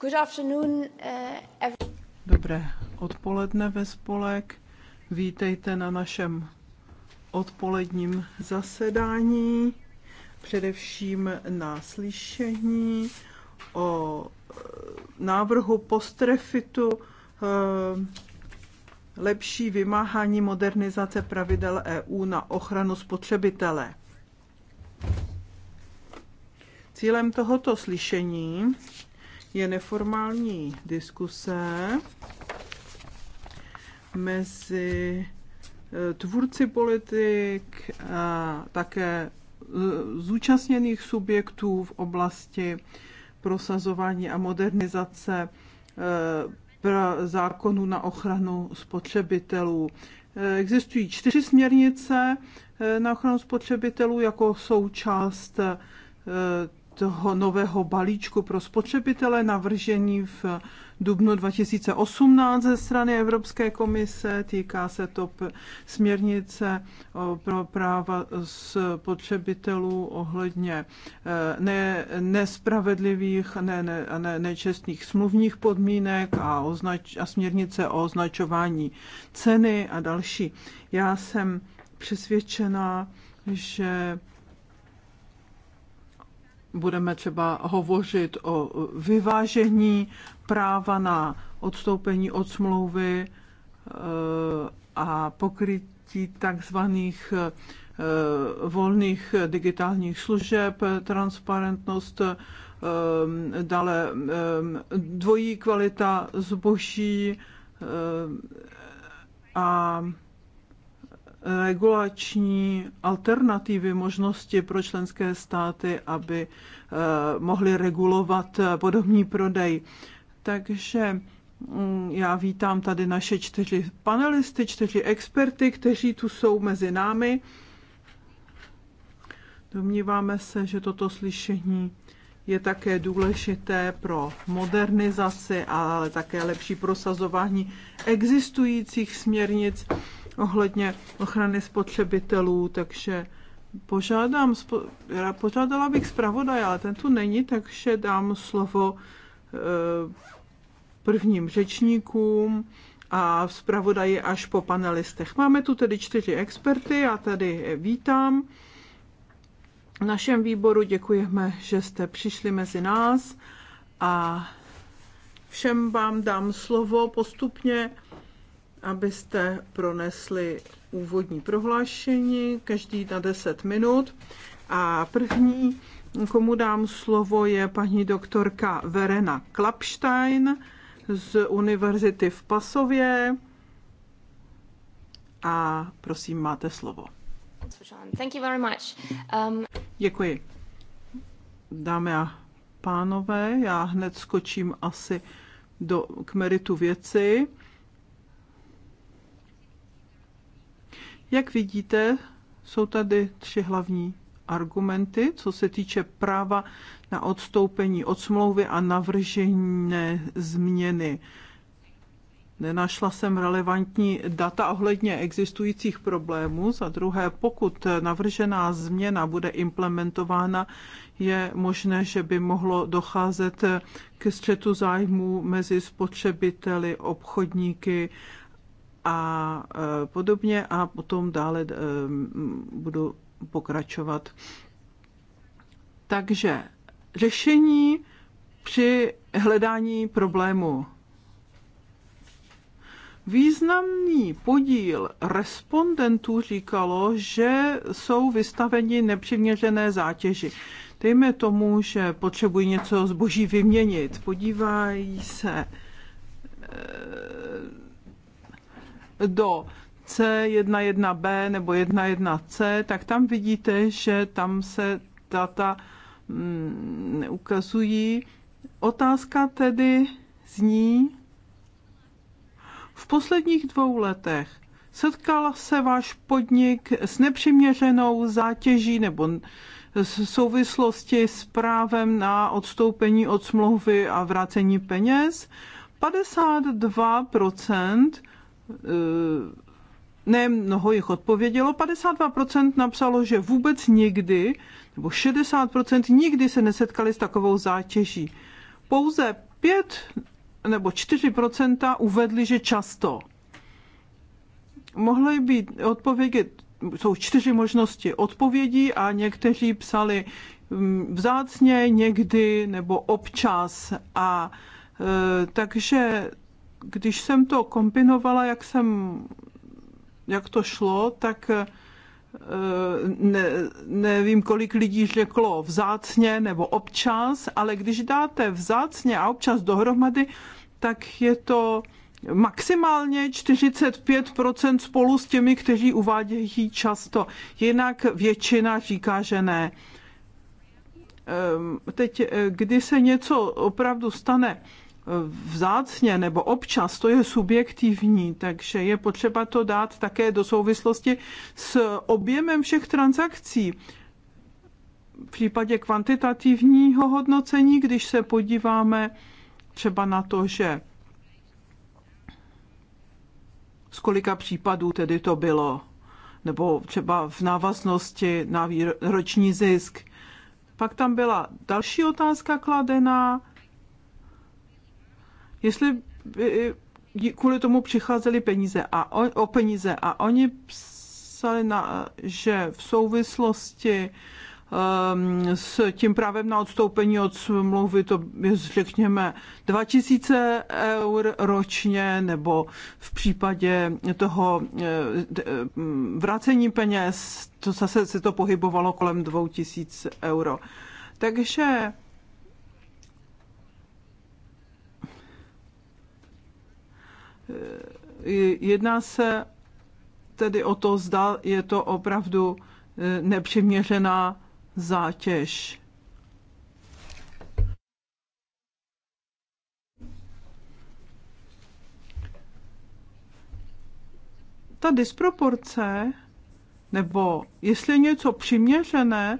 Good afternoon, uh, Dobré odpoledne ve spolek. Vítejte na našem odpoledním zasedání, především na slyšení o eh, návrhu postrefitu eh, lepší vymáhání modernizace pravidel EU na ochranu spotřebitele. Cílem tohoto slyšení je neformální diskuse mezi e, tvůrci politik a také e, zúčastněných subjektů v oblasti prosazování a modernizace e, zákonů na ochranu spotřebitelů. Existují čtyři směrnice na ochranu spotřebitelů jako součást toho nového balíčku pro spotřebitele navržení v dubnu 2018 ze strany Evropské komise. Týká se to směrnice pro práva spotřebitelů ohledně eh, ne- nespravedlivých a ne- ne- ne- nečestných smluvních podmínek a, označ- a směrnice o označování ceny a další. Já jsem přesvědčena, že budeme třeba hovořit o vyvážení práva na odstoupení od smlouvy eh, a pokrytí takzvaných eh, volných digitálních služeb, transparentnost, eh, dále dvojí kvalita zboží a regulační alternativy, možnosti pro členské státy, aby eh, mohly regulovat eh, podobný prodej. Takže mm, já vítám tady naše čtyři panelisty, čtyři experty, kteří tu jsou mezi námi. Domníváme se, že toto slyšení je také důležité pro modernizaci, ale také lepší prosazování existujících směrnic ohledně ochrany spotřebitelů, takže požádám, já požádala bych zpravodaj, ale ten tu není, takže dám slovo eh, prvním řečníkům a zpravodaji až po panelistech. Máme tu tedy čtyři experty, já tady vítám. V našem výboru děkujeme, že jste přišli mezi nás a všem vám dám slovo postupně abyste pronesli úvodní prohlášení, každý na 10 minut. A první, komu dám slovo, je paní doktorka Verena Klapstein z Univerzity v Pasově. A prosím, máte slovo. Thank you very much. Um... Děkuji. Dámy a pánové, já hned skočím asi do, k meritu věci. Jak vidíte, jsou tady tři hlavní argumenty, co se týče práva na odstoupení od smlouvy a navržené změny. Nenašla jsem relevantní data ohledně existujících problémů. Za druhé, pokud navržená změna bude implementována, je možné, že by mohlo docházet k střetu zájmů mezi spotřebiteli, obchodníky a e, podobně a potom dále e, budu pokračovat. Takže řešení při hledání problému. Významný podíl respondentů říkalo, že jsou vystaveni nepřiměřené zátěži. Dejme tomu, že potřebují něco zboží vyměnit. Podívají se e, do C11B nebo 11C, tak tam vidíte, že tam se data mm, neukazují. Otázka tedy zní, v posledních dvou letech setkal se váš podnik s nepřiměřenou zátěží nebo souvislosti s právem na odstoupení od smlouvy a vrácení peněz. 52 Eh, ne mnoho jich odpovědělo, 52% napsalo, že vůbec nikdy, nebo 60% nikdy se nesetkali s takovou zátěží. Pouze 5 nebo 4% uvedli, že často. Mohly být odpovědi, jsou čtyři možnosti odpovědí a někteří psali hm, vzácně, někdy nebo občas a eh, takže když jsem to kombinovala, jak jsem, jak to šlo, tak eh, ne, nevím, kolik lidí řeklo vzácně nebo občas, ale když dáte vzácně a občas dohromady, tak je to maximálně 45% spolu s těmi, kteří uvádějí často. Jinak většina říká, že ne. Ehm, teď, eh, kdy se něco opravdu stane, vzácně nebo občas, to je subjektivní, takže je potřeba to dát také do souvislosti s objemem všech transakcí. V případě kvantitativního hodnocení, když se podíváme třeba na to, že z kolika případů tedy to bylo, nebo třeba v návaznosti na roční zisk. Pak tam byla další otázka kladená, jestli by e, e, kvůli tomu přicházely peníze a o, o peníze a oni psali, na, že v souvislosti um, s tím právem na odstoupení od smlouvy, to je řekněme 2000 eur ročně, nebo v případě toho e, vracení peněz, to zase se to pohybovalo kolem 2000 euro. Takže Eh, jedná se tedy o to, zda je to opravdu eh, nepřiměřená zátěž. Ta disproporce, nebo jestli je něco přiměřené,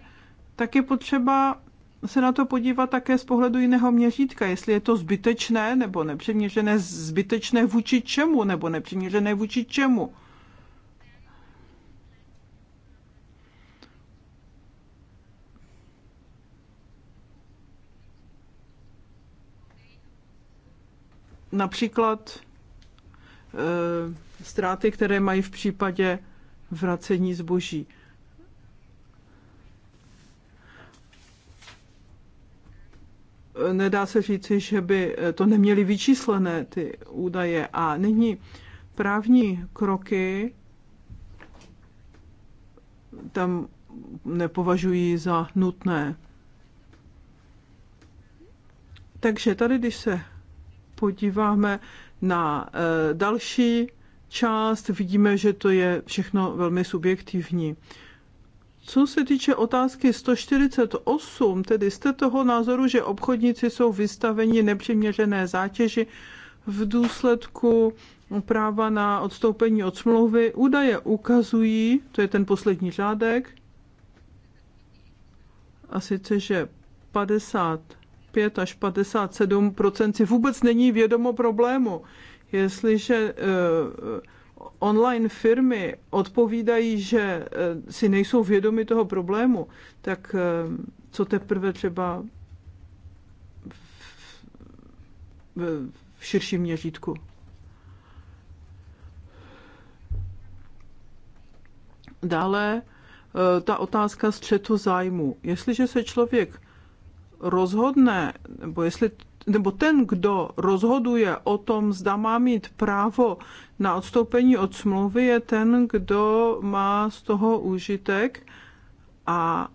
tak je potřeba se na to podívat také z pohledu jiného měřítka, jestli je to zbytečné nebo nepřiměřené, zbytečné vůči čemu nebo nepřiměřené vůči čemu. Například e, ztráty, které mají v případě vracení zboží. nedá se říci, že by eh, to neměly vyčíslené ty údaje. A nyní právní kroky tam nepovažují za nutné. Takže tady, když se podíváme na eh, další část, vidíme, že to je všechno velmi subjektivní. Co se týče otázky 148, tedy jste toho názoru, že obchodníci jsou vystaveni nepřiměřené zátěži v důsledku práva na odstoupení od smlouvy. Údaje ukazují, to je ten poslední řádek, a sice, že 55 až 57 si vůbec není vědomo problému. Jestliže eh, online firmy odpovídají, že eh, si nejsou vědomi toho problému, tak eh, co teprve třeba v, v širším měřítku. Dále eh, ta otázka střetu zájmu. Jestliže se člověk rozhodne, nebo jestli nebo ten, kdo rozhoduje o tom, zda má mít právo na odstoupení od smlouvy, je ten, kdo má z toho užitek a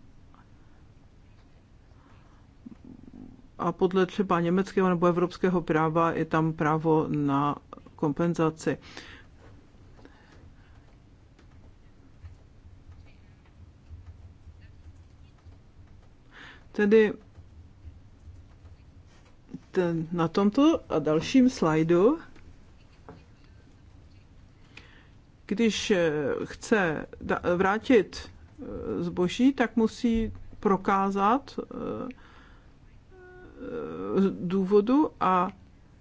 a podle třeba německého nebo evropského práva je tam právo na kompenzaci. Tedy ten, na tomto a dalším slajdu, když eh, chce vrátit eh, zboží, tak musí prokázat eh, důvodu, a,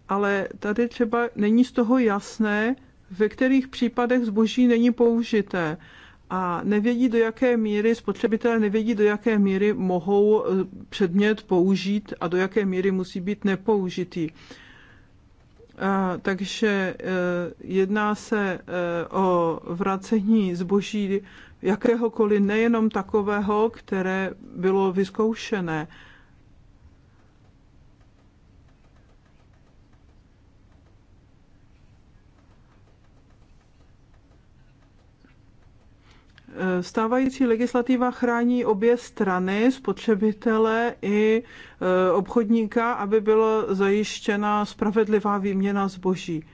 ale tady třeba není z toho jasné, ve kterých případech zboží není použité a nevědí, do jaké míry spotřebitelé nevědí, do jaké míry mohou eh, předmět použít a do jaké míry musí být nepoužitý. A, takže eh, jedná se eh, o vracení zboží jakéhokoliv, nejenom takového, které bylo vyzkoušené. Eh, stávající legislativa chrání obě strany, spotřebitele i eh, obchodníka, aby byla zajištěna spravedlivá výměna zboží.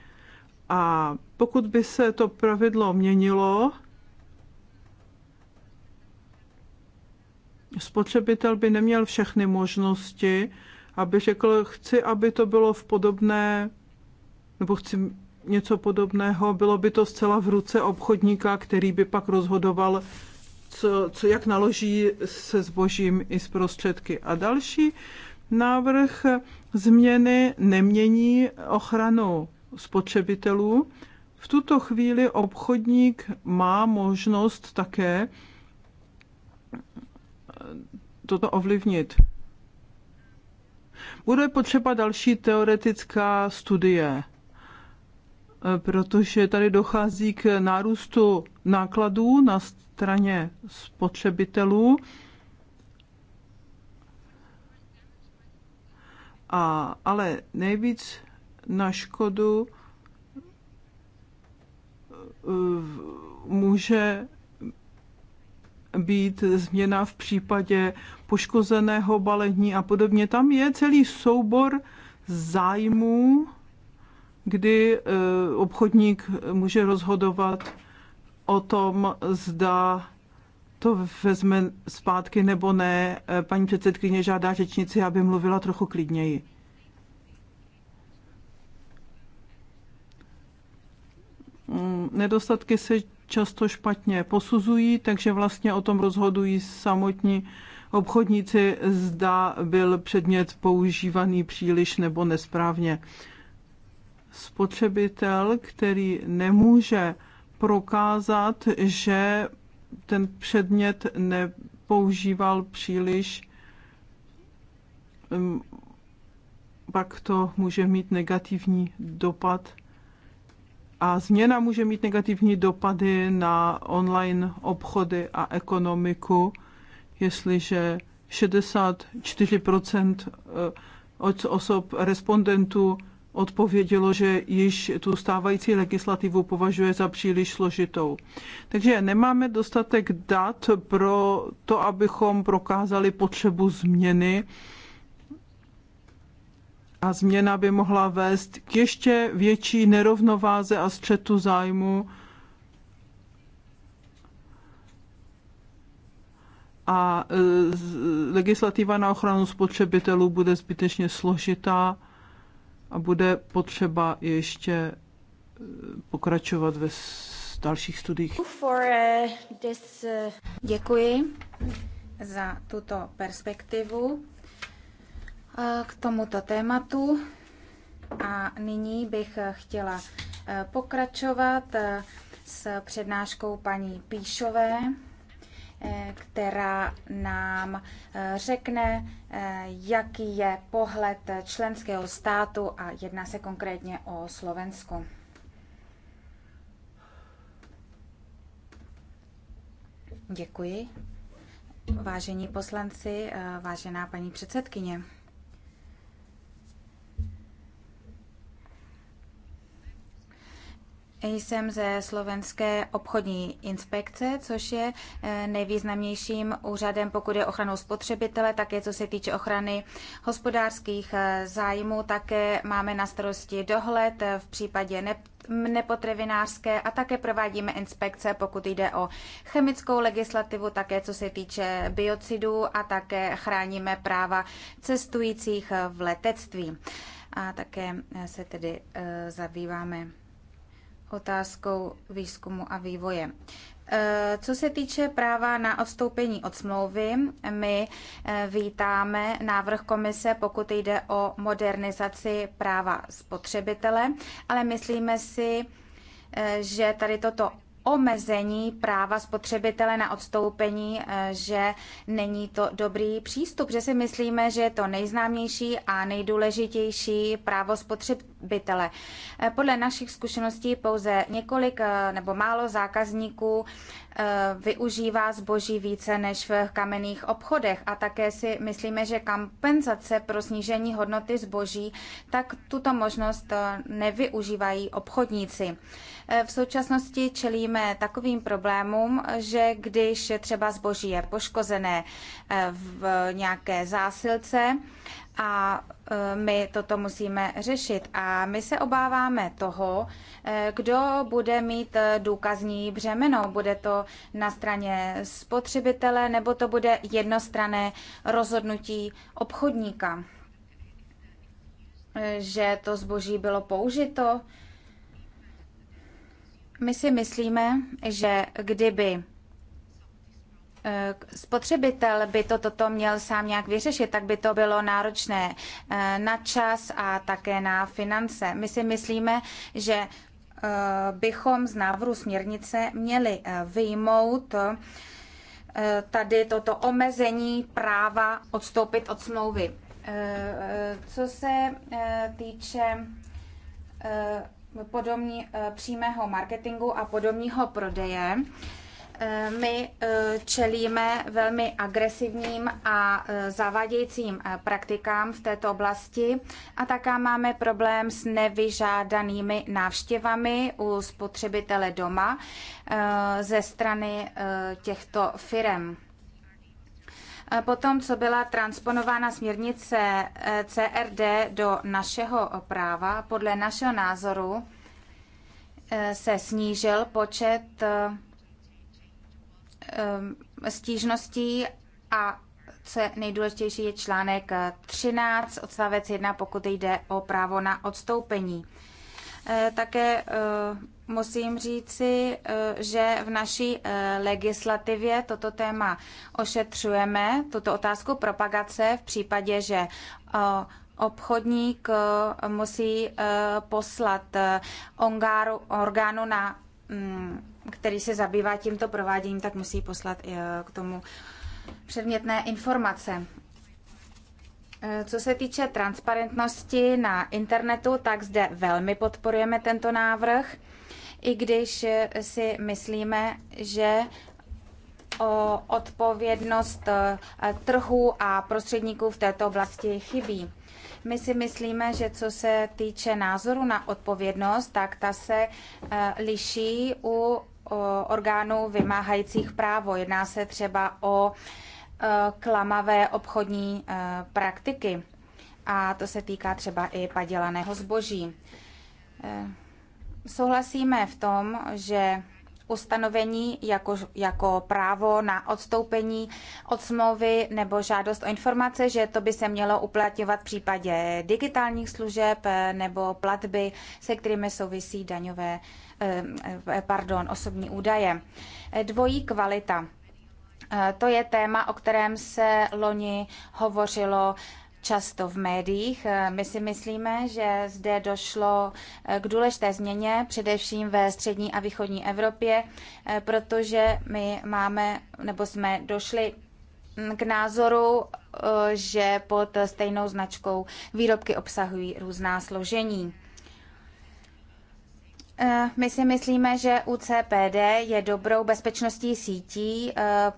A pokud by se to pravidlo měnilo, spotřebitel by neměl všechny možnosti, aby řekl, chci, aby to bylo v podobné, nebo chci něco podobného, bylo by to zcela v ruce obchodníka, který by pak rozhodoval, co, co jak naloží se zbožím i s prostředky. A další návrh změny nemění ochranu spotřebitelů. V tuto chvíli obchodník má možnost také toto ovlivnit. Bude potřeba další teoretická studie Eh, protože tady dochází k nárůstu nákladů na straně spotřebitelů. A, ale nejvíc na škodu eh, může být změna v případě poškozeného balení a podobně. Tam je celý soubor zájmů, kdy eh, obchodník může rozhodovat o tom, zda to vezme zpátky nebo ne. Eh, paní předsedkyně žádá řečnici, aby mluvila trochu klidněji. Mm, nedostatky se často špatně posuzují, takže vlastně o tom rozhodují samotní obchodníci, zda byl předmět používaný příliš nebo nesprávně spotřebitel, který nemůže prokázat, že ten předmět nepoužíval příliš, pak to může mít negativní dopad. A změna může mít negativní dopady na online obchody a ekonomiku, jestliže 64 eh, od osob respondentů odpovědělo, že již tu stávající legislativu považuje za příliš složitou. Takže nemáme dostatek dat pro to, abychom prokázali potřebu změny. A změna by mohla vést k ještě větší nerovnováze a střetu zájmu. A e, legislativa na ochranu spotřebitelů bude zbytečně složitá a bude potřeba ještě eh, pokračovat ve dalších studiích. Eh, eh, Děkuji za tuto perspektivu k tomuto tématu. A nyní bych chtěla pokračovat s přednáškou paní Píšové. Eh, která nám eh, řekne, eh, jaký je pohled členského státu a jedná se konkrétně o Slovensko. Děkuji. Vážení poslanci, vážená paní předsedkyně. Jsem ze Slovenské obchodní inspekce, což je eh, nejvýznamnějším úřadem, pokud je ochranou spotřebitele, také co se týče ochrany hospodářských eh, zájmů. Také máme na starosti dohled eh, v případě ne nepotravinářské a také provádíme inspekce, pokud jde o chemickou legislativu, také co se týče biocidů a také chráníme práva cestujících v letectví. A také se tedy zabýváme otázkou výzkumu a vývoje. Eh, co se týče práva na odstoupení od smlouvy, my eh, vítáme návrh komise, pokud jde o modernizaci práva spotřebitele, ale myslíme si, eh, že tady toto omezení práva spotřebitele na odstoupení, eh, že není to dobrý přístup, že si myslíme, že je to nejznámější a nejdůležitější právo spotřebitele. Eh, podle našich zkušeností pouze několik eh, nebo málo zákazníků využívá zboží více než v kamenných obchodech a také si myslíme, že kompenzace pro snížení hodnoty zboží, tak tuto možnost nevyužívají obchodníci. Eh, v současnosti čelíme takovým problémům, že když třeba zboží je poškozené eh, v nějaké zásilce, a eh, my toto musíme řešit. A my se obáváme toho, kdo bude mít důkazní břemeno. Bude to na straně spotřebitele nebo to bude jednostrané rozhodnutí obchodníka, že to zboží bylo použito my si myslíme, že kdyby eh, spotřebitel by to, toto měl sám nějak vyřešit, tak by to bylo náročné eh, na čas a také na finance. My si myslíme, že eh, bychom z návrhu směrnice měli vyjmout tady toto omezení práva odstoupit od smlouvy. Co se týče podobní, eh, přímého marketingu a podobního prodeje. Eh, my eh, čelíme velmi agresivním a zavadějícím praktikám v této oblasti a také máme problém s nevyžádanými návštěvami u spotřebitele doma ze strany těchto firm. Potom, co byla transponována směrnice eh, CRD do našeho práva, podle našeho názoru eh, se snížil počet eh, stížností a co je nejdůležitější, je článek 13 odstavec 1, pokud jde o právo na odstoupení. Také Musím říci, eh, že v naší eh, legislativě toto téma ošetřujeme, tuto otázku propagace v případě, že eh, obchodník musí poslat ongáru, orgánu, na, mm, který se zabývá tímto prováděním, tak musí poslat k tomu předmětné informace. Co se týče transparentnosti na internetu, tak zde velmi podporujeme tento návrh i když si myslíme, že o odpovědnost eh, trhu a prostředníků v této oblasti chybí. My si myslíme, že co se týče názoru na odpovědnost, tak ta se eh, liší u orgánů vymáhajících právo. Jedná se třeba o eh, klamavé obchodní praktiky. A to se týká třeba i padělaného zboží. Souhlasíme v tom, že ustanovení jako, jako právo na odstoupení od smlouvy nebo žádost o informace, že to by se mělo uplatňovat v případě digitálních služeb nebo platby, se kterými souvisí daňové, eh, pardon, osobní údaje. Dvojí kvalita. Eh, to je téma, o kterém se loni hovořilo často v médiích. Eh, my si myslíme, že zde došlo eh, k důležité změně, především ve střední a východní Evropě, eh, protože my máme, nebo jsme došli mm, k názoru, že pod stejnou značkou výrobky obsahují různá složení. Eh, my si myslíme, že UCPD je dobrou bezpečností sítí eh,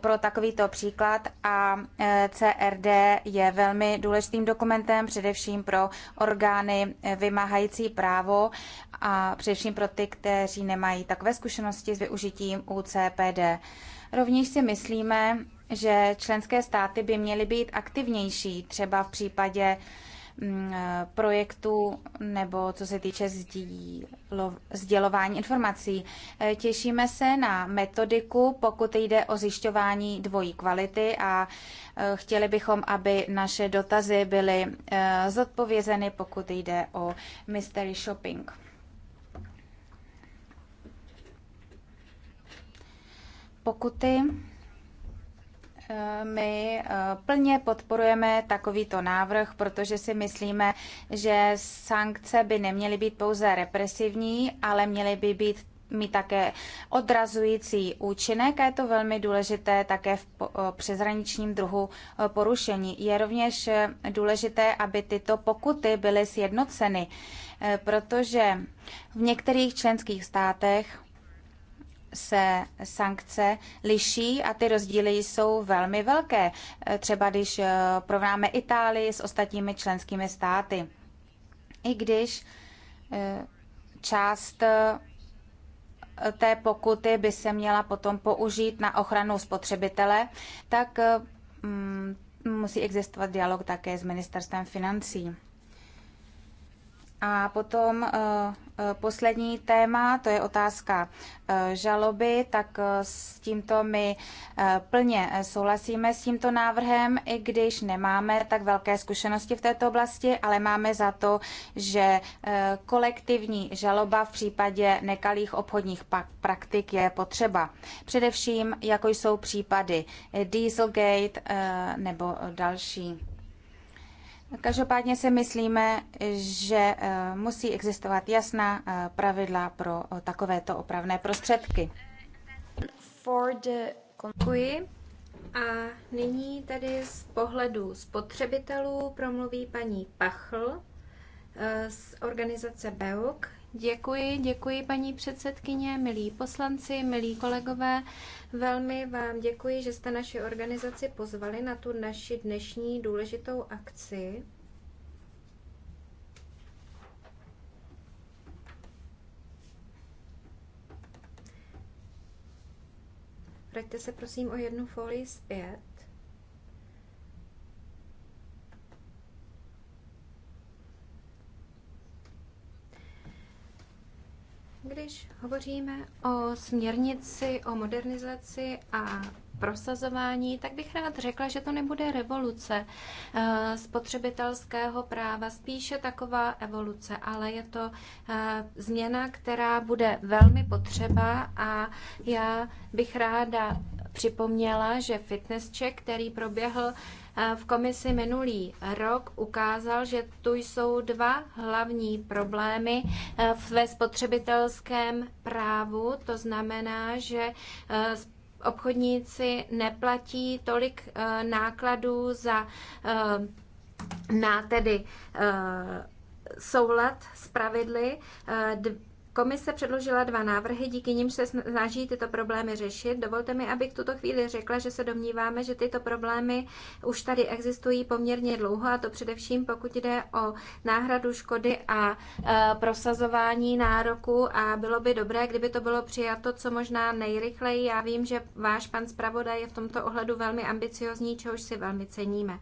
pro takovýto příklad a eh, CRD je velmi důležitým dokumentem, především pro orgány vymáhající právo a především pro ty, kteří nemají takové zkušenosti s využitím UCPD. Rovněž si myslíme, že členské státy by měly být aktivnější, třeba v případě Mm, eh, projektů nebo co se týče sdělování informací. Eh, těšíme se na metodiku, pokud jde o zjišťování dvojí kvality a eh, chtěli bychom, aby naše dotazy byly zodpovězeny, pokud jde o mystery shopping. Pokuty my eh, plně podporujeme takovýto návrh, protože si myslíme, že sankce by neměly být pouze represivní, ale měly by být mít také odrazující účinek a je to velmi důležité také v eh, přezraničním druhu eh, porušení. Je rovněž důležité, aby tyto pokuty byly sjednoceny, protože v některých členských státech se sankce liší a ty rozdíly jsou velmi velké. Třeba když eh, provnáme Itálii s ostatními členskými státy. I když eh, část eh, té pokuty by se měla potom použít na ochranu spotřebitele, tak mm, musí existovat dialog také s ministerstvem financí. A potom Eh, poslední téma, to je otázka eh, žaloby, tak eh, s tímto my plně souhlasíme s tímto návrhem, i když nemáme tak velké zkušenosti v této oblasti, ale máme za to, že kolektivní žaloba v případě nekalých obchodních praktik je potřeba. Především, jako jsou případy Dieselgate nebo další. Každopádně si myslíme, že eh, musí existovat jasná eh, pravidla pro eh, takovéto opravné prostředky. Ford the... Děkuji. A nyní tedy z pohledu spotřebitelů promluví paní Pachl z organizace BEUK, Děkuji, děkuji paní předsedkyně, milí poslanci, milí kolegové. Velmi vám děkuji, že jste naši organizaci pozvali na tu naši dnešní důležitou akci. Vraťte se prosím o jednu folii zpět. Když hovoříme o směrnici, o modernizaci a prosazování, tak bych rád řekla, že to nebude revoluce eh, spotřebitelského práva, spíše taková evoluce, ale je to eh, změna, která bude velmi potřeba a já bych ráda připomněla, že fitness check, který proběhl eh, v komisi minulý rok, ukázal, že tu jsou dva hlavní problémy eh, ve spotřebitelském právu. To znamená, že eh, obchodníci neplatí tolik nákladů za na tedy soulad s pravidly Komise předložila dva návrhy, díky nimž se snaží tyto problémy řešit. Dovolte mi, abych tuto chvíli řekla, že se domníváme, že tyto problémy už tady existují poměrně dlouho, a to především pokud jde o náhradu škody a e, prosazování nároku a bylo by dobré, kdyby to bylo přijato co možná nejrychleji. Já vím, že váš pan zpravodaj je v tomto ohledu velmi ambiciozní, čehož si velmi ceníme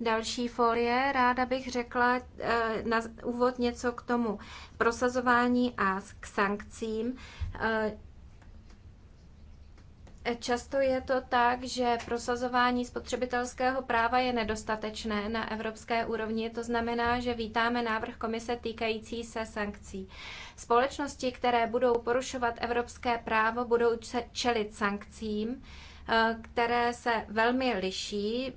další folie. Ráda bych řekla eh, na úvod něco k tomu prosazování a k sankcím. Eh, často je to tak, že prosazování spotřebitelského práva je nedostatečné na evropské úrovni, to znamená, že vítáme návrh komise týkající se sankcí. Společnosti, které budou porušovat evropské právo, budou čelit sankcím, eh, které se velmi liší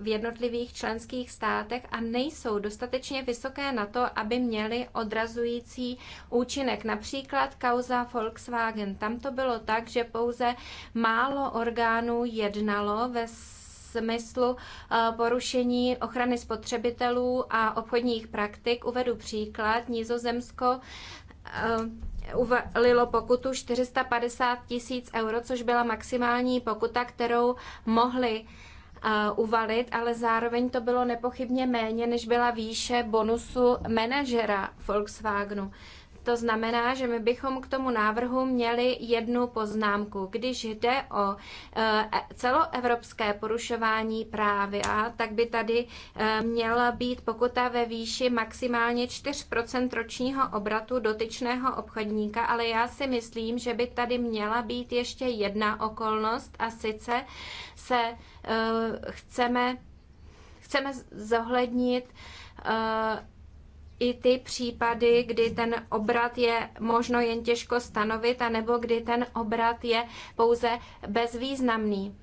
v jednotlivých členských státech a nejsou dostatečně vysoké na to, aby měly odrazující účinek. Například kauza Volkswagen. Tam to bylo tak, že pouze málo orgánů jednalo ve smyslu eh, porušení ochrany spotřebitelů a obchodních praktik. Uvedu příklad. Nizozemsko eh, uvalilo pokutu 450 tisíc euro, což byla maximální pokuta, kterou mohli uvalit, ale zároveň to bylo nepochybně méně, než byla výše bonusu manažera Volkswagenu. To znamená, že my bychom k tomu návrhu měli jednu poznámku. Když jde o e, celoevropské porušování právy, tak by tady e, měla být pokuta ve výši maximálně 4 ročního obratu dotyčného obchodníka, ale já si myslím, že by tady měla být ještě jedna okolnost a sice se eh, chceme, chceme zohlednit eh, i ty případy, kdy ten obrat je možno jen těžko stanovit, anebo kdy ten obrat je pouze bezvýznamný.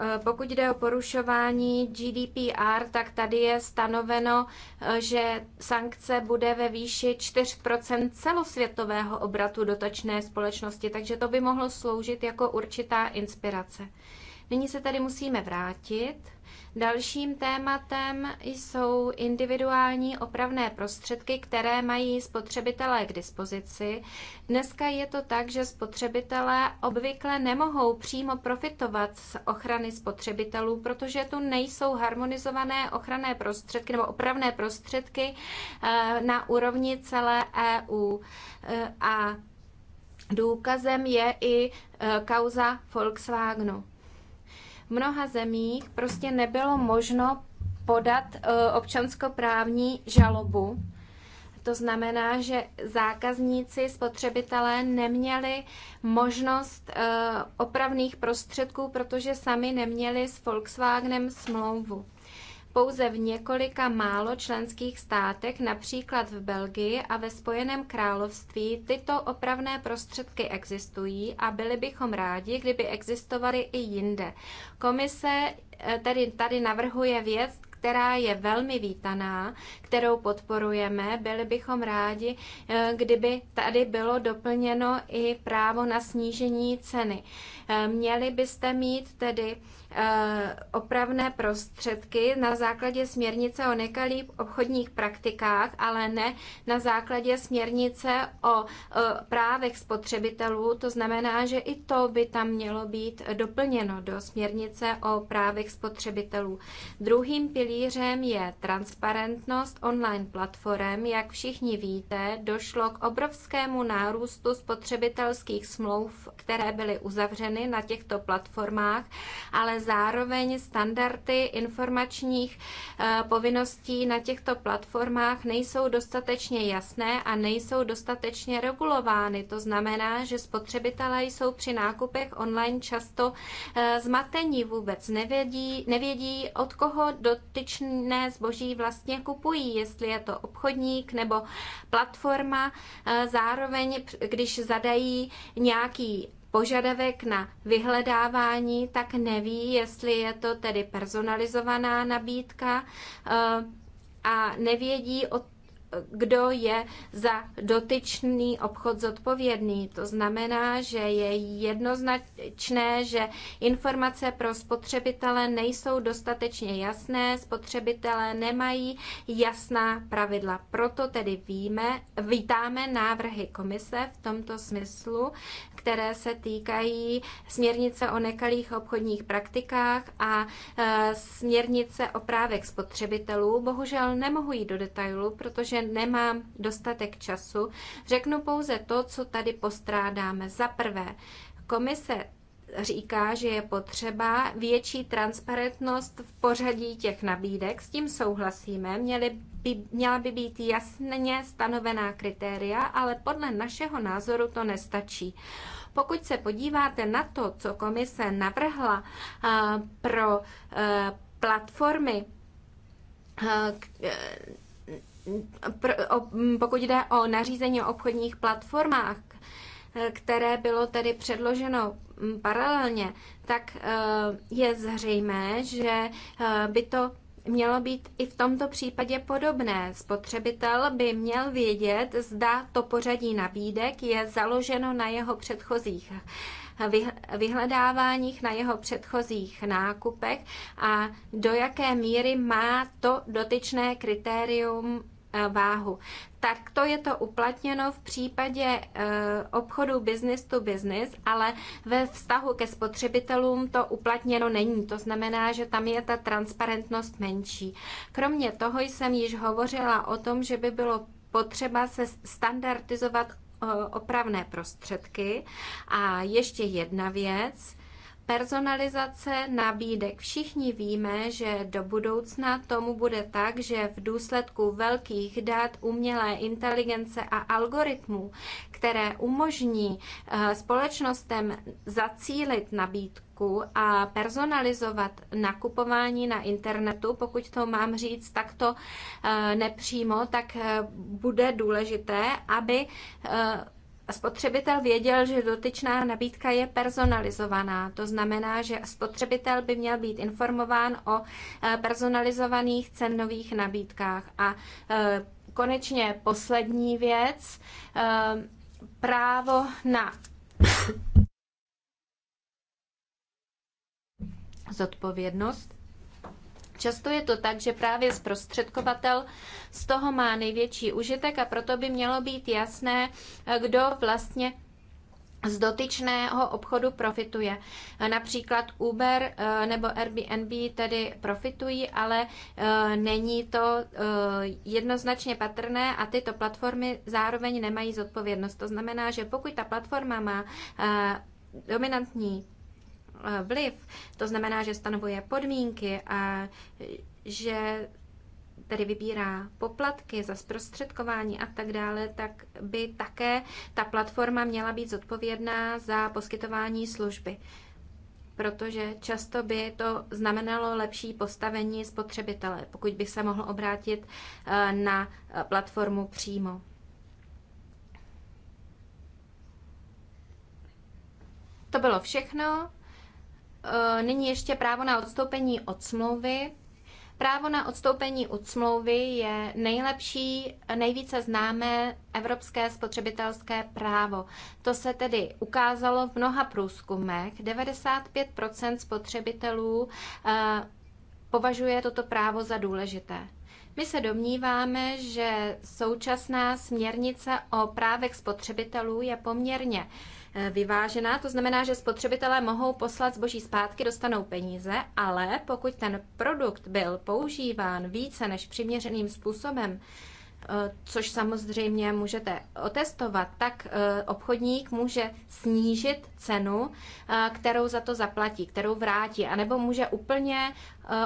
Eh, pokud jde o porušování GDPR, tak tady je stanoveno, eh, že sankce bude ve výši 4 celosvětového obratu dotačné společnosti, takže to by mohlo sloužit jako určitá inspirace. Nyní se tedy musíme vrátit. Dalším tématem jsou individuální opravné prostředky, které mají spotřebitelé k dispozici. Dneska je to tak, že spotřebitelé obvykle nemohou přímo profitovat z ochrany spotřebitelů, protože tu nejsou harmonizované ochranné prostředky nebo opravné prostředky eh, na úrovni celé EU. Eh, a důkazem je i eh, kauza Volkswagenu. V mnoha zemích prostě nebylo možno podat e, občanskoprávní žalobu. To znamená, že zákazníci, spotřebitelé neměli možnost e, opravných prostředků, protože sami neměli s Volkswagenem smlouvu pouze v několika málo členských státech, například v Belgii a ve Spojeném království, tyto opravné prostředky existují a byli bychom rádi, kdyby existovaly i jinde. Komise eh, tedy tady navrhuje věc, která je velmi vítaná, kterou podporujeme. Byli bychom rádi, eh, kdyby tady bylo doplněno i právo na snížení ceny. Eh, měli byste mít tedy Eh, opravné prostředky na základě směrnice o nekalých obchodních praktikách, ale ne na základě směrnice o eh, právech spotřebitelů. To znamená, že i to by tam mělo být doplněno do směrnice o právech spotřebitelů. Druhým pilířem je transparentnost online platform. Jak všichni víte, došlo k obrovskému nárůstu spotřebitelských smluv, které byly uzavřeny na těchto platformách, ale zároveň standardy informačních eh, povinností na těchto platformách nejsou dostatečně jasné a nejsou dostatečně regulovány. To znamená, že spotřebitelé jsou při nákupech online často eh, zmatení, vůbec nevědí, nevědí od koho dotyčné zboží vlastně kupují, jestli je to obchodník nebo platforma. Eh, zároveň, když zadají nějaký požadavek na vyhledávání, tak neví, jestli je to tedy personalizovaná nabídka eh, a nevědí o kdo je za dotyčný obchod zodpovědný. To znamená, že je jednoznačné, že informace pro spotřebitele nejsou dostatečně jasné, spotřebitelé nemají jasná pravidla. Proto tedy víme, vítáme návrhy komise v tomto smyslu, které se týkají směrnice o nekalých obchodních praktikách a e, směrnice o právech spotřebitelů. Bohužel nemohu jít do detailu, protože protože nemám dostatek času. Řeknu pouze to, co tady postrádáme. Za prvé, komise říká, že je potřeba větší transparentnost v pořadí těch nabídek. S tím souhlasíme. Měly by, měla by být jasně stanovená kritéria, ale podle našeho názoru to nestačí. Pokud se podíváte na to, co komise navrhla eh, pro eh, platformy, eh, pokud jde o nařízení o obchodních platformách, které bylo tedy předloženo paralelně, tak e, je zřejmé, že e, by to mělo být i v tomto případě podobné. Spotřebitel by měl vědět, zda to pořadí nabídek je založeno na jeho předchozích vyhledáváních, na jeho předchozích nákupech a do jaké míry má to dotyčné kritérium E, váhu. Tak to je to uplatněno v případě e, obchodu business to business, ale ve vztahu ke spotřebitelům to uplatněno není. To znamená, že tam je ta transparentnost menší. Kromě toho jsem již hovořila o tom, že by bylo potřeba se standardizovat e, opravné prostředky. A ještě jedna věc, Personalizace nabídek. Všichni víme, že do budoucna tomu bude tak, že v důsledku velkých dat umělé inteligence a algoritmů, které umožní eh, společnostem zacílit nabídku a personalizovat nakupování na internetu, pokud to mám říct takto eh, nepřímo, tak eh, bude důležité, aby spotřebitel věděl, že dotyčná nabídka je personalizovaná. To znamená, že spotřebitel by měl být informován o e, personalizovaných cenových nabídkách. A e, konečně poslední věc, e, právo na zodpovědnost. Často je to tak, že právě zprostředkovatel z toho má největší užitek a proto by mělo být jasné, kdo vlastně z dotyčného obchodu profituje. Například Uber eh, nebo Airbnb tedy profitují, ale eh, není to eh, jednoznačně patrné a tyto platformy zároveň nemají zodpovědnost. To znamená, že pokud ta platforma má dominantní Eh, vliv. To znamená, že stanovuje podmínky a že tedy vybírá poplatky za zprostředkování a tak dále, tak by také ta platforma měla být zodpovědná za poskytování služby protože často by to znamenalo lepší postavení spotřebitele, pokud by se mohl obrátit eh, na platformu přímo. To bylo všechno. Eh, nyní ještě právo na odstoupení od smlouvy. Právo na odstoupení od smlouvy je nejlepší, nejvíce známé evropské spotřebitelské právo. To se tedy ukázalo v mnoha průzkumech. 95 spotřebitelů eh, považuje toto právo za důležité. My se domníváme, že současná směrnice o právech spotřebitelů je poměrně Eh, vyvážená. To znamená, že spotřebitelé mohou poslat zboží zpátky, dostanou peníze, ale pokud ten produkt byl používán více než přiměřeným způsobem, Eh, což samozřejmě můžete otestovat, tak eh, obchodník může snížit cenu, eh, kterou za to zaplatí, kterou vrátí, anebo může úplně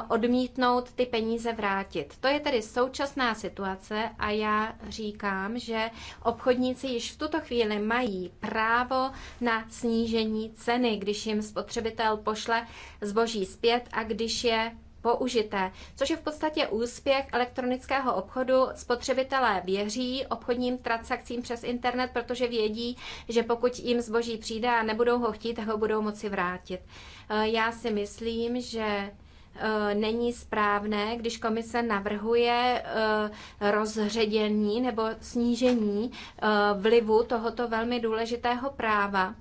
odmítnout ty peníze vrátit. To je tedy současná situace a já říkám, že obchodníci již v tuto chvíli mají právo na snížení ceny, když jim spotřebitel pošle zboží zpět a když je použité, což je v podstatě úspěch elektronického obchodu. Spotřebitelé věří obchodním transakcím přes internet, protože vědí, že pokud jim zboží přijde a nebudou ho chtít, tak ho budou moci vrátit. Eh, já si myslím, že eh, není správné, když komise navrhuje eh, rozředění nebo snížení vlivu tohoto velmi důležitého práva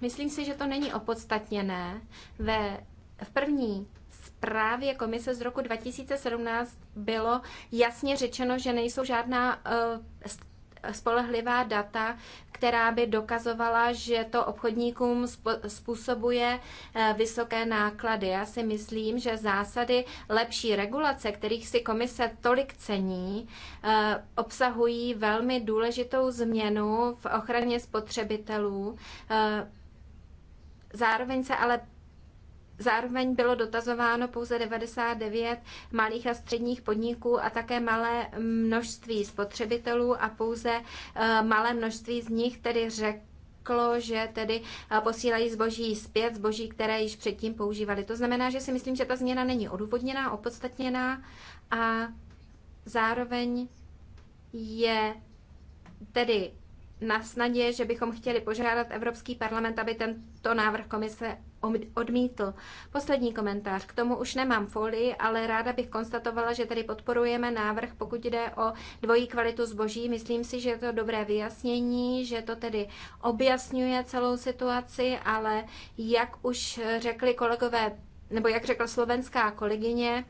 Myslím si, že to není opodstatněné. Ve, v první zprávě komise z roku 2017 bylo jasně řečeno, že nejsou žádná uh, spolehlivá data, která by dokazovala, že to obchodníkům způsobuje eh, vysoké náklady. Já si myslím, že zásady lepší regulace, kterých si komise tolik cení, eh, obsahují velmi důležitou změnu v ochraně spotřebitelů Zároveň se ale Zároveň bylo dotazováno pouze 99 malých a středních podniků a také malé množství spotřebitelů a pouze eh, malé množství z nich tedy řeklo, že tedy eh, posílají zboží zpět, zboží, které již předtím používali. To znamená, že si myslím, že ta změna není odůvodněná, opodstatněná a zároveň je tedy na snadě, že bychom chtěli požádat Evropský parlament, aby tento návrh komise odmítl. Poslední komentář. K tomu už nemám folii, ale ráda bych konstatovala, že tady podporujeme návrh, pokud jde o dvojí kvalitu zboží. Myslím si, že je to dobré vyjasnění, že to tedy objasňuje celou situaci, ale jak už řekli kolegové, nebo jak řekla slovenská kolegyně,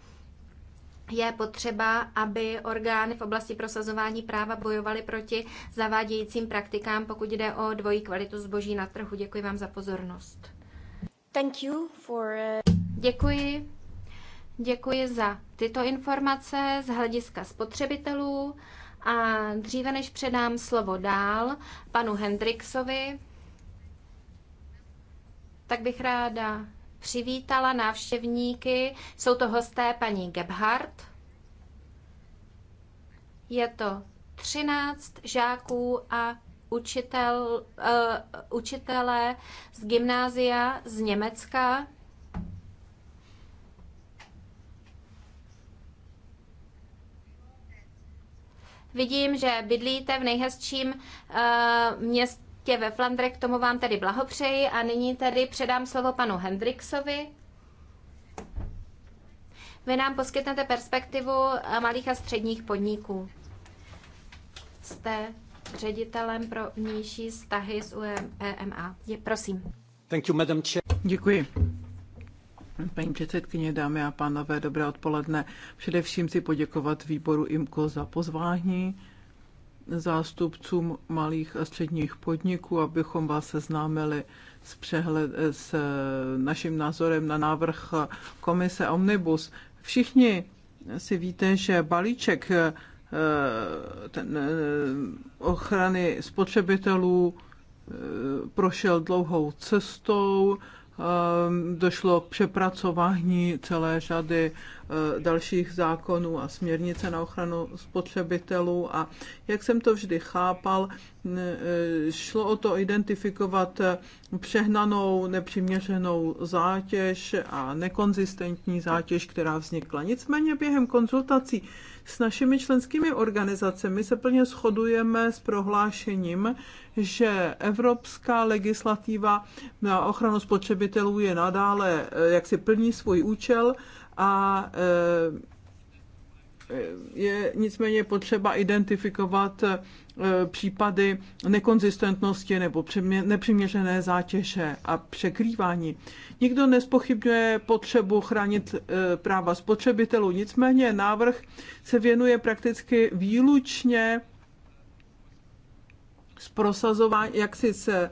je potřeba, aby orgány v oblasti prosazování práva bojovaly proti zavádějícím praktikám, pokud jde o dvojí kvalitu zboží na trhu. Děkuji vám za pozornost. Thank you for... Uh, Děkuji. Děkuji za tyto informace z hlediska spotřebitelů a dříve než předám slovo dál panu Hendrixovi, tak bych ráda přivítala návštěvníky. Jsou to hosté paní Gebhardt. Je to 13 žáků a učitel, uh, učitelé z gymnázia z Německa. Vidím, že bydlíte v nejhezčím uh, eh, městě místě ve Flandre, k tomu vám tedy blahopřeji a nyní tedy předám slovo panu Hendriksovi. Vy nám poskytnete perspektivu eh, malých a středních podniků. Jste ředitelem pro vnější vztahy z UEMA. Je, prosím. Thank you, madam chair. Děkuji. Paní předsedkyně, dámy a pánové, dobré odpoledne. Především si poděkovat výboru IMKO za pozvání zástupcům malých a středních podniků, abychom vás seznámili s, přehled, s eh, naším názorem na návrh komise Omnibus. Všichni si víte, že balíček eh, ten, eh, ochrany spotřebitelů prošel dlouhou cestou, Ehm, došlo k přepracování celé řady eh, dalších zákonů a směrnice na ochranu spotřebitelů a jak jsem to vždy chápal, eh, šlo o to identifikovat eh, přehnanou, nepřiměřenou zátěž a nekonzistentní zátěž, která vznikla. Nicméně během konzultací s našimi členskými organizacemi se plně shodujeme s prohlášením, že evropská legislativa na ochranu spotřebitelů je nadále, eh, jak si plní svůj účel a eh, je nicméně potřeba identifikovat eh, případy nekonzistentnosti nebo nepřiměřené zátěže a překrývání. Nikdo nespochybňuje potřebu chránit eh, práva spotřebitelů, nicméně návrh se věnuje prakticky výlučně s prosazování, jak si se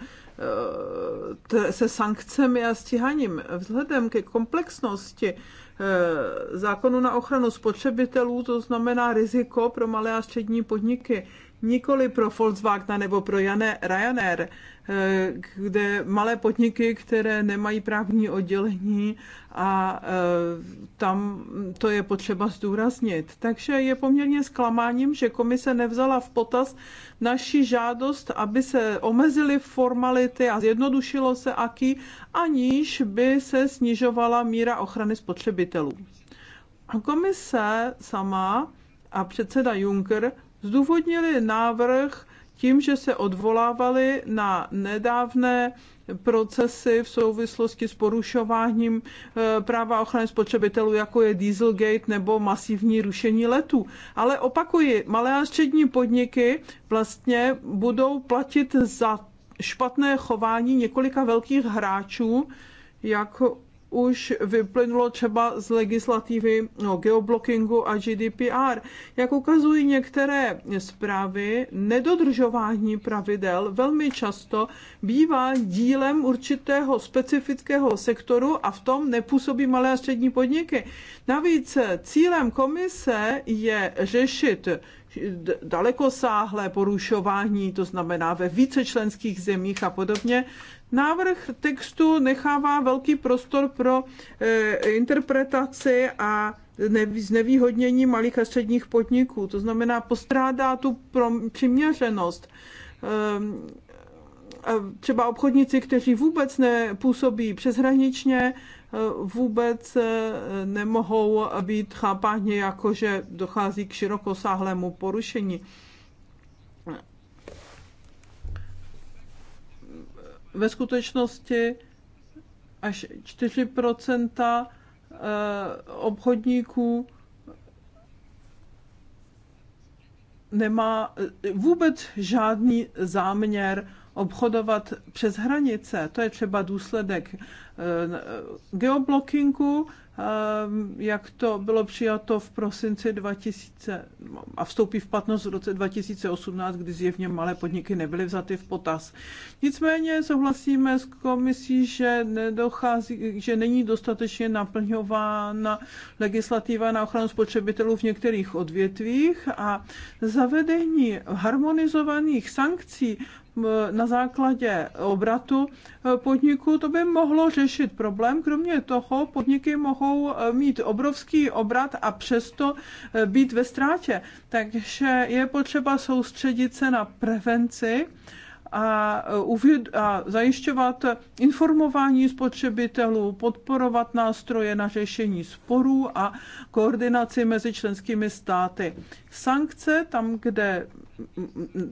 eh, se sankcemi a stíhaním. Vzhledem ke komplexnosti Eh, zákonu na ochranu spotřebitelů, to znamená riziko pro malé a střední podniky nikoli pro Volkswagen nebo pro Jane, Ryanair, eh, kde malé podniky, které nemají právní oddělení a eh, tam to je potřeba zdůraznit. Takže je poměrně zklamáním, že komise nevzala v potaz naši žádost, aby se omezily formality a zjednodušilo se aký, aniž by se snižovala míra ochrany spotřebitelů. A komise sama a předseda Juncker zdůvodnili návrh tím, že se odvolávali na nedávné procesy v souvislosti s porušováním eh, práva ochrany spotřebitelů, jako je Dieselgate nebo masivní rušení letů. Ale opakuji, malé a střední podniky vlastně budou platit za špatné chování několika velkých hráčů, jak už vyplynulo třeba z legislativy no, geoblockingu a GDPR. Jak ukazují některé zprávy, nedodržování pravidel velmi často bývá dílem určitého specifického sektoru a v tom nepůsobí malé a střední podniky. Navíc cílem komise je řešit dalekosáhlé porušování, to znamená ve více členských zemích a podobně, Návrh textu nechává velký prostor pro eh, interpretaci a znevýhodnění malých a středních podniků. To znamená, postrádá tu přiměřenost ehm, třeba obchodníci, kteří vůbec nepůsobí přeshraničně, eh, vůbec eh, nemohou být chápáni jako, že dochází k širokosáhlému porušení. ve skutečnosti až 4 eh, obchodníků nemá eh, vůbec žádný záměr obchodovat přes hranice. To je třeba důsledek eh, geoblockingu, Ehm, jak to bylo přijato v prosinci 2000 a vstoupí v platnost v roce 2018, kdy zjevně malé podniky nebyly vzaty v potaz. Nicméně souhlasíme s komisí, že, nedochází, že není dostatečně naplňována legislativa na ochranu spotřebitelů v některých odvětvích a zavedení harmonizovaných sankcí na základě obratu e, podniku, to by mohlo řešit problém. Kromě toho podniky mohou e, mít obrovský obrat a přesto e, být ve ztrátě. Takže je potřeba soustředit se na prevenci a, uvěd, a zajišťovat informování spotřebitelů, podporovat nástroje na řešení sporů a koordinaci mezi členskými státy. Sankce tam, kde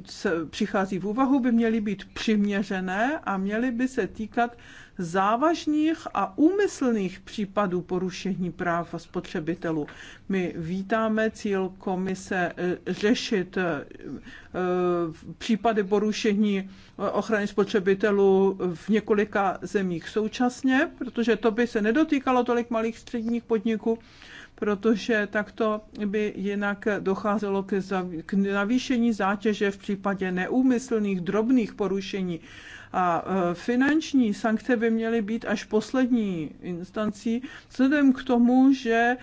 se přichází v úvahu, by měly být přiměřené a měly by se týkat závažných a úmyslných případů porušení práv spotřebitelů. My vítáme cíl komise eh, řešit eh, eh, případy porušení ochrany spotřebitelů v několika zemích současně, protože to by se nedotýkalo tolik malých středních podniků, protože takto by jinak docházelo k, navýšení zátěže v případě neúmyslných drobných porušení a e, finanční sankce by měly být až poslední instancí, vzhledem k tomu, že e,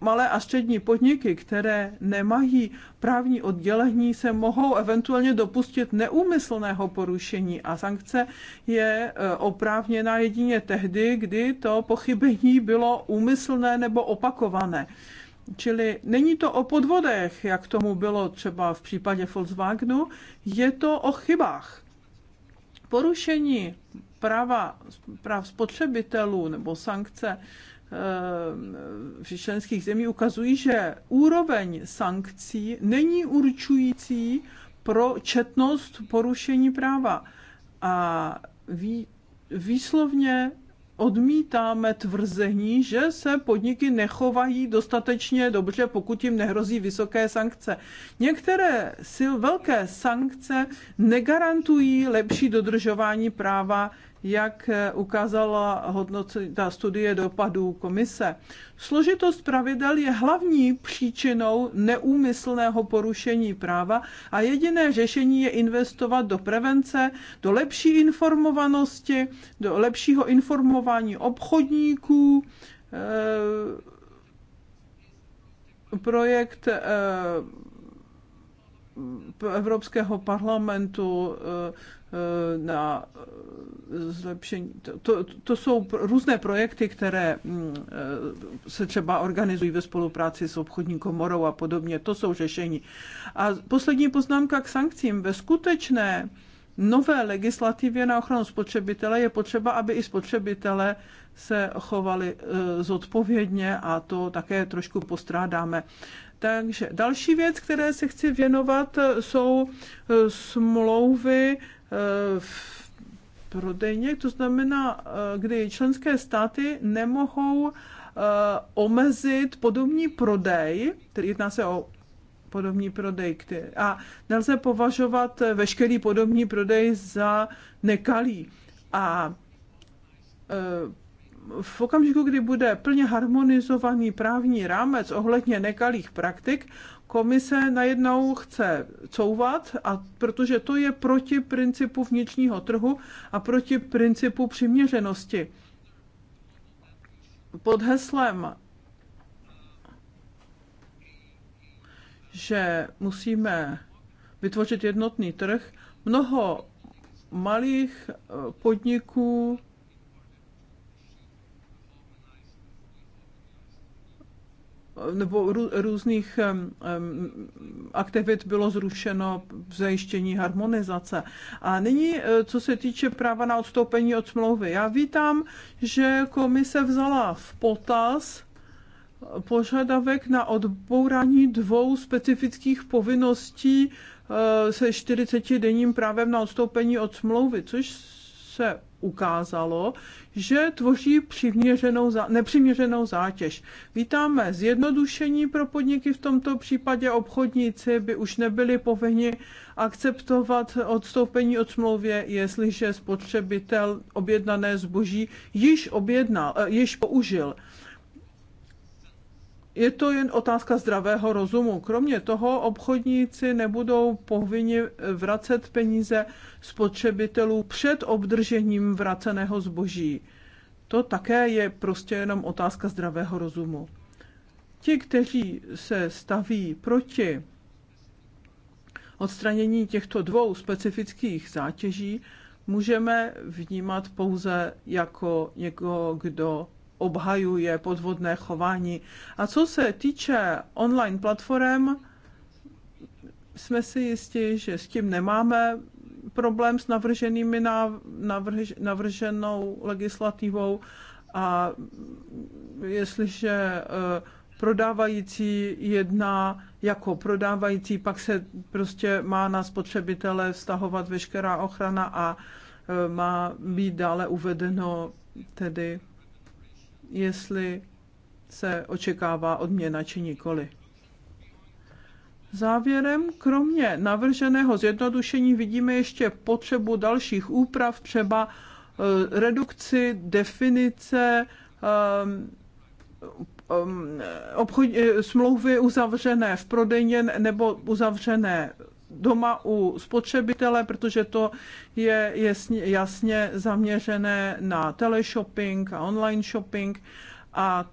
malé a střední podniky, které nemají právní oddělení, se mohou eventuálně dopustit neúmyslného porušení a sankce je e, oprávněná jedině tehdy, kdy to pochybení bylo úmyslné nebo opakované. Čili není to o podvodech, jak tomu bylo třeba v případě Volkswagenu, je to o chybách. Porušení práva, práv spotřebitelů nebo sankce eh, v členských zemí ukazují, že úroveň sankcí není určující pro četnost porušení práva. A výslovně odmítáme tvrzení, že se podniky nechovají dostatečně dobře, pokud jim nehrozí vysoké sankce. Některé sil velké sankce negarantují lepší dodržování práva jak eh, ukázala hodnota studie dopadů komise. Složitost pravidel je hlavní příčinou neúmyslného porušení práva a jediné řešení je investovat do prevence, do lepší informovanosti, do lepšího informování obchodníků, eh, projekt eh, Evropského parlamentu na zlepšení. To, to, to jsou různé projekty, které mm, eh, se třeba organizují ve spolupráci s obchodní komorou a podobně. To jsou řešení. A poslední poznámka k sankcím. Ve skutečné nové legislativě na ochranu spotřebitele je potřeba, aby i spotřebitele se chovali eh, zodpovědně a to také trošku postrádáme. Takže další věc, které se chci věnovat, eh, jsou smlouvy v prodejně, to znamená, eh, kdy členské státy nemohou eh, omezit podobní prodej, tedy jedná se o podobní prodej. který A nelze považovat veškerý podobní prodej za nekalý. A eh, v okamžiku, kdy bude plně harmonizovaný právní rámec ohledně nekalých praktik, komise najednou chce couvat, a protože to je proti principu vnitřního trhu a proti principu přiměřenosti. Pod heslem, že musíme vytvořit jednotný trh, mnoho malých podniků nebo rů, různých aktivit bylo zrušeno v zajištění harmonizace. A nyní, e, co se týče práva na odstoupení od smlouvy, já vítám, že komise vzala v potaz požadavek na odbourání dvou specifických povinností e, se 40-denním právem na odstoupení od smlouvy, což se ukázalo, že tvoří přiměřenou, nepřiměřenou zátěž. Vítáme zjednodušení pro podniky, v tomto případě obchodníci by už nebyli povinni akceptovat odstoupení od smlouvě, jestliže spotřebitel objednané zboží již, objednal, eh, již použil je to jen otázka zdravého rozumu. Kromě toho obchodníci nebudou povinni vracet peníze spotřebitelů před obdržením vraceného zboží. To také je prostě jenom otázka zdravého rozumu. Ti, kteří se staví proti odstranění těchto dvou specifických zátěží, můžeme vnímat pouze jako někoho, kdo obhajuje podvodné chování. A co se týče online platform, jsme si jistí, že s tím nemáme problém s navrženými navrž, navrženou legislativou a jestliže eh, prodávající jedná jako prodávající, pak se prostě má na spotřebitele vztahovat veškerá ochrana a eh, má být dále uvedeno tedy jestli se očekává odměna či nikoli. Závěrem, kromě navrženého zjednodušení, vidíme ještě potřebu dalších úprav, třeba eh, redukci definice eh, eh, obchod, smlouvy uzavřené v prodejně nebo uzavřené doma u spotřebitele, protože to je jasně, jasně zaměřené na teleshopping a online shopping a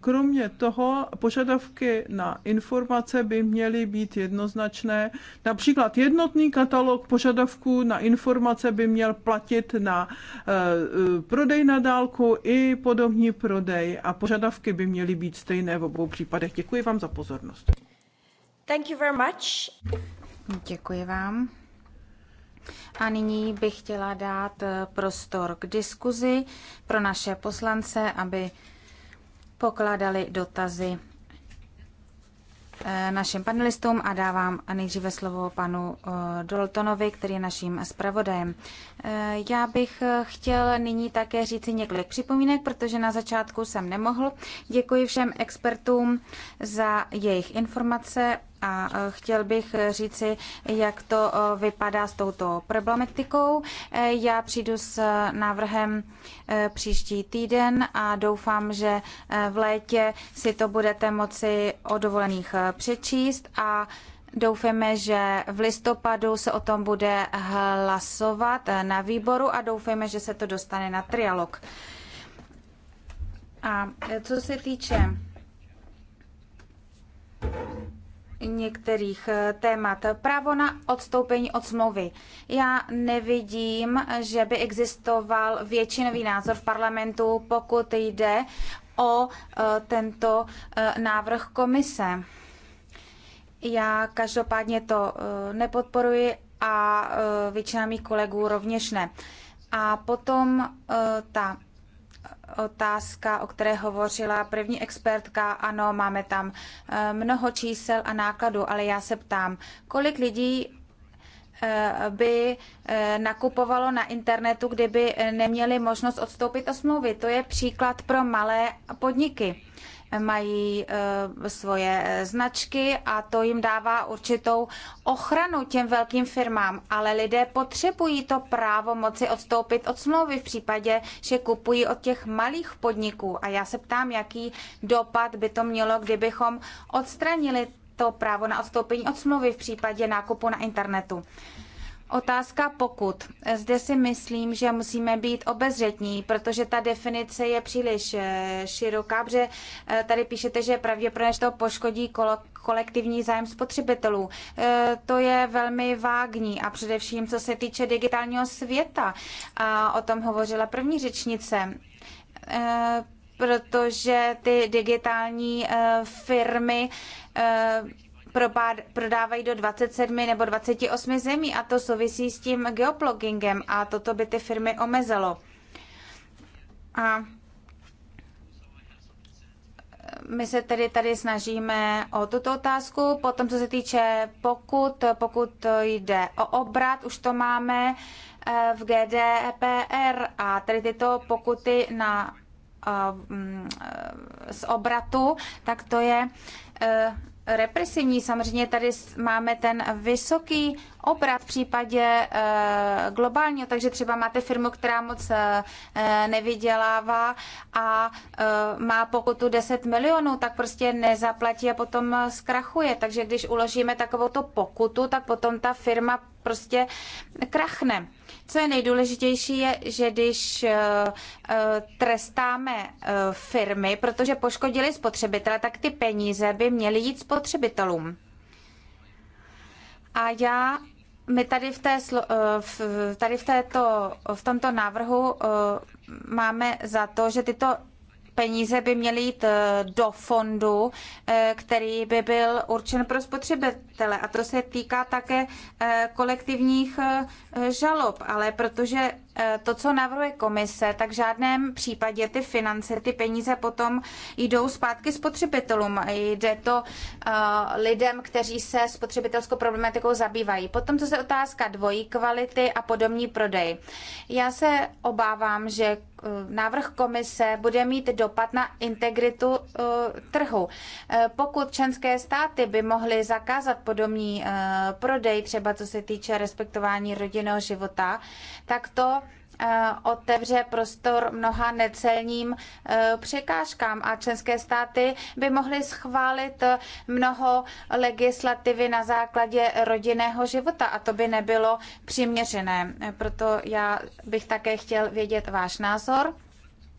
Kromě toho požadavky na informace by měly být jednoznačné. Například jednotný katalog požadavků na informace by měl platit na e, prodej na dálku i podobní prodej a požadavky by měly být stejné v obou případech. Děkuji vám za pozornost. Thank you very much. Děkuji vám. A nyní bych chtěla dát eh, prostor k diskuzi pro naše poslance, aby pokládali dotazy eh, našim panelistům a dávám nejdříve slovo panu eh, Doltonovi, který je naším zpravodajem. Já bych chtěl nyní také říci několik připomínek, protože na začátku jsem nemohl. Děkuji všem expertům za jejich informace a e, chtěl bych říci, jak to e, vypadá s touto problematikou. E, já přijdu s návrhem příští týden a doufám, že v létě si to budete moci o dovolených přečíst a Doufáme, že v listopadu se o tom bude hlasovat na výboru a doufáme, že se to dostane na trialog. A co se týče některých eh, témat. Právo na odstoupení od smlouvy. Já nevidím, že by existoval většinový názor v parlamentu, pokud jde o eh, tento eh, návrh komise. Já každopádně to nepodporuji a většina mých kolegů rovněž ne. A potom ta otázka, o které hovořila první expertka. Ano, máme tam eh, mnoho čísel a nákladů, ale já se ptám, kolik lidí eh, by eh, nakupovalo na internetu, kdyby neměli možnost odstoupit od smlouvy. To je příklad pro malé podniky mají eh, svoje eh, značky a to jim dává určitou ochranu těm velkým firmám, ale lidé potřebují to právo moci odstoupit od smlouvy v případě, že kupují od těch malých podniků. A já se ptám, jaký dopad by to mělo, kdybychom odstranili to právo na odstoupení od smlouvy v případě nákupu na internetu. Otázka pokud. Zde si myslím, že musíme být obezřetní, protože ta definice je příliš eh, široká, protože eh, tady píšete, že pravděpodobně že to poškodí kolektivní zájem spotřebitelů. Eh, to je velmi vágní a především co se týče digitálního světa. A o tom hovořila první řečnice protože ty digitální firmy prodávají do 27 nebo 28 zemí a to souvisí s tím geoploggingem a toto by ty firmy omezilo. A my se tedy tady snažíme o tuto otázku. Potom, co se týče pokud, pokud jde o obrat, už to máme eh, v GDPR a tedy tyto pokuty na, eh, mm, eh, z obratu, tak to je represivní. Samozřejmě tady máme ten vysoký obrat v případě eh, globálního, takže třeba máte firmu, která moc eh, nevydělává a eh, má pokutu 10 milionů, tak prostě nezaplatí a potom zkrachuje. Takže když uložíme takovou pokutu, tak potom ta firma prostě krachne. Co je nejdůležitější, je, že když trestáme firmy, protože poškodili spotřebitele, tak ty peníze by měly jít spotřebitelům. A já my tady v, té, eh, v, tady v, této, v tomto návrhu eh, máme za to, že tyto peníze by měly jít eh, do fondu, který by byl určen pro spotřebitele věřitele. A to se týká také eh, kolektivních eh, žalob, ale protože eh, to, co navrhuje komise, tak v žádném případě ty finance, ty peníze potom jdou zpátky spotřebitelům. Jde to lidem, kteří se spotřebitelskou problematikou zabývají. Potom, co se otázka dvojí kvality a podobní prodej. Já se obávám, že návrh komise bude mít dopad na integritu trhu. Pokud členské státy by mohly zakázat podomní eh, prodej, třeba co se týče respektování rodinného života, tak to eh, otevře prostor mnoha necelním eh, překážkám a členské státy by mohly schválit mnoho legislativy na základě rodinného života a to by nebylo přiměřené. Proto já bych také chtěl vědět váš názor.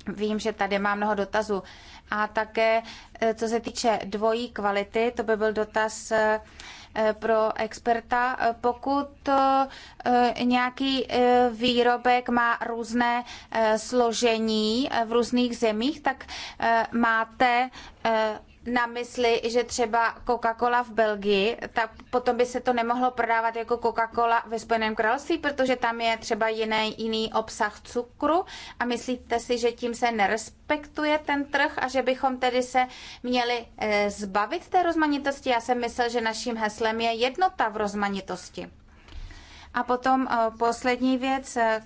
Vím, že tady má mnoho dotazů a také, e, co se týče dvojí kvality, to by byl dotaz e, e, pro experta. Pokud nějaký výrobek má různé složení v různých zemích, tak máte na mysli, že třeba Coca-Cola v Belgii, tak potom by se to nemohlo prodávat jako Coca-Cola ve Spojeném království, protože tam je třeba jiný, jiný obsah cukru a myslíte si, že tím se nerespektuje ten trh a že bychom tedy se měli eh, zbavit té rozmanitosti? Já jsem myslel, že naším heslem je jednota v rozmanitosti. A potom eh, poslední věc, eh,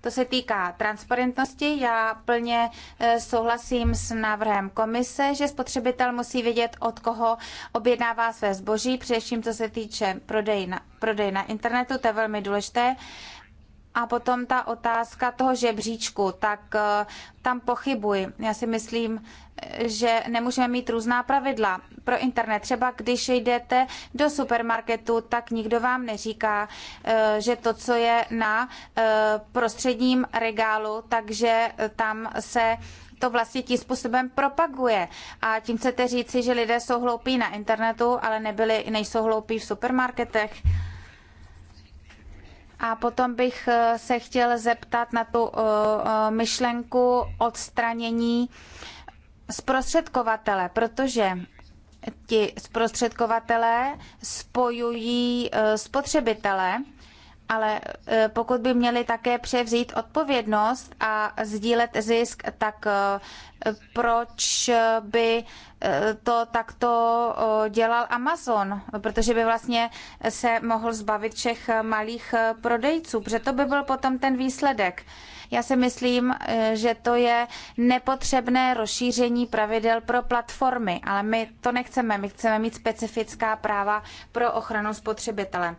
to se týká transparentnosti. Já plně eh, souhlasím s návrhem komise, že spotřebitel musí vědět, od koho objednává své zboží, především co se týče prodej na, prodej na internetu, to je velmi důležité. A potom ta otázka toho žebříčku, tak eh, tam pochybuji. Já si myslím, že nemůžeme mít různá pravidla pro internet. Třeba když jdete do supermarketu, tak nikdo vám neříká, eh, že to, co je na eh, prostředním regálu, takže tam se to vlastně tím způsobem propaguje. A tím chcete říci, že lidé jsou hloupí na internetu, ale nebyli, nejsou hloupí v supermarketech. A potom bych eh, se chtěl zeptat na tu eh, eh, myšlenku odstranění zprostředkovatele, protože ti zprostředkovatelé spojují spotřebitele ale eh, pokud by měli také převzít odpovědnost a sdílet zisk, tak eh, proč by eh, to takto dělal Amazon? Protože by vlastně se mohl zbavit všech malých prodejců, protože to by byl potom ten výsledek. Já si myslím, že to je nepotřebné rozšíření pravidel pro platformy, ale my to nechceme. My chceme mít specifická práva pro ochranu spotřebitele.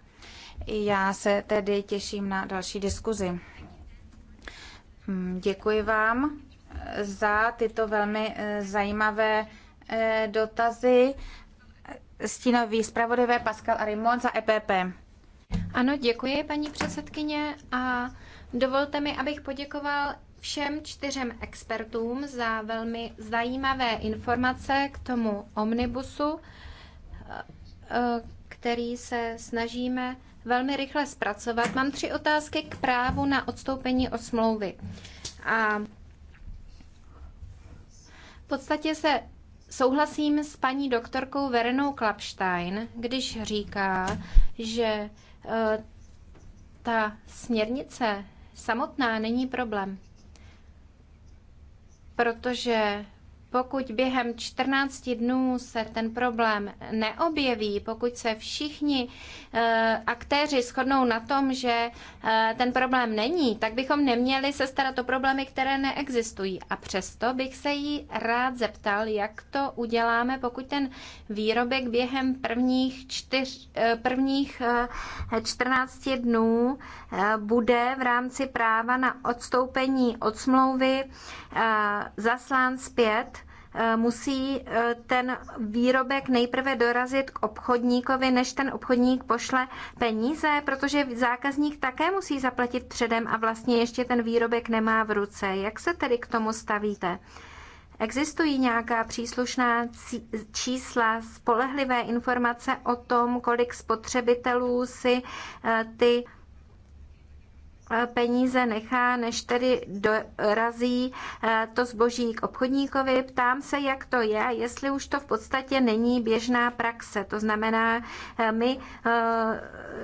Já se tedy těším na další diskuzi. Mm, děkuji vám eh, za tyto velmi eh, zajímavé eh, dotazy. Stínový zpravodajové Pascal Arimon za EPP. Ano, děkuji, paní předsedkyně, a dovolte mi, abych poděkoval všem čtyřem expertům za velmi zajímavé informace k tomu omnibusu, který se snažíme velmi rychle zpracovat. Mám tři otázky k právu na odstoupení od smlouvy. A v podstatě se souhlasím s paní doktorkou Verenou Klapstein, když říká, že eh, ta směrnice samotná není problém, protože pokud během 14 dnů se ten problém neobjeví, pokud se všichni eh, aktéři shodnou na tom, že eh, ten problém není, tak bychom neměli se starat o problémy, které neexistují. A přesto bych se jí rád zeptal, jak to uděláme, pokud ten výrobek během prvních, čtyř, eh, prvních 14 dnů bude v rámci práva na odstoupení od smlouvy zaslán zpět Eh, musí eh, ten výrobek nejprve dorazit k obchodníkovi, než ten obchodník pošle peníze, protože zákazník také musí zaplatit předem a vlastně ještě ten výrobek nemá v ruce. Jak se tedy k tomu stavíte? Existují nějaká příslušná čísla, spolehlivé informace o tom, kolik spotřebitelů si eh, ty Eh, peníze nechá, než tedy dorazí eh, to zboží k obchodníkovi. Ptám se, jak to je, jestli už to v podstatě není běžná praxe. To znamená, eh, my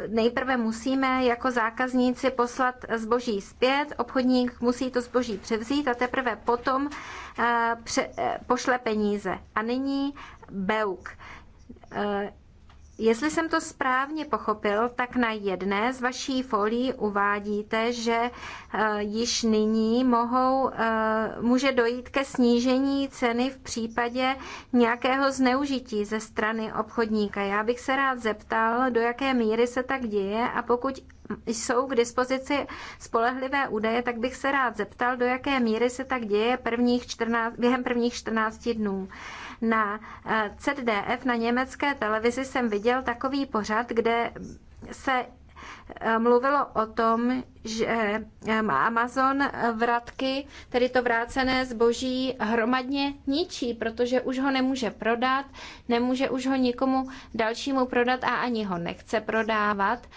nejprve musíme jako zákazníci poslat zboží zpět, obchodník musí to zboží převzít a teprve potom pošle peníze. A nyní BEUK Jestli jsem to správně pochopil, tak na jedné z vaší folií uvádíte, že eh, již nyní mohou, eh, může dojít ke snížení ceny v případě nějakého zneužití ze strany obchodníka. Já bych se rád zeptal, do jaké míry se tak děje a pokud jsou k dispozici spolehlivé údaje, tak bych se rád zeptal, do jaké míry se tak děje prvních 14, během prvních 14 dnů. Na eh, CDF, na německé televizi, jsem viděl takový pořad, kde se eh, mluvilo o tom, že eh, Amazon vratky, tedy to vrácené zboží, hromadně ničí, protože už ho nemůže prodat, nemůže už ho nikomu dalšímu prodat a ani ho nechce prodávat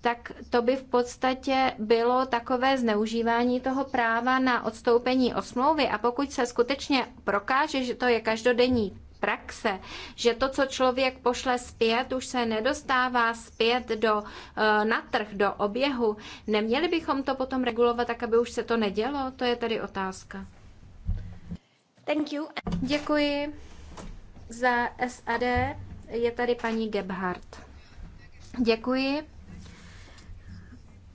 tak to by v podstatě bylo takové zneužívání toho práva na odstoupení od smlouvy. A pokud se skutečně prokáže, že to je každodenní praxe, že to, co člověk pošle zpět, už se nedostává zpět do, eh, na trh, do oběhu. Neměli bychom to potom regulovat tak, aby už se to nedělo? To je tedy otázka. Thank you. Děkuji za SAD. Je tady paní Gebhardt. Děkuji.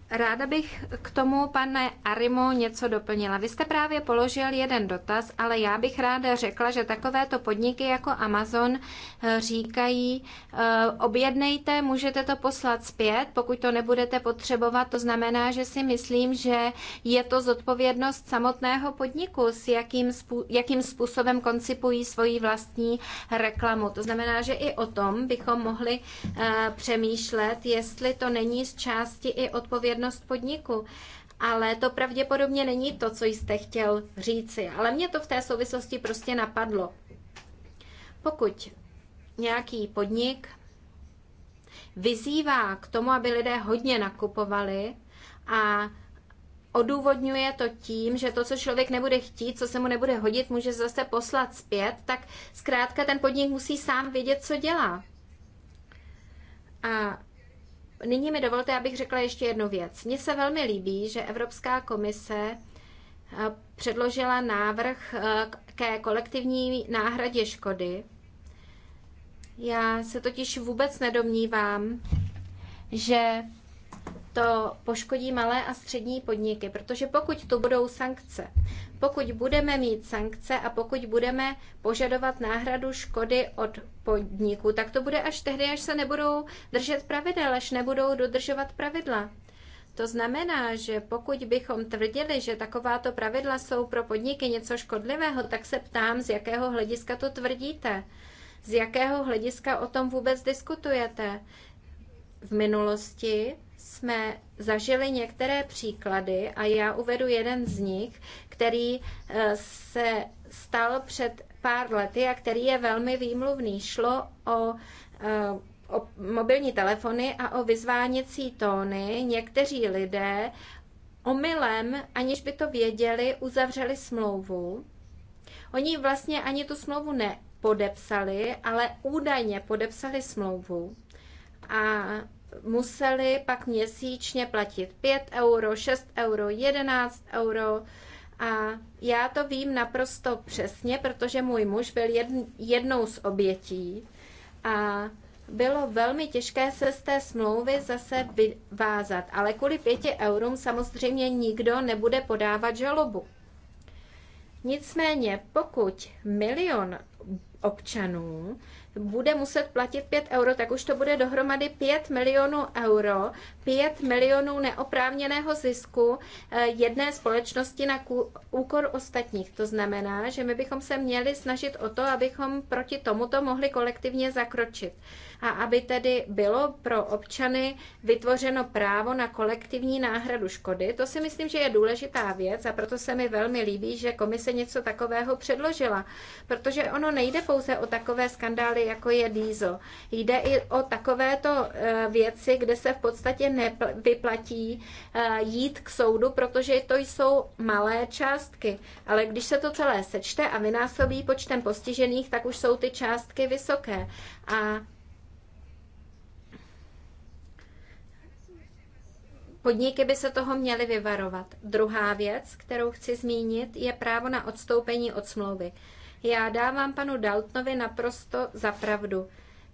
Ráda bych k tomu, pane Arimo, něco doplnila. Vy jste právě položil jeden dotaz, ale já bych ráda řekla, že takovéto podniky jako Amazon eh, říkají, eh, objednejte, můžete to poslat zpět, pokud to nebudete potřebovat. To znamená, že si myslím, že je to zodpovědnost samotného podniku, s jakým, jakým způsobem koncipují svoji vlastní reklamu. To znamená, že i o tom bychom mohli eh, přemýšlet, jestli to není z části i odpovědnost odpovědnost podniku. Ale to pravděpodobně není to, co jste chtěl říci. Ale mě to v té souvislosti prostě napadlo. Pokud nějaký podnik vyzývá k tomu, aby lidé hodně nakupovali a odůvodňuje to tím, že to, co člověk nebude chtít, co se mu nebude hodit, může zase poslat zpět, tak zkrátka ten podnik musí sám vědět, co dělá. A nyní mi dovolte, abych řekla ještě jednu věc. Mně se velmi líbí, že Evropská komise eh, předložila návrh eh, ke kolektivní náhradě škody. Já se totiž vůbec nedomnívám, že to poškodí malé a střední podniky, protože pokud tu budou sankce, pokud budeme mít sankce a pokud budeme požadovat náhradu škody od podniku, tak to bude až tehdy, až se nebudou držet pravidel, až nebudou dodržovat pravidla. To znamená, že pokud bychom tvrdili, že takováto pravidla jsou pro podniky něco škodlivého, tak se ptám, z jakého hlediska to tvrdíte? Z jakého hlediska o tom vůbec diskutujete? V minulosti jsme zažili některé příklady a já uvedu jeden z nich, který eh, se stal před pár lety a který je velmi výmluvný. Šlo o eh, o mobilní telefony a o vyzváněcí tóny. Někteří lidé omylem, aniž by to věděli, uzavřeli smlouvu. Oni vlastně ani tu smlouvu nepodepsali, ale údajně podepsali smlouvu a museli pak měsíčně platit 5 euro, 6 euro, 11 euro a já to vím naprosto přesně, protože můj muž byl jednou z obětí a bylo velmi těžké se z té smlouvy zase vyvázat, ale kvůli pěti eurům samozřejmě nikdo nebude podávat žalobu. Nicméně, pokud milion občanů bude muset platit 5 euro, tak už to bude dohromady 5 milionů euro, 5 milionů neoprávněného zisku eh, jedné společnosti na úkor ostatních. To znamená, že my bychom se měli snažit o to, abychom proti tomuto mohli kolektivně zakročit a aby tedy bylo pro občany vytvořeno právo na kolektivní náhradu škody. To si myslím, že je důležitá věc a proto se mi velmi líbí, že komise něco takového předložila, protože ono nejde pouze o takové skandály, jako je diesel. Jde i o takovéto eh, věci, kde se v podstatě nevyplatí eh, jít k soudu, protože to jsou malé částky. Ale když se to celé sečte a vynásobí počtem postižených, tak už jsou ty částky vysoké. A Podniky by se toho měly vyvarovat. Druhá věc, kterou chci zmínit, je právo na odstoupení od smlouvy. Já dávám panu Daltnovi naprosto za pravdu.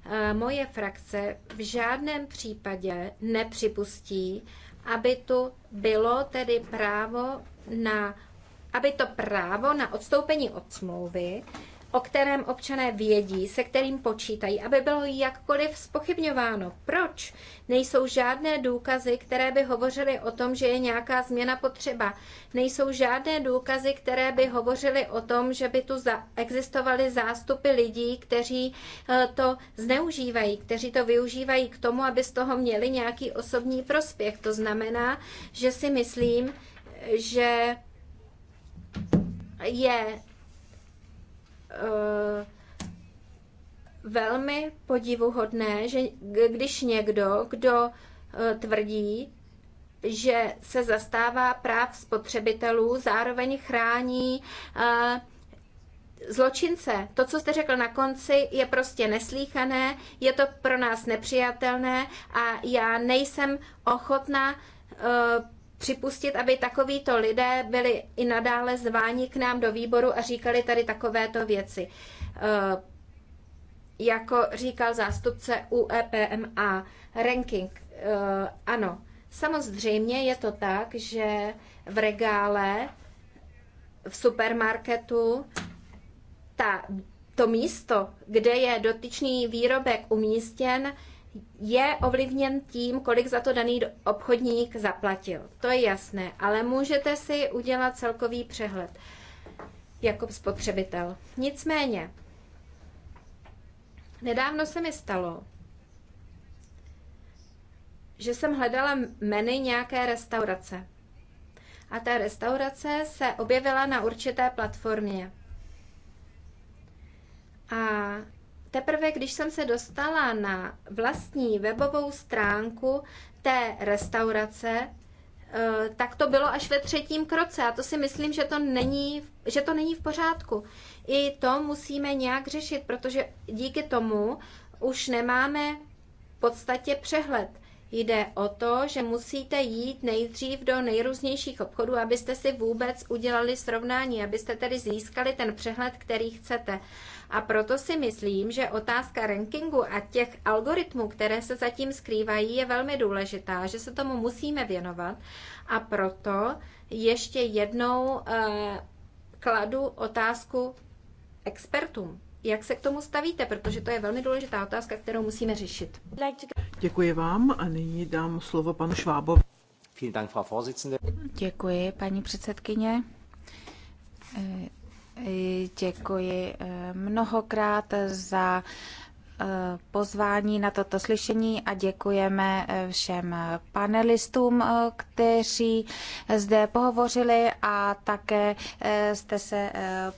Eh, moje frakce v žádném případě nepřipustí, aby tu bylo tedy právo na aby to právo na odstoupení od smlouvy o kterém občané vědí, se kterým počítají, aby bylo jakkoliv spochybňováno. Proč? Nejsou žádné důkazy, které by hovořily o tom, že je nějaká změna potřeba. Nejsou žádné důkazy, které by hovořily o tom, že by tu existovaly zástupy lidí, kteří eh, to zneužívají, kteří to využívají k tomu, aby z toho měli nějaký osobní prospěch. To znamená, že si myslím, že je Eh, velmi podivuhodné, že když někdo, kdo eh, tvrdí, že se zastává práv spotřebitelů, zároveň chrání eh, zločince. To, co jste řekl na konci, je prostě neslíchané, je to pro nás nepřijatelné a já nejsem ochotná připustit, aby takovýto lidé byli i nadále zváni k nám do výboru a říkali tady takovéto věci. Eh, jako říkal zástupce UEPMA, ranking, eh, ano. Samozřejmě je to tak, že v regále, v supermarketu, ta, to místo, kde je dotyčný výrobek umístěn, je ovlivněn tím, kolik za to daný obchodník zaplatil. To je jasné, ale můžete si udělat celkový přehled jako spotřebitel. Nicméně, nedávno se mi stalo, že jsem hledala menu nějaké restaurace. A ta restaurace se objevila na určité platformě. A teprve když jsem se dostala na vlastní webovou stránku té restaurace, eh, tak to bylo až ve třetím kroce a to si myslím, že to není, že to není v pořádku. I to musíme nějak řešit, protože díky tomu už nemáme v podstatě přehled. Jde o to, že musíte jít nejdřív do nejrůznějších obchodů, abyste si vůbec udělali srovnání, abyste tedy získali ten přehled, který chcete. A proto si myslím, že otázka rankingu a těch algoritmů, které se zatím skrývají, je velmi důležitá, že se tomu musíme věnovat. A proto ještě jednou eh, kladu otázku expertům. Jak se k tomu stavíte? Protože to je velmi důležitá otázka, kterou musíme řešit. Děkuji vám a nyní dám slovo panu Švábovi. Děkuji, paní předsedkyně. Eh, eh, děkuji eh, mnohokrát za pozvání na toto slyšení a děkujeme eh, všem panelistům, eh, kteří zde pohovořili a také eh, jste se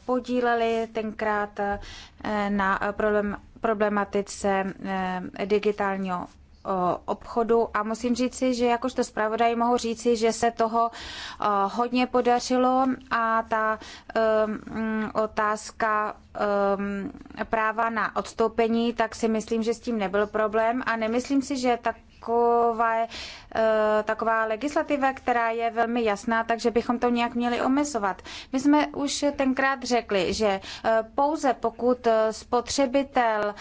podíleli tenkrát na problematice digitálního obchodu a musím říci, že jakožto zpravodaj mohu říci, že se toho hodně podařilo a ta um, otázka um, práva na odstoupení, tak si myslím, že s tím nebyl problém a nemyslím si, že takové Eh, taková legislativa, která je velmi jasná, takže bychom to nějak měli omezovat. My jsme už tenkrát řekli, že eh, pouze pokud eh, spotřebitel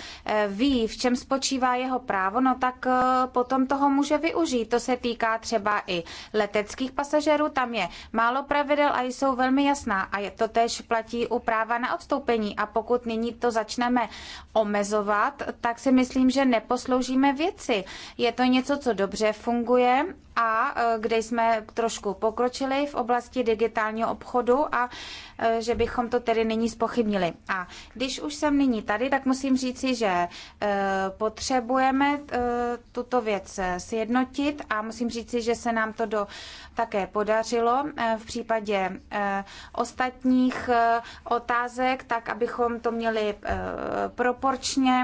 ví, v čem spočívá jeho právo, no tak potom toho může využít. To se týká třeba i leteckých pasažerů, tam je málo pravidel a jsou velmi jasná a to tež platí u práva na odstoupení. A pokud nyní to začneme omezovat, tak si myslím, že neposloužíme věci. Je to něco, co dobře funguje funguje a e, kde jsme trošku pokročili v oblasti digitálního obchodu a e, že bychom to tedy nyní spochybnili. A když už jsem nyní tady, tak musím říci, že e, potřebujeme tuto věc sjednotit a musím říci, že se nám to do, také podařilo v případě ostatních otázek, tak abychom to měli proporčně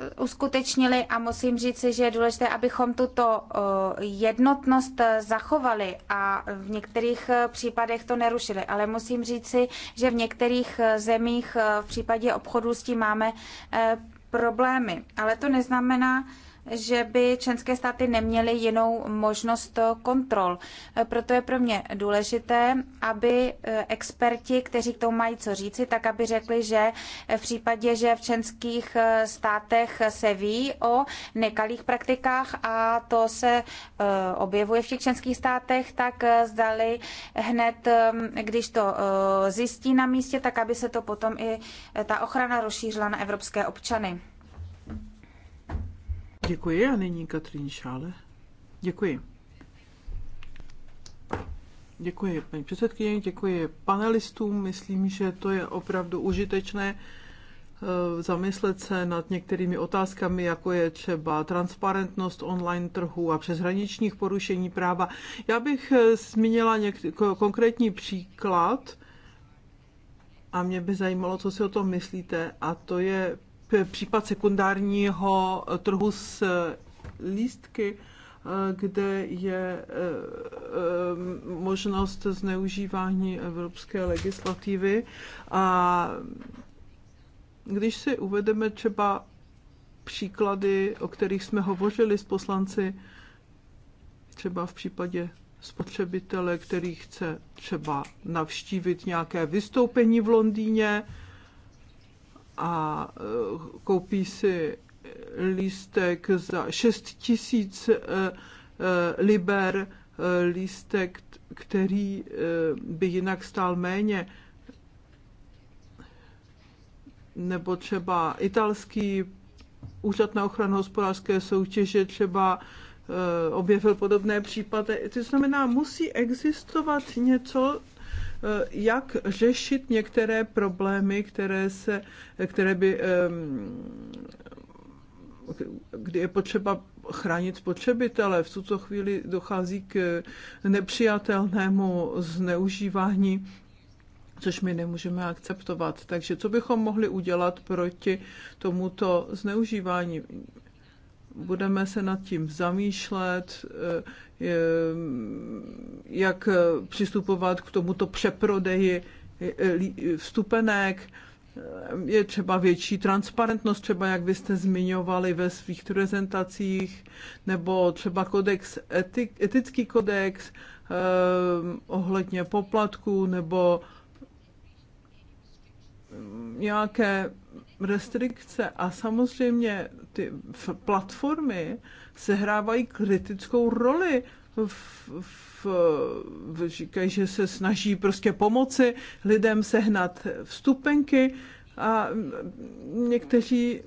Eh, uskutečnili a musím říct, že je důležité, abychom tuto eh, jednotnost eh, zachovali a v některých případech to nerušili. Ale musím říci, že v některých zemích v případě obchodů s tím máme problémy. Ale to neznamená, že by členské státy neměly jinou možnost kontrol. Proto je pro mě důležité, aby eh, experti, kteří k tomu mají co říci, tak aby řekli, že v případě, že v členských eh, státech se ví o nekalých praktikách a to se eh, objevuje v těch členských státech, tak zdali hned, když to zjistí na místě, tak aby se to potom i ta ochrana rozšířila na evropské občany. Děkuji a nyní Katrin Šále. Děkuji. Děkuji paní předsedkyně, děkuji panelistům. Myslím, že to je opravdu užitečné eh, zamyslet se nad některými otázkami, jako je třeba transparentnost online trhu a přeshraničních porušení práva. Já bych eh, zmínila něk- konkrétní příklad a mě by zajímalo, co si o tom myslíte, a to je případ sekundárního trhu s eh, lístky, eh, kde je eh, možnost zneužívání evropské legislativy. A když si uvedeme třeba příklady, o kterých jsme hovořili s poslanci, třeba v případě spotřebitele, který chce třeba navštívit nějaké vystoupení v Londýně, a e, koupí si lístek za 6 tisíc e, e, liber, lístek, který by jinak stál méně. Nebo třeba italský úřad na ochranu hospodářské soutěže třeba objevil podobné případy. To znamená, musí existovat něco, Eh, jak řešit některé problémy, které, se, které by ehm, kdy je potřeba chránit spotřebitele. V tuto chvíli dochází k nepřijatelnému zneužívání což my nemůžeme akceptovat. Takže co bychom mohli udělat proti tomuto zneužívání? budeme se nad tím zamýšlet, eh, jak eh, přistupovat k tomuto přeprodeji eh, vstupenek, je třeba větší transparentnost, třeba jak vy jste zmiňovali ve svých prezentacích, nebo třeba kodex etik, etický kodex eh, ohledně poplatků, nebo nějaké restrikce a samozřejmě ty platformy sehrávají kritickou roli v, v, v, říkají, že se snaží prostě pomoci lidem sehnat vstupenky a někteří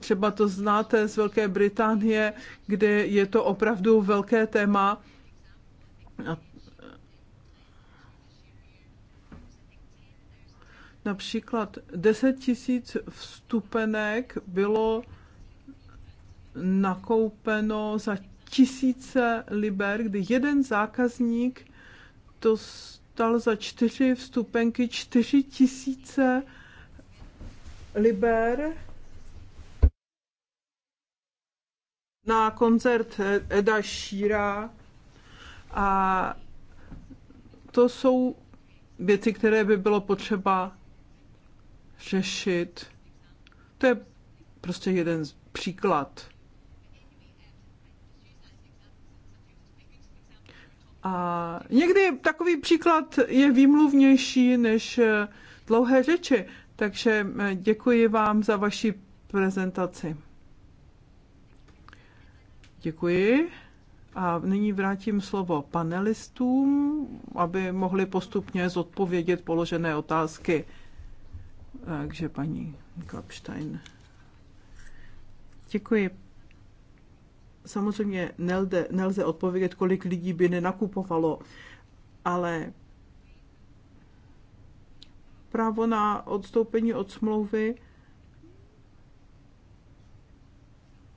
třeba to znáte z Velké Británie, kde je to opravdu velké téma. A Například 10 tisíc vstupenek bylo nakoupeno za tisíce liber, kdy jeden zákazník to stal za čtyři vstupenky čtyři tisíce liber na koncert Eda Šíra a to jsou věci, které by bylo potřeba řešit. To je prostě jeden příklad. A někdy takový příklad je výmluvnější než eh, dlouhé řeči, takže eh, děkuji vám za vaši prezentaci. Děkuji. A nyní vrátím slovo panelistům, aby mohli postupně zodpovědět položené otázky. Takže paní Klapstein. Děkuji. Samozřejmě nelze, nelze odpovědět, kolik lidí by nenakupovalo, ale právo na odstoupení od smlouvy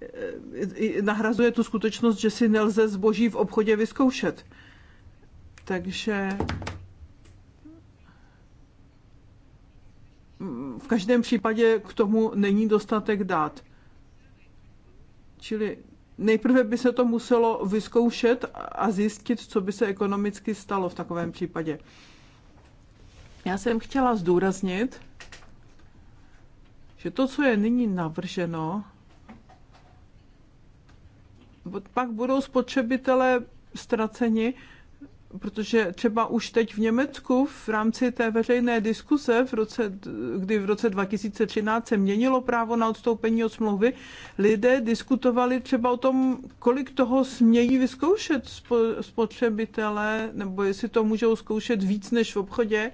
eh, nahrazuje tu skutečnost, že si nelze zboží v obchodě vyzkoušet. Takže v každém případě k tomu není dostatek dát. Čili nejprve by se to muselo vyzkoušet a zjistit, co by se ekonomicky stalo v takovém případě. Já jsem chtěla zdůraznit, že to, co je nyní navrženo, pak budou spotřebitelé ztraceni, protože třeba už teď v Německu v rámci té veřejné diskuse, v roce, kdy v roce 2013 se měnilo právo na odstoupení od smlouvy, lidé diskutovali třeba o tom, kolik toho smějí vyzkoušet spotřebitelé, nebo jestli to můžou zkoušet víc než v obchodě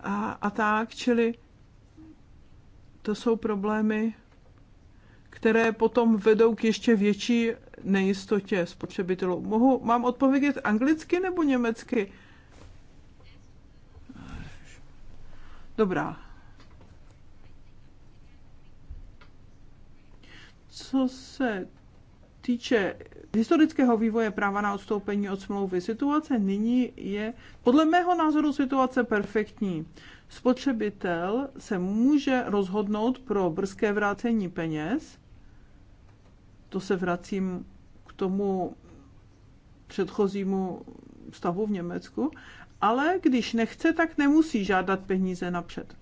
a, a tak, čili to jsou problémy, které potom vedou k ještě větší nejistotě spotřebitelů. Mohu, mám odpovědět anglicky nebo německy? Dobrá. Co se týče historického vývoje práva na odstoupení od smlouvy, situace nyní je podle mého názoru situace perfektní. Spotřebitel se může rozhodnout pro brzké vrácení peněz to se vracím k tomu předchozímu stavu v Německu, ale když nechce, tak nemusí žádat peníze napřed.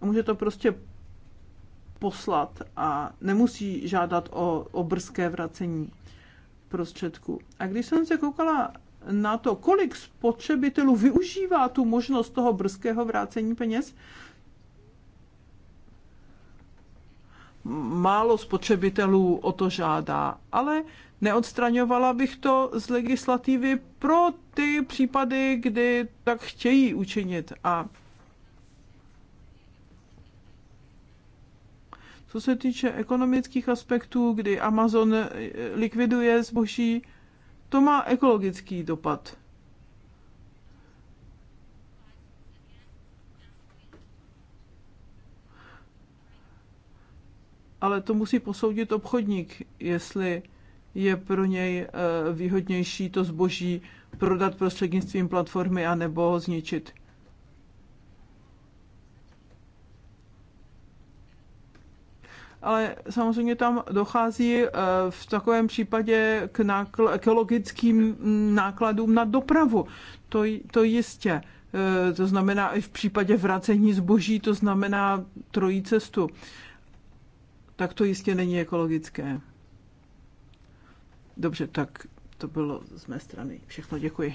Může to prostě poslat a nemusí žádat o, o brzké vracení prostředků. A když jsem se koukala na to, kolik spotřebitelů využívá tu možnost toho brzkého vrácení peněz, málo spotřebitelů o to žádá, ale neodstraňovala bych to z legislativy pro ty případy, kdy tak chtějí učinit. A co se týče ekonomických aspektů, kdy Amazon likviduje zboží, to má ekologický dopad. ale to musí posoudit obchodník, jestli je pro něj eh, výhodnější to zboží prodat prostřednictvím platformy anebo ho zničit. ale samozřejmě tam dochází eh, v takovém případě k nákl- logickým mm, nákladům na dopravu. To, to jistě. Eh, to znamená i v případě vracení zboží, to znamená trojí cestu tak to jistě není ekologické. Dobře, tak to bylo z mé strany. Všechno děkuji.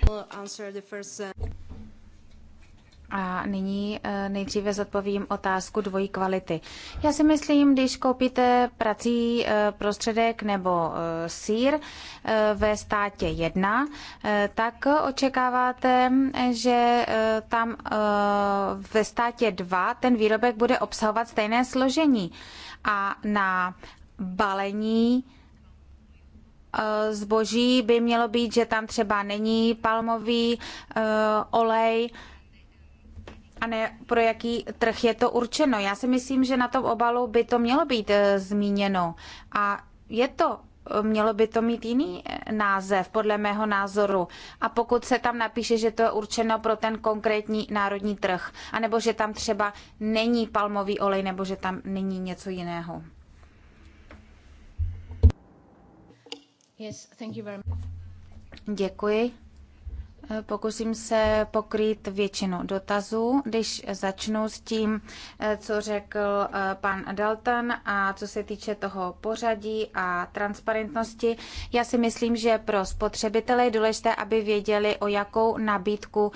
A nyní eh, nejdříve zodpovím otázku dvojí kvality. Já si myslím, když koupíte prací eh, prostředek nebo eh, sír ve státě 1, tak očekáváte, že tam ve státě 2 ten výrobek bude obsahovat stejné složení. A na balení zboží by mělo být, že tam třeba není palmový olej, a ne pro jaký trh je to určeno. Já si myslím, že na tom obalu by to mělo být e, zmíněno. A je to e, mělo by to mít jiný e, název, podle mého názoru. A pokud se tam napíše, že to je určeno pro ten konkrétní národní trh, anebo že tam třeba není palmový olej, nebo že tam není něco jiného. Yes, thank you very much. Děkuji. Pokusím se pokrýt většinu dotazů, když začnu s tím, co řekl eh, pan Dalton a co se týče toho pořadí a transparentnosti. Já si myslím, že pro spotřebitele je důležité, aby věděli, o jakou nabídku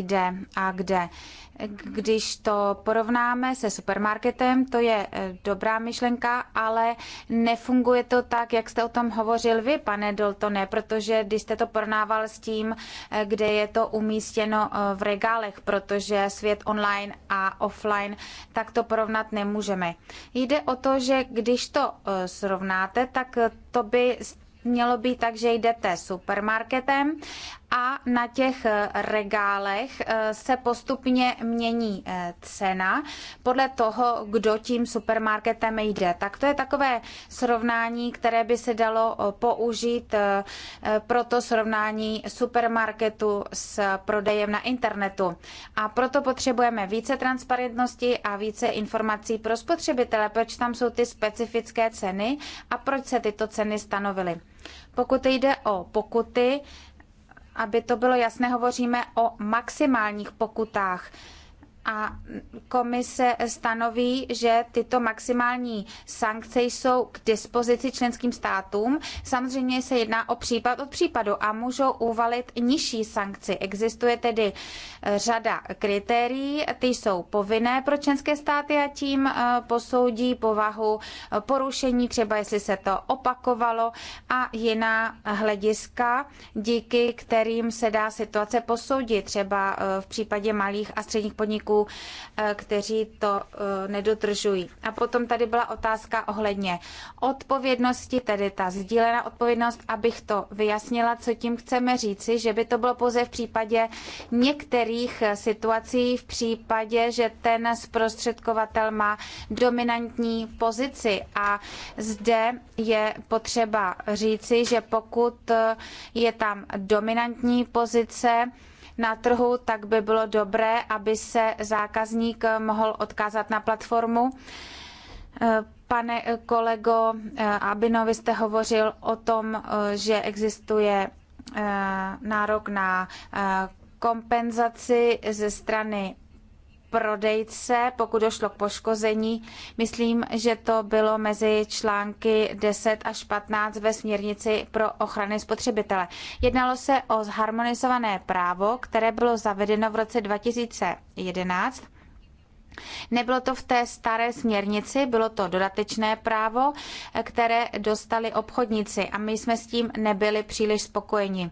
jde a kde. Když to porovnáme se supermarketem, to je eh, dobrá myšlenka, ale nefunguje to tak, jak jste o tom hovořil vy, pane Doltone, protože když jste to porovnával s tím, eh, kde je to umístěno eh, v regálech, protože svět online a offline, tak to porovnat nemůžeme. Jde o to, že když to srovnáte, tak to by mělo být tak, že jdete supermarketem a na těch eh, regálech eh, se postupně mění eh, cena podle toho, kdo tím supermarketem jde. Tak to je takové srovnání, které by se dalo použít pro to srovnání supermarketu s prodejem na internetu. A proto potřebujeme více transparentnosti a více informací pro spotřebitele, proč tam jsou ty specifické ceny a proč se tyto ceny stanovily. Pokud jde o pokuty, aby to bylo jasné, hovoříme o maximálních pokutách a komise stanoví, že tyto maximální sankce jsou k dispozici členským státům. Samozřejmě se jedná o případ od případu a můžou uvalit nižší sankci. Existuje tedy eh, řada kritérií, ty jsou povinné pro členské státy a tím eh, posoudí povahu eh, porušení, třeba jestli se to opakovalo a jiná hlediska, díky kterým se dá situace posoudit, třeba v případě malých a středních podniků Eh, kteří to eh, nedodržují. A potom tady byla otázka ohledně odpovědnosti, tedy ta sdílená odpovědnost, abych to vyjasnila, co tím chceme říci, že by to bylo pouze v případě některých eh, situací, v případě, že ten zprostředkovatel má dominantní pozici. A zde je potřeba říci, že pokud je tam dominantní pozice, na trhu, tak by bylo dobré, aby se zákazník mohl odkázat na platformu. Pane kolego Abino, vy jste hovořil o tom, že existuje eh, nárok na eh, kompenzaci ze strany prodejce, pokud došlo k poškození. Myslím, že to bylo mezi články 10 až 15 ve směrnici pro ochrany spotřebitele. Jednalo se o zharmonizované právo, které bylo zavedeno v roce 2011. Nebylo to v té staré směrnici, bylo to dodatečné právo, které dostali obchodníci a my jsme s tím nebyli příliš spokojeni.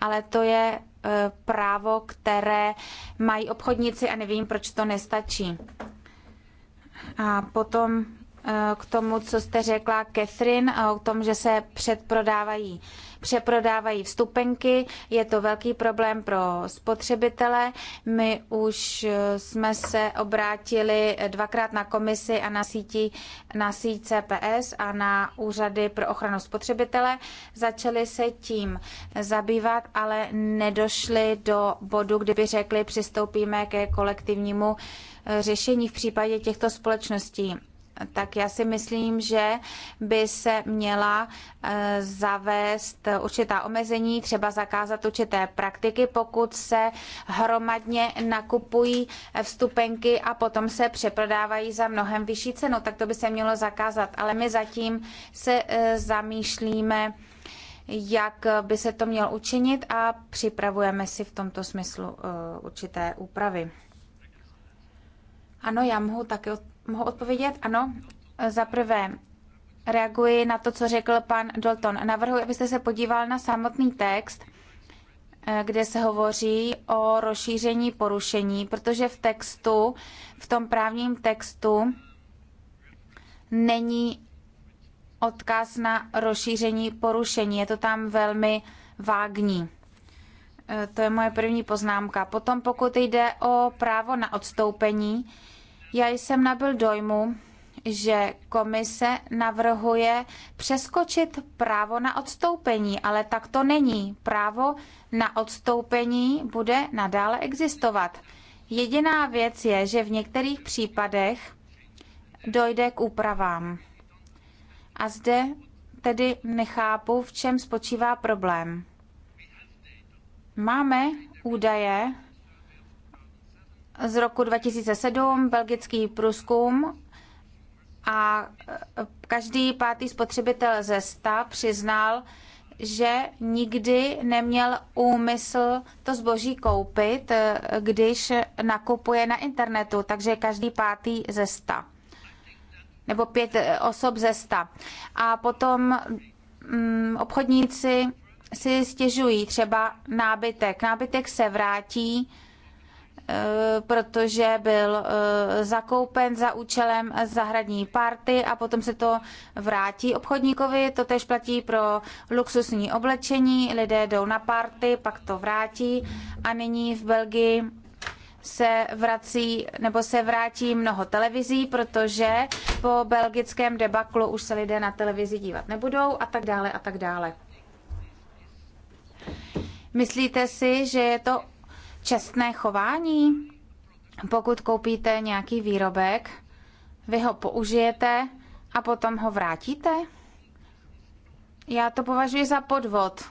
Ale to je Eh, právo, které mají obchodníci a nevím, proč to nestačí. A potom Eh, k tomu, co jste řekla, Catherine, eh, o tom, že se předprodávají, přeprodávají vstupenky. Je to velký problém pro spotřebitele. My už eh, jsme se obrátili dvakrát na komisi a na, síti, na síť CPS a na úřady pro ochranu spotřebitele. Začali se tím zabývat, ale nedošli do bodu, kdyby řekli, přistoupíme ke kolektivnímu řešení v případě těchto společností tak já si myslím, že by se měla eh, zavést určitá omezení, třeba zakázat určité praktiky, pokud se hromadně nakupují eh, vstupenky a potom se přeprodávají za mnohem vyšší cenu, tak to by se mělo zakázat. Ale my zatím se eh, zamýšlíme, jak by se to mělo učinit a připravujeme si v tomto smyslu určité úpravy. Ano, já mohu také Mohu odpovědět? Ano. Za prvé, reaguji na to, co řekl pan Dalton. Navrhuji, abyste se podíval na samotný text, eh, kde se hovoří o rozšíření porušení, protože v textu, v tom právním textu, není odkaz na rozšíření porušení. Je to tam velmi vágní. Eh, to je moje první poznámka. Potom, pokud jde o právo na odstoupení, já jsem nabil dojmu, že komise navrhuje přeskočit právo na odstoupení, ale tak to není. Právo na odstoupení bude nadále existovat. Jediná věc je, že v některých případech dojde k úpravám. A zde tedy nechápu, v čem spočívá problém. Máme údaje z roku 2007, belgický průzkum, a e, každý pátý spotřebitel ze sta přiznal, že nikdy neměl úmysl to zboží koupit, e, když nakupuje na internetu, takže každý pátý ze sta. Nebo pět e, osob ze sta. A potom mm, obchodníci si stěžují třeba nábytek. Nábytek se vrátí, Eh, protože byl eh, zakoupen za účelem zahradní party a potom se to vrátí obchodníkovi. To tež platí pro luxusní oblečení. Lidé jdou na party, pak to vrátí a nyní v Belgii se vrací nebo se vrátí mnoho televizí, protože po belgickém debaklu už se lidé na televizi dívat nebudou a tak dále a tak dále. Myslíte si, že je to čestné chování? Pokud koupíte nějaký výrobek, vy ho použijete a potom ho vrátíte? Já to považuji za podvod.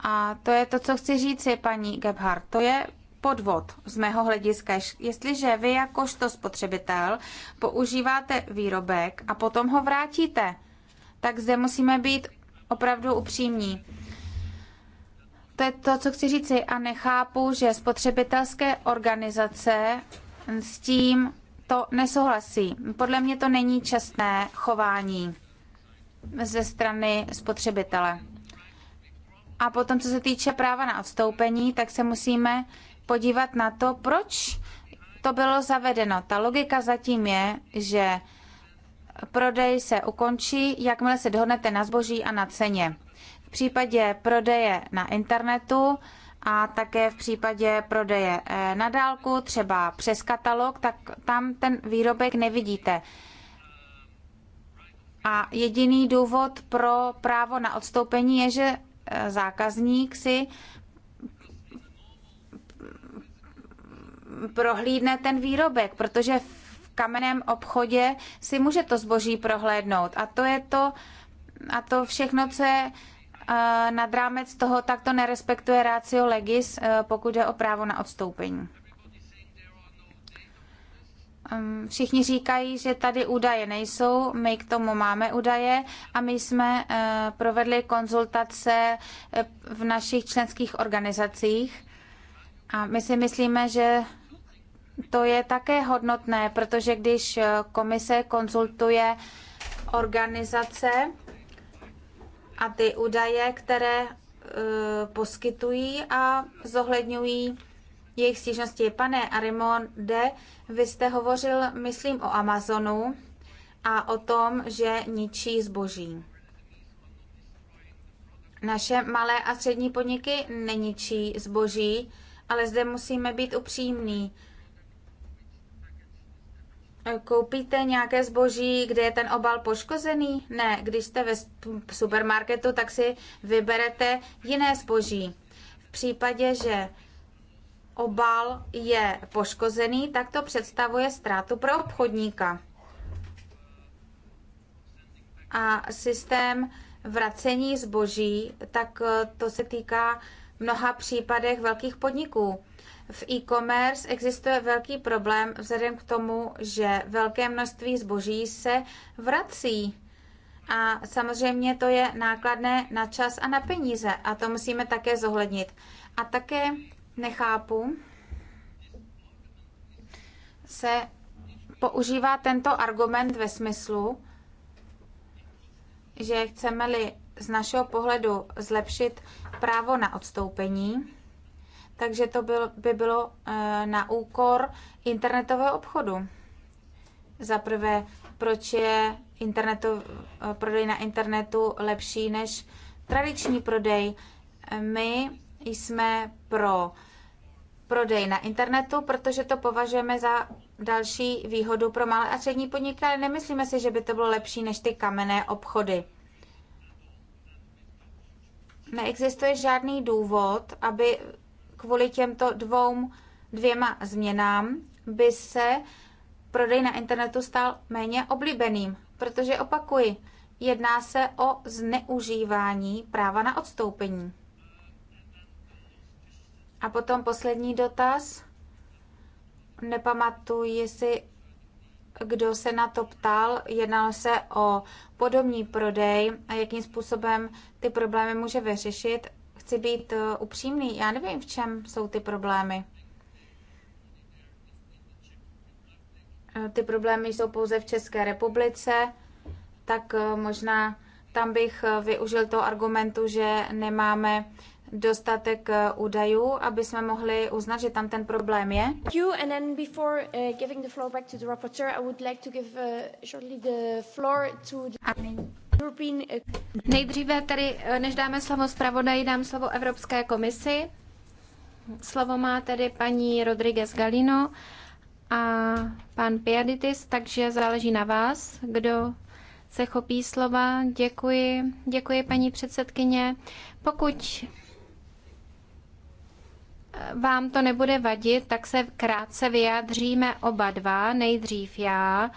A to je to, co chci říci, paní Gebhardt. To je podvod z mého hlediska. Jestliže vy jakožto spotřebitel používáte výrobek a potom ho vrátíte, tak zde musíme být opravdu upřímní. To je to, co chci říci a nechápu, že spotřebitelské organizace s tím to nesouhlasí. Podle mě to není čestné chování ze strany spotřebitele. A potom, co se týče práva na odstoupení, tak se musíme podívat na to, proč to bylo zavedeno. Ta logika zatím je, že prodej se ukončí, jakmile se dohodnete na zboží a na ceně v případě prodeje na internetu a také v případě prodeje eh, na dálku, třeba přes katalog, tak tam ten výrobek nevidíte. A jediný důvod pro právo na odstoupení je, že eh, zákazník si prohlídne ten výrobek, protože v kamenném obchodě si může to zboží prohlédnout. A to je to, a to všechno, co je nad rámec toho, tak to nerespektuje ratio legis, eh, pokud je o právo na odstoupení. Ehm, všichni říkají, že tady údaje nejsou, my k tomu máme údaje a my jsme eh, provedli konzultace eh, v našich členských organizacích a my si myslíme, že to je také hodnotné, protože když komise konzultuje organizace, a ty údaje, které e, poskytují a zohledňují jejich stížnosti. Pane Arimonde, vy jste hovořil, myslím, o Amazonu a o tom, že ničí zboží. Naše malé a střední podniky neničí zboží, ale zde musíme být upřímní. Koupíte nějaké zboží, kde je ten obal poškozený? Ne, když jste ve supermarketu, tak si vyberete jiné zboží. V případě, že obal je poškozený, tak to představuje ztrátu pro obchodníka. A systém vracení zboží, tak eh, to se týká mnoha případech velkých podniků. V e-commerce existuje velký problém vzhledem k tomu, že velké množství zboží se vrací. A samozřejmě to je nákladné na čas a na peníze a to musíme také zohlednit. A také nechápu, se používá tento argument ve smyslu, že chceme-li z našeho pohledu zlepšit právo na odstoupení, takže to byl, by bylo eh, na úkor internetového obchodu. Za prvé, proč je internetu, eh, prodej na internetu lepší než tradiční prodej? My jsme pro prodej na internetu, protože to považujeme za další výhodu pro malé a střední podniky, ale nemyslíme si, že by to bylo lepší než ty kamenné obchody. Neexistuje žádný důvod, aby kvůli těmto dvou, dvěma změnám by se prodej na internetu stal méně oblíbeným, protože opakuji, jedná se o zneužívání práva na odstoupení. A potom poslední dotaz. Nepamatuji si, kdo se na to ptal. Jednalo se o podobný prodej a jakým způsobem ty problémy může vyřešit chci být eh, upřímný, já nevím, v čem jsou ty problémy. Eh, ty problémy jsou pouze v České republice, tak eh, možná tam bych využil toho argumentu, že nemáme dostatek údajů, aby jsme mohli uznat, že tam ten problém je. Nejdříve tedy, než dáme slovo zpravodaji, dám slovo Evropské komisi. Slovo má tedy paní Rodriguez Galino a pan Piaditis, takže záleží na vás, kdo se chopí slova. Děkuji, děkuji paní předsedkyně. Pokud vám to nebude vadit, tak se krátce vyjádříme oba dva, nejdřív já.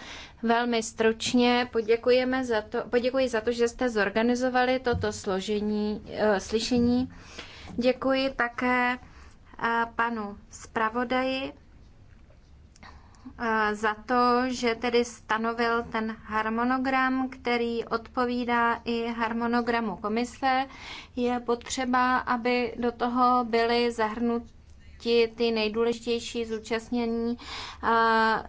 Velmi stručně poděkujeme za to, poděkuji za to, že jste zorganizovali toto složení, eh, slyšení. Děkuji také eh, panu zpravodaji eh, za to, že tedy stanovil ten harmonogram, který odpovídá i harmonogramu komise. Je potřeba, aby do toho byly zahrnuty ti ty nejdůležitější zúčastnění,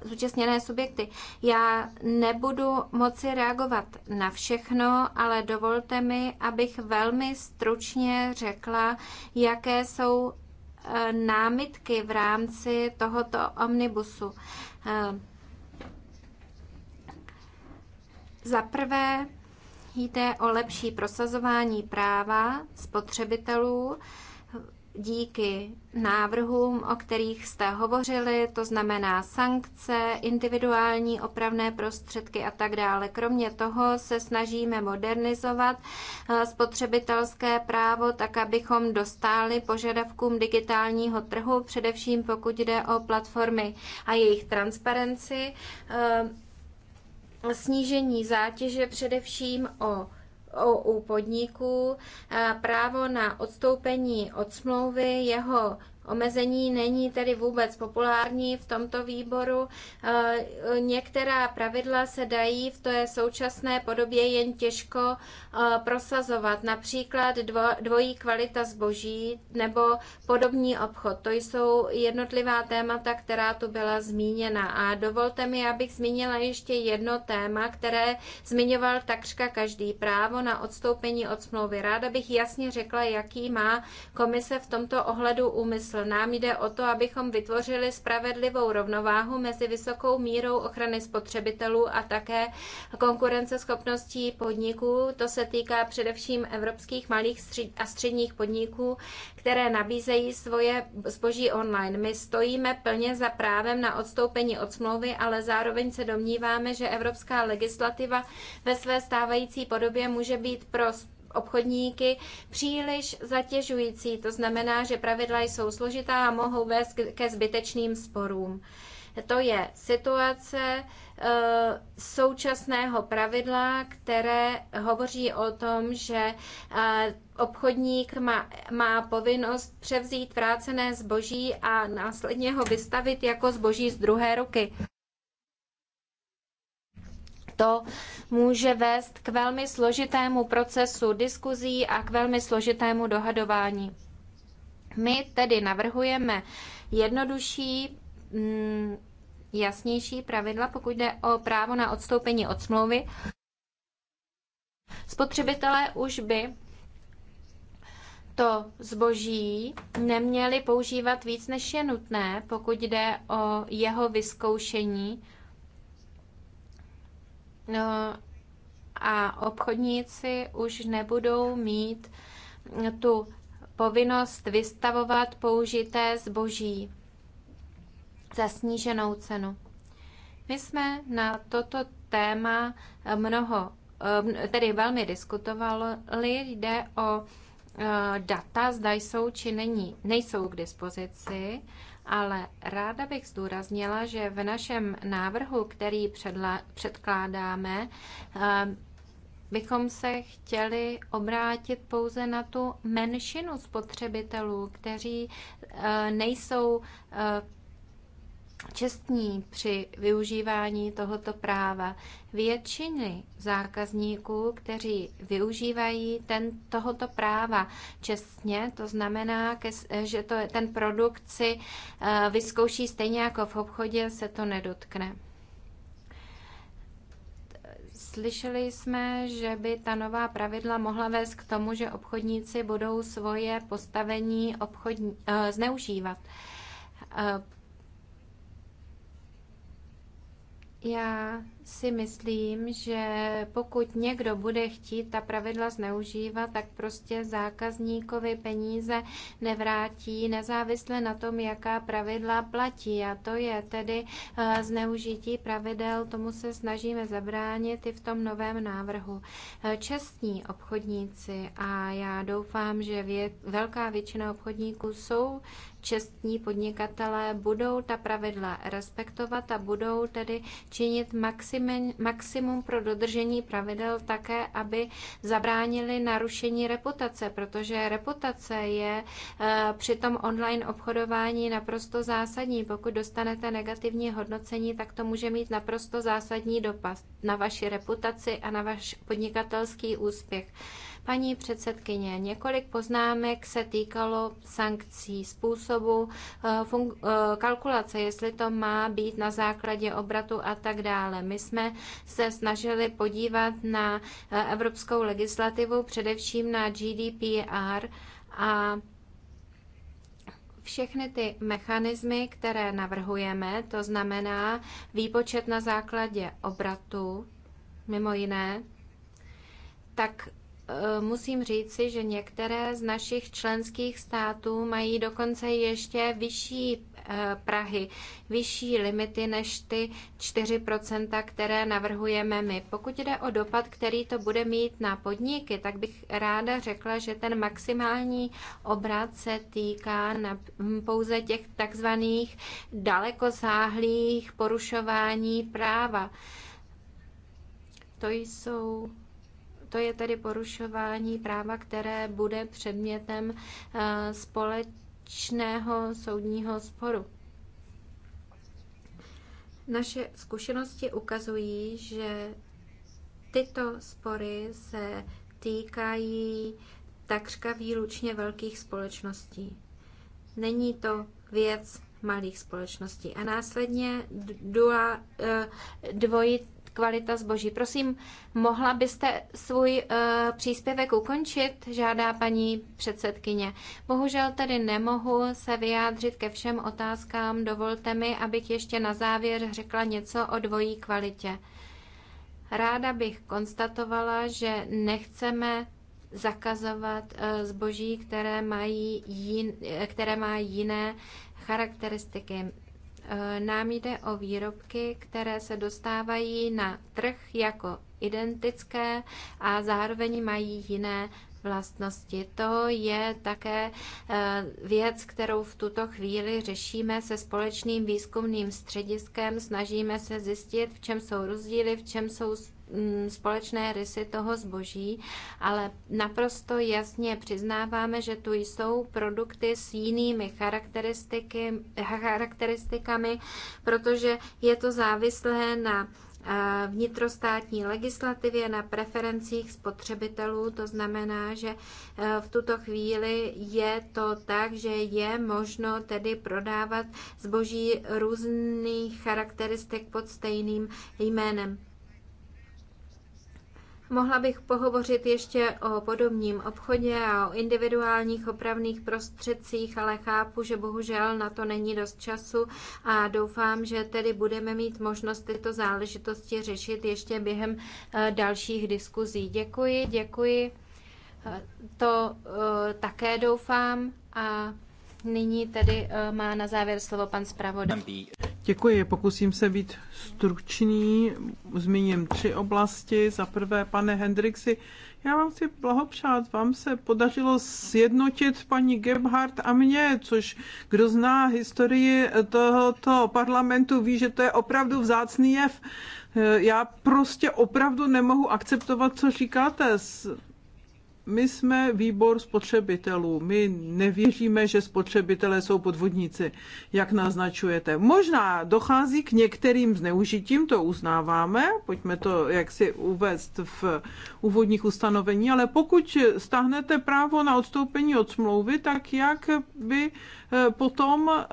zúčastněné subjekty. Já nebudu moci reagovat na všechno, ale dovolte mi, abych velmi stručně řekla, jaké jsou e, námitky v rámci tohoto omnibusu. E, za prvé jde o lepší prosazování práva spotřebitelů, díky návrhům, o kterých jste hovořili, to znamená sankce, individuální opravné prostředky a tak dále. Kromě toho se snažíme modernizovat eh, spotřebitelské právo tak, abychom dostáli požadavkům digitálního trhu, především pokud jde o platformy a jejich transparenci, eh, snížení zátěže především o u podniku právo na odstoupení od smlouvy, jeho Omezení není tedy vůbec populární v tomto výboru. Eh, některá pravidla se dají v té současné podobě jen těžko eh, prosazovat, například dvojí kvalita zboží nebo podobní obchod. To jsou jednotlivá témata, která tu byla zmíněna. A dovolte mi, abych zmínila ještě jedno téma, které zmiňoval takřka každý právo na odstoupení od smlouvy. Ráda bych jasně řekla, jaký má komise v tomto ohledu úmysl smysl. Nám jde o to, abychom vytvořili spravedlivou rovnováhu mezi vysokou mírou ochrany spotřebitelů a také konkurenceschopností podniků. To se týká především evropských malých a středních podniků, které nabízejí svoje zboží online. My stojíme plně za právem na odstoupení od smlouvy, ale zároveň se domníváme, že evropská legislativa ve své stávající podobě může být pro obchodníky příliš zatěžující. To znamená, že pravidla jsou složitá a mohou vést ke zbytečným sporům. To je situace eh, současného pravidla, které hovoří o tom, že eh, obchodník má, má povinnost převzít vrácené zboží a následně ho vystavit jako zboží z druhé ruky to může vést k velmi složitému procesu diskuzí a k velmi složitému dohadování. My tedy navrhujeme jednodušší, mm, jasnější pravidla, pokud jde o právo na odstoupení od smlouvy. Spotřebitelé už by to zboží neměli používat víc, než je nutné, pokud jde o jeho vyzkoušení No a obchodníci už nebudou mít tu povinnost vystavovat použité zboží za sníženou cenu. My jsme na toto téma mnoho, eh, tedy velmi diskutovali, jde o eh, data, zda jsou či není, nejsou k dispozici ale ráda bych zdůraznila, že v našem návrhu, který předla, předkládáme, eh, bychom se chtěli obrátit pouze na tu menšinu spotřebitelů, kteří eh, nejsou eh, čestní při využívání tohoto práva. Většiny zákazníků, kteří využívají ten, tohoto práva čestně, to znamená, že to, ten produkt si eh, vyzkouší stejně jako v obchodě, se to nedotkne. Slyšeli jsme, že by ta nová pravidla mohla vést k tomu, že obchodníci budou svoje postavení obchodní, eh, zneužívat eh, Já si myslím, že pokud někdo bude chtít ta pravidla zneužívat, tak prostě zákazníkovi peníze nevrátí, nezávisle na tom, jaká pravidla platí. A to je tedy eh, zneužití pravidel, tomu se snažíme zabránit i v tom novém návrhu. Eh, čestní obchodníci a já doufám, že velká většina obchodníků jsou čestní podnikatelé, budou ta pravidla respektovat a budou tedy činit maximum maximum pro dodržení pravidel také, aby zabránili narušení reputace, protože reputace je eh, při tom online obchodování naprosto zásadní. Pokud dostanete negativní hodnocení, tak to může mít naprosto zásadní dopad na vaši reputaci a na váš podnikatelský úspěch. Paní předsedkyně, několik poznámek se týkalo sankcí, způsobu eh, eh, kalkulace, jestli to má být na základě obratu a tak dále. My jsme se snažili podívat na eh, evropskou legislativu, především na GDPR a všechny ty mechanismy, které navrhujeme, to znamená výpočet na základě obratu, mimo jiné, tak Eh, musím říci, že některé z našich členských států mají dokonce ještě vyšší eh, Prahy, vyšší limity než ty 4%, které navrhujeme my. Pokud jde o dopad, který to bude mít na podniky, tak bych ráda řekla, že ten maximální obrat se týká na hm, pouze těch takzvaných dalekosáhlých porušování práva. To jsou to je tedy porušování práva, které bude předmětem eh, společného soudního sporu. Naše zkušenosti ukazují, že tyto spory se týkají takřka výlučně velkých společností. Není to věc malých společností. A následně dua, eh, dvojit, kvalita zboží. Prosím, mohla byste svůj uh, příspěvek ukončit, žádá paní předsedkyně. Bohužel tedy nemohu se vyjádřit ke všem otázkám. Dovolte mi, abych ještě na závěr řekla něco o dvojí kvalitě. Ráda bych konstatovala, že nechceme zakazovat uh, zboží, které, mají jin, eh, které má jiné charakteristiky. Eh, nám jde o výrobky, které se dostávají na trh jako identické a zároveň mají jiné vlastnosti. To je také eh, věc, kterou v tuto chvíli řešíme se společným výzkumným střediskem. Snažíme se zjistit, v čem jsou rozdíly, v čem jsou Mm, společné rysy toho zboží, ale naprosto jasně přiznáváme, že tu jsou produkty s jinými charakteristiky, charakteristikami, protože je to závislé na eh, vnitrostátní legislativě na preferencích spotřebitelů. To znamená, že eh, v tuto chvíli je to tak, že je možno tedy prodávat zboží různých charakteristik pod stejným jménem. Mohla bych pohovořit ještě o podobním obchodě a o individuálních opravných prostředcích, ale chápu, že bohužel na to není dost času a doufám, že tedy budeme mít možnost tyto záležitosti řešit ještě během eh, dalších diskuzí. Děkuji, děkuji. Eh, to eh, také doufám a Nyní tedy eh, má na závěr slovo pan zpravodaj. Děkuji, pokusím se být stručný. Zmíním tři oblasti. Za prvé, pane Hendrixi, já vám chci blahopřát. Vám se podařilo sjednotit paní Gebhardt a mě, což kdo zná historii tohoto parlamentu ví, že to je opravdu vzácný jev. Eh, já prostě opravdu nemohu akceptovat, co říkáte my jsme výbor spotřebitelů. My nevěříme, že spotřebitelé jsou podvodníci, jak naznačujete. Možná dochází k některým zneužitím, to uznáváme, pojďme to jaksi uvést v úvodních ustanovení, ale pokud stáhnete právo na odstoupení od smlouvy, tak jak by eh, potom eh,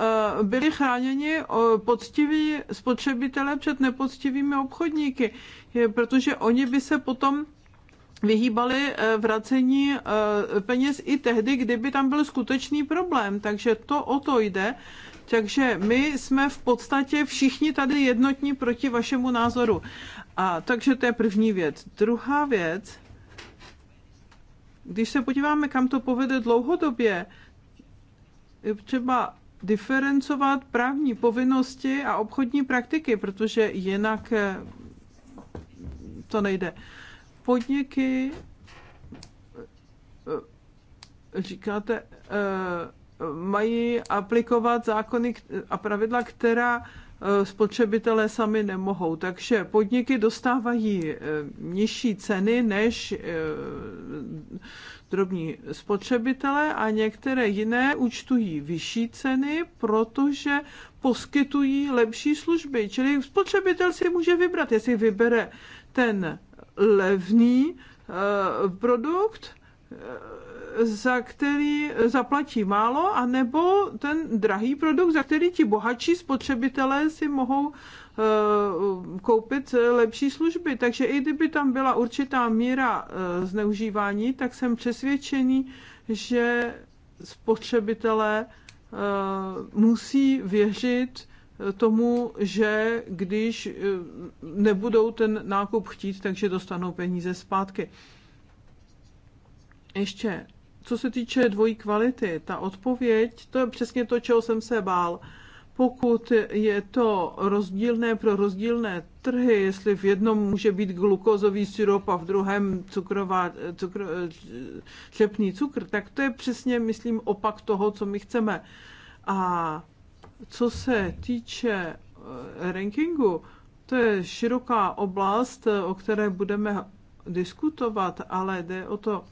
byli chráněni eh, poctiví spotřebitelé před nepoctivými obchodníky, protože oni by se potom vyhýbali eh, vracení eh, peněz i tehdy, kdyby tam byl skutečný problém. Takže to o to jde. Takže my jsme v podstatě všichni tady jednotní proti vašemu názoru. A takže to je první věc. Druhá věc, když se podíváme, kam to povede dlouhodobě, třeba diferencovat právní povinnosti a obchodní praktiky, protože jinak eh, to nejde podniky eh, říkáte, eh, mají aplikovat zákony a pravidla, která eh, spotřebitelé sami nemohou. Takže podniky dostávají nižší ceny než drobní spotřebitelé a některé jiné účtují vyšší ceny, protože poskytují lepší služby. Čili spotřebitel si může vybrat, jestli vybere ten levný eh, produkt, eh, za který zaplatí málo, anebo ten drahý produkt, za který ti bohatší spotřebitelé si mohou eh, koupit lepší služby. Takže i kdyby tam byla určitá míra zneužívání, tak jsem přesvědčený, že spotřebitelé musí věřit tomu, že když eh, nebudou ten nákup chtít, takže dostanou peníze zpátky. Ještě, co se týče dvojí kvality, ta odpověď, to je přesně to, čeho jsem se bál. Pokud je to rozdílné pro rozdílné trhy, jestli v jednom může být glukozový syrop a v druhém cukrová, cukr, čepný eh, cukr, tak to je přesně, myslím, opak toho, co my chceme. A co se týče eh, rankingu, to je široká oblast, eh, o které budeme diskutovat, ale jde o to,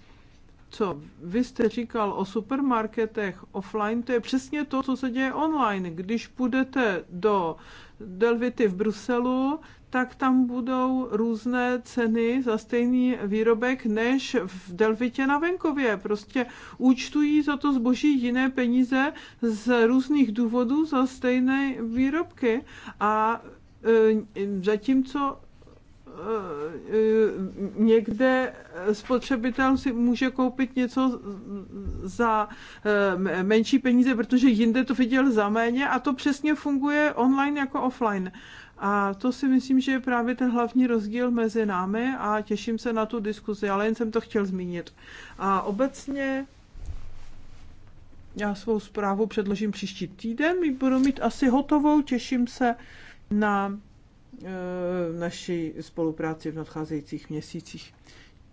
co vy jste říkal o supermarketech offline, to je přesně to, co se děje online. Když půjdete do Delvity v Bruselu, tak tam budou různé ceny za stejný výrobek než v Delvitě na venkově. Prostě účtují za to zboží jiné peníze z různých důvodů za stejné výrobky. A e, zatímco e, e, někde spotřebitel si může koupit něco za e, menší peníze, protože jinde to viděl za méně a to přesně funguje online jako offline. A to si myslím, že je právě ten hlavní rozdíl mezi námi a těším se na tu diskuzi, ale jen jsem to chtěl zmínit. A obecně já svou zprávu předložím příští týden, ji budu mít asi hotovou, těším se na e, naší spolupráci v nadcházejících měsících.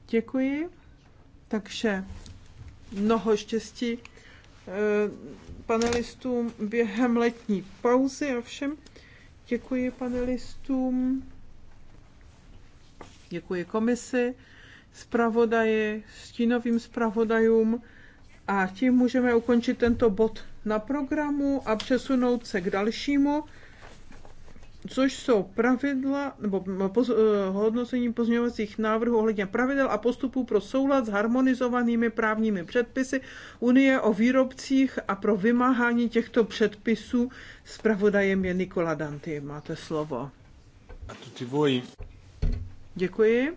Děkuji. Takže mnoho štěstí e, panelistům během letní pauzy a všem. Děkuji panelistům, děkuji komisi, zpravodaji, stínovým zpravodajům a tím můžeme ukončit tento bod na programu a přesunout se k dalšímu což jsou pravidla nebo eh, poz, eh, hodnocení pozměňovacích návrhů ohledně pravidel a postupů pro soulad s harmonizovanými právními předpisy Unie o výrobcích a pro vymáhání těchto předpisů. Spravodajem je Nikola Danty. Máte slovo. A to ty voji. Děkuji.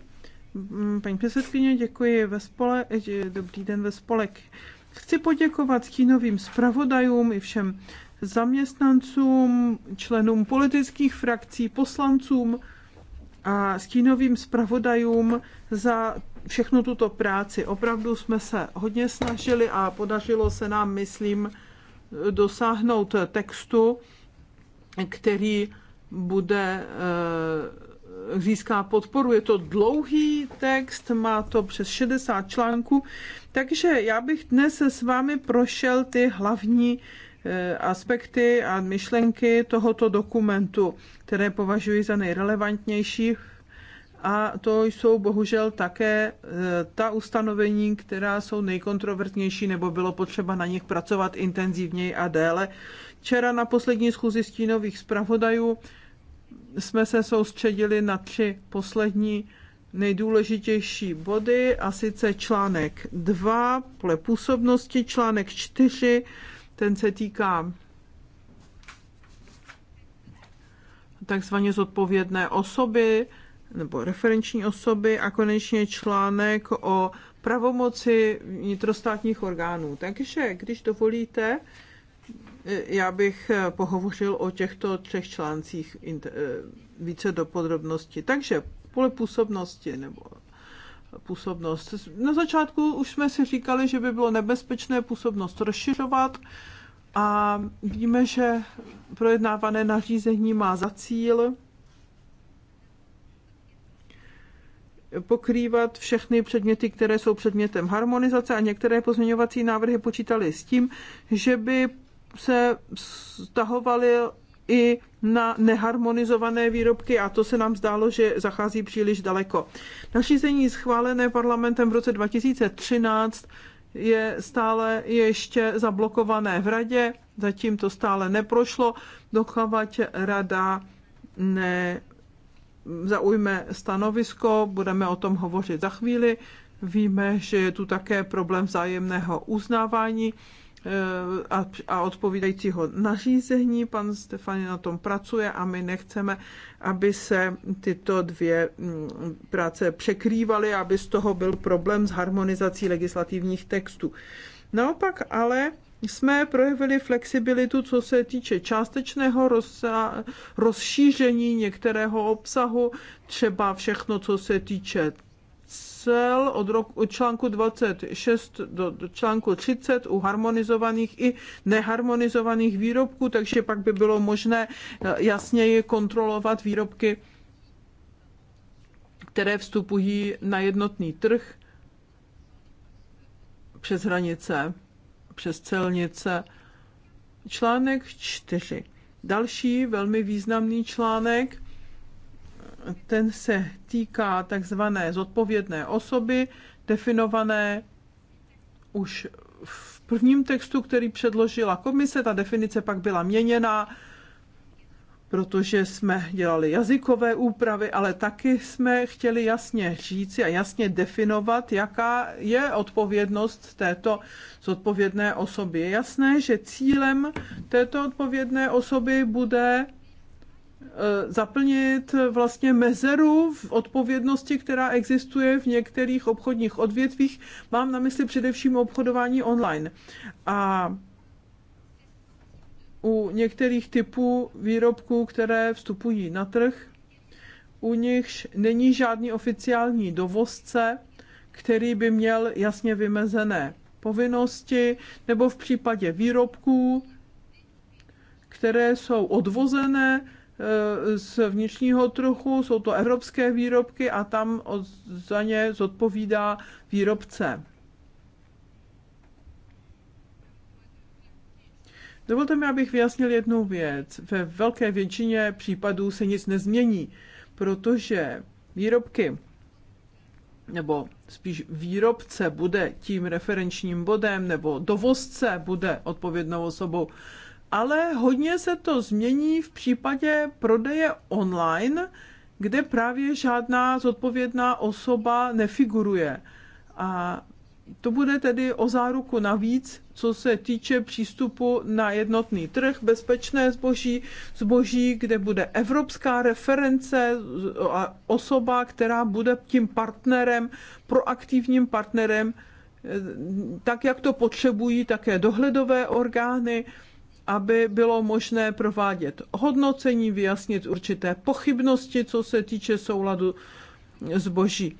Mm, paní předsedkyně, děkuji ve spole, eh, dobrý den ve spolek. Chci poděkovat stínovým zpravodajům i všem zaměstnancům, členům politických frakcí, poslancům a stínovým zpravodajům za všechnu tuto práci. Opravdu jsme se hodně snažili a podařilo se nám, myslím, dosáhnout textu, který bude eh, získá podporu. Je to dlouhý text, má to přes 60 článků, takže já bych dnes s vámi prošel ty hlavní Eh, aspekty a myšlenky tohoto dokumentu, které považuji za nejrelevantnější. A to jsou bohužel také eh, ta ustanovení, která jsou nejkontroverznější, nebo bylo potřeba na nich pracovat intenzivněji a déle. Včera na poslední schůzi stínových zpravodajů jsme se soustředili na tři poslední nejdůležitější body, a sice článek 2 pole působnosti, článek 4 ten se týká takzvaně zodpovědné osoby nebo referenční osoby a konečně článek o pravomoci vnitrostátních orgánů. Takže, když dovolíte, já bych pohovořil o těchto třech článcích více do podrobnosti. Takže pole působnosti nebo působnost. Na začátku už jsme si říkali, že by bylo nebezpečné působnost rozšiřovat a víme, že projednávané nařízení má za cíl pokrývat všechny předměty, které jsou předmětem harmonizace a některé pozměňovací návrhy počítaly s tím, že by se stahovaly i na neharmonizované výrobky a to se nám zdálo, že zachází příliš daleko. Nařízení schválené parlamentem v roce 2013 je stále ještě zablokované v radě, zatím to stále neprošlo, dokávat rada ne zaujme stanovisko, budeme o tom hovořit za chvíli. Víme, že je tu také problém vzájemného uznávání Eh, a, a odpovídajícího nařízení. Pan Stefani na tom pracuje a my nechceme, aby se tyto dvě mm, práce překrývaly, aby z toho byl problém s harmonizací legislativních textů. Naopak ale jsme projevili flexibilitu, co se týče částečného rozšíření některého obsahu, třeba všechno, co se týče cel od, roku, od článku 26 do, do článku 30 u harmonizovaných i neharmonizovaných výrobků, takže pak by bylo možné eh, jasněji kontrolovat výrobky, které vstupují na jednotný trh přes hranice, přes celnice. Článek 4. Další velmi významný článek ten se týká takzvané zodpovědné osoby, definované už v prvním textu, který předložila komise. Ta definice pak byla měněna, protože jsme dělali jazykové úpravy, ale taky jsme chtěli jasně říci a jasně definovat, jaká je odpovědnost této zodpovědné osoby. Je jasné, že cílem této odpovědné osoby bude Eh, zaplnit vlastně mezeru v odpovědnosti, která existuje v některých obchodních odvětvích. Mám na mysli především obchodování online. A u některých typů výrobků, které vstupují na trh, u nichž není žádný oficiální dovozce, který by měl jasně vymezené povinnosti, nebo v případě výrobků, které jsou odvozené Eh, z vnitřního trhu, jsou to evropské výrobky a tam za ně zodpovídá výrobce. Dovolte mi, abych vyjasnil jednu věc. Ve velké většině případů se nic nezmění, protože výrobky nebo spíš výrobce bude tím referenčním bodem, nebo dovozce bude odpovědnou osobou ale hodně se to změní v případě prodeje online, kde právě žádná zodpovědná osoba nefiguruje. A to bude tedy o záruku navíc, co se týče přístupu na jednotný trh, bezpečné zboží, zboží, kde bude evropská reference a osoba, která bude tím partnerem, proaktivním partnerem, tak jak to potřebují také dohledové orgány, aby bylo možné provádět hodnocení, vyjasnit určité pochybnosti, co se týče souladu zboží.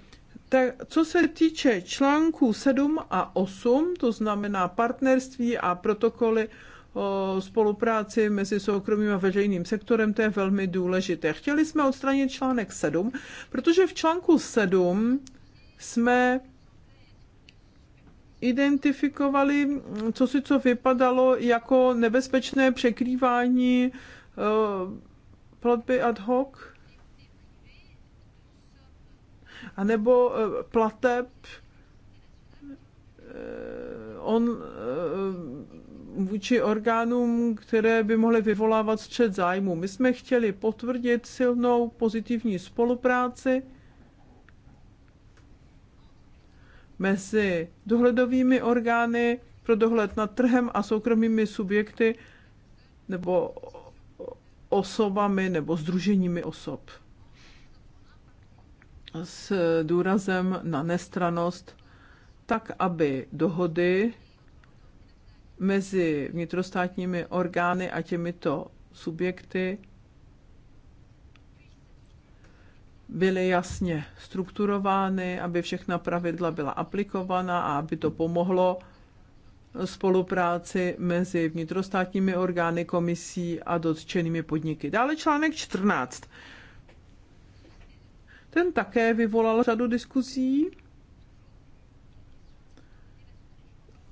Tak co se týče článků 7 a 8, to znamená partnerství a protokoly o spolupráci mezi soukromým a veřejným sektorem, to je velmi důležité. Chtěli jsme odstranit článek 7, protože v článku 7 jsme identifikovali, co si co vypadalo jako nebezpečné překrývání eh, platby ad hoc, anebo eh, plateb eh, on vůči orgánům, které by mohly vyvolávat střed zájmu. My jsme chtěli potvrdit silnou pozitivní spolupráci mezi dohledovými orgány pro dohled nad trhem a soukromými subjekty nebo osobami nebo združeními osob. S důrazem na nestranost, tak aby dohody mezi vnitrostátními orgány a těmito subjekty byly jasně strukturovány, aby všechna pravidla byla aplikovaná a aby to pomohlo spolupráci mezi vnitrostátními orgány, komisí a dotčenými podniky. Dále článek 14. Ten také vyvolal řadu diskuzí.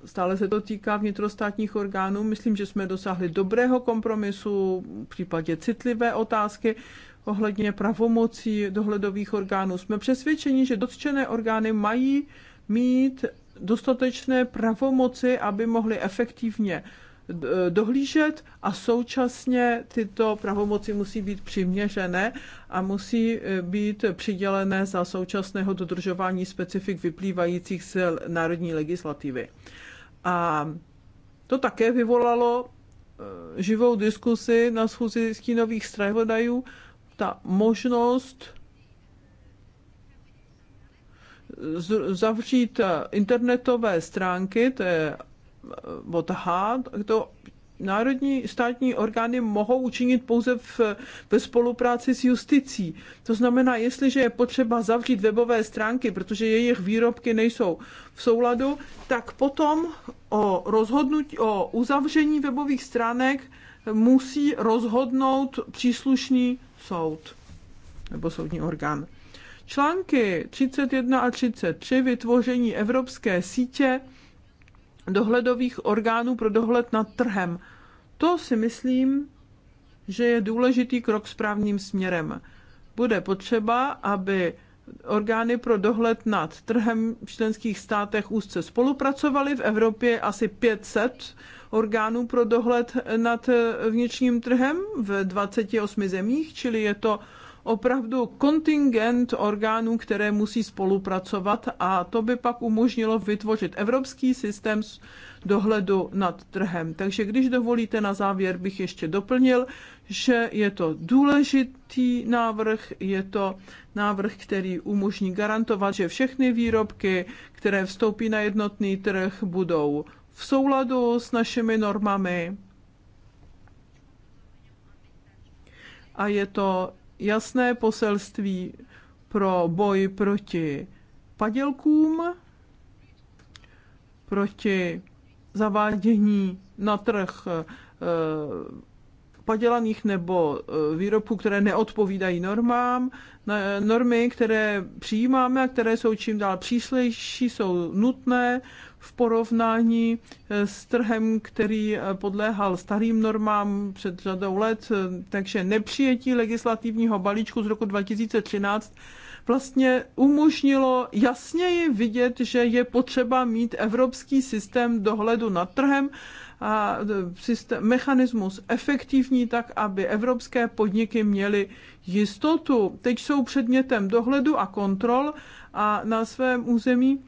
Stále se to týká vnitrostátních orgánů. Myslím, že jsme dosáhli dobrého kompromisu v případě citlivé otázky ohledně pravomocí dohledových orgánů. Jsme přesvědčeni, že dotčené orgány mají mít dostatečné pravomoci, aby mohly efektivně eh, dohlížet a současně tyto pravomoci musí být přiměřené a musí eh, být přidělené za současného dodržování specifik vyplývajících z národní legislativy. A to také vyvolalo eh, živou diskusi na schůzi stínových stravodajů ta možnost zavřít eh, internetové stránky, to je eh, od H, to národní státní orgány mohou učinit pouze v, ve spolupráci s justicí. To znamená, jestliže je potřeba zavřít webové stránky, protože jejich výrobky nejsou v souladu, tak potom o rozhodnutí, o uzavření webových stránek musí rozhodnout příslušný soud nebo soudní orgán. Články 31 a 33 vytvoření evropské sítě dohledových orgánů pro dohled nad trhem. To si myslím, že je důležitý krok správným směrem. Bude potřeba, aby orgány pro dohled nad trhem v členských státech úzce spolupracovaly. V Evropě asi 500 orgánů pro dohled nad vnitřním trhem v 28 zemích, čili je to opravdu kontingent orgánů, které musí spolupracovat a to by pak umožnilo vytvořit evropský systém dohledu nad trhem. Takže když dovolíte na závěr, bych ještě doplnil, že je to důležitý návrh, je to návrh, který umožní garantovat, že všechny výrobky, které vstoupí na jednotný trh, budou v souladu s našimi normami. A je to jasné poselství pro boj proti padělkům, proti zavádění na trh eh, padělaných nebo eh, výrobků, které neodpovídají normám. Eh, normy, které přijímáme a které jsou čím dál příslejší, jsou nutné v porovnání eh, s trhem, který eh, podléhal starým normám před řadou let, eh, takže nepřijetí legislativního balíčku z roku 2013 vlastně umožnilo jasněji vidět, že je potřeba mít evropský systém dohledu nad trhem a systém, mechanismus efektivní tak, aby evropské podniky měly jistotu. Teď jsou předmětem dohledu a kontrol a na svém území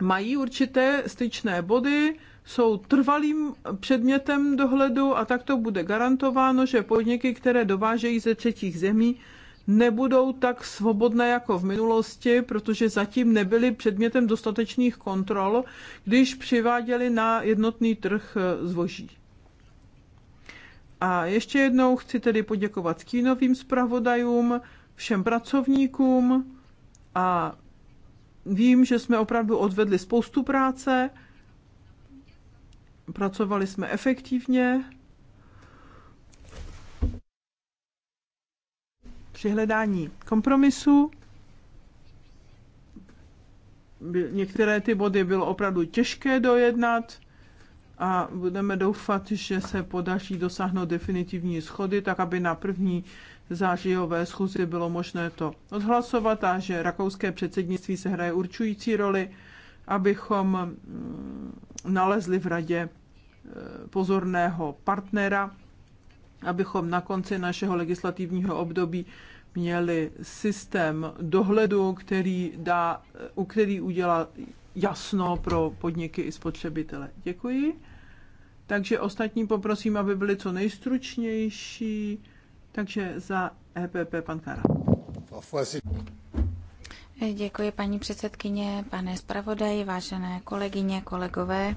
mají určité styčné body, jsou trvalým předmětem dohledu a tak to bude garantováno, že podniky, které dovážejí ze třetích zemí, nebudou tak svobodné jako v minulosti, protože zatím nebyly předmětem dostatečných kontrol, když přiváděli na jednotný trh eh, zboží. A ještě jednou chci tedy poděkovat kínovým zpravodajům, všem pracovníkům a vím, že jsme opravdu odvedli spoustu práce, pracovali jsme efektivně, při hledání kompromisu. Některé ty body bylo opravdu těžké dojednat a budeme doufat, že se podaří dosáhnout definitivní schody, tak aby na první zářijové schůzi bylo možné to odhlasovat a že rakouské předsednictví se hraje určující roli, abychom mm, nalezli v radě e, pozorného partnera, abychom na konci našeho legislativního období měli systém dohledu, který, dá, u který udělá jasno pro podniky i spotřebitele. Děkuji. Takže ostatní poprosím, aby byli co nejstručnější. Takže za EPP pan Kara. Děkuji paní předsedkyně, pane zpravodaji, vážené kolegyně, kolegové.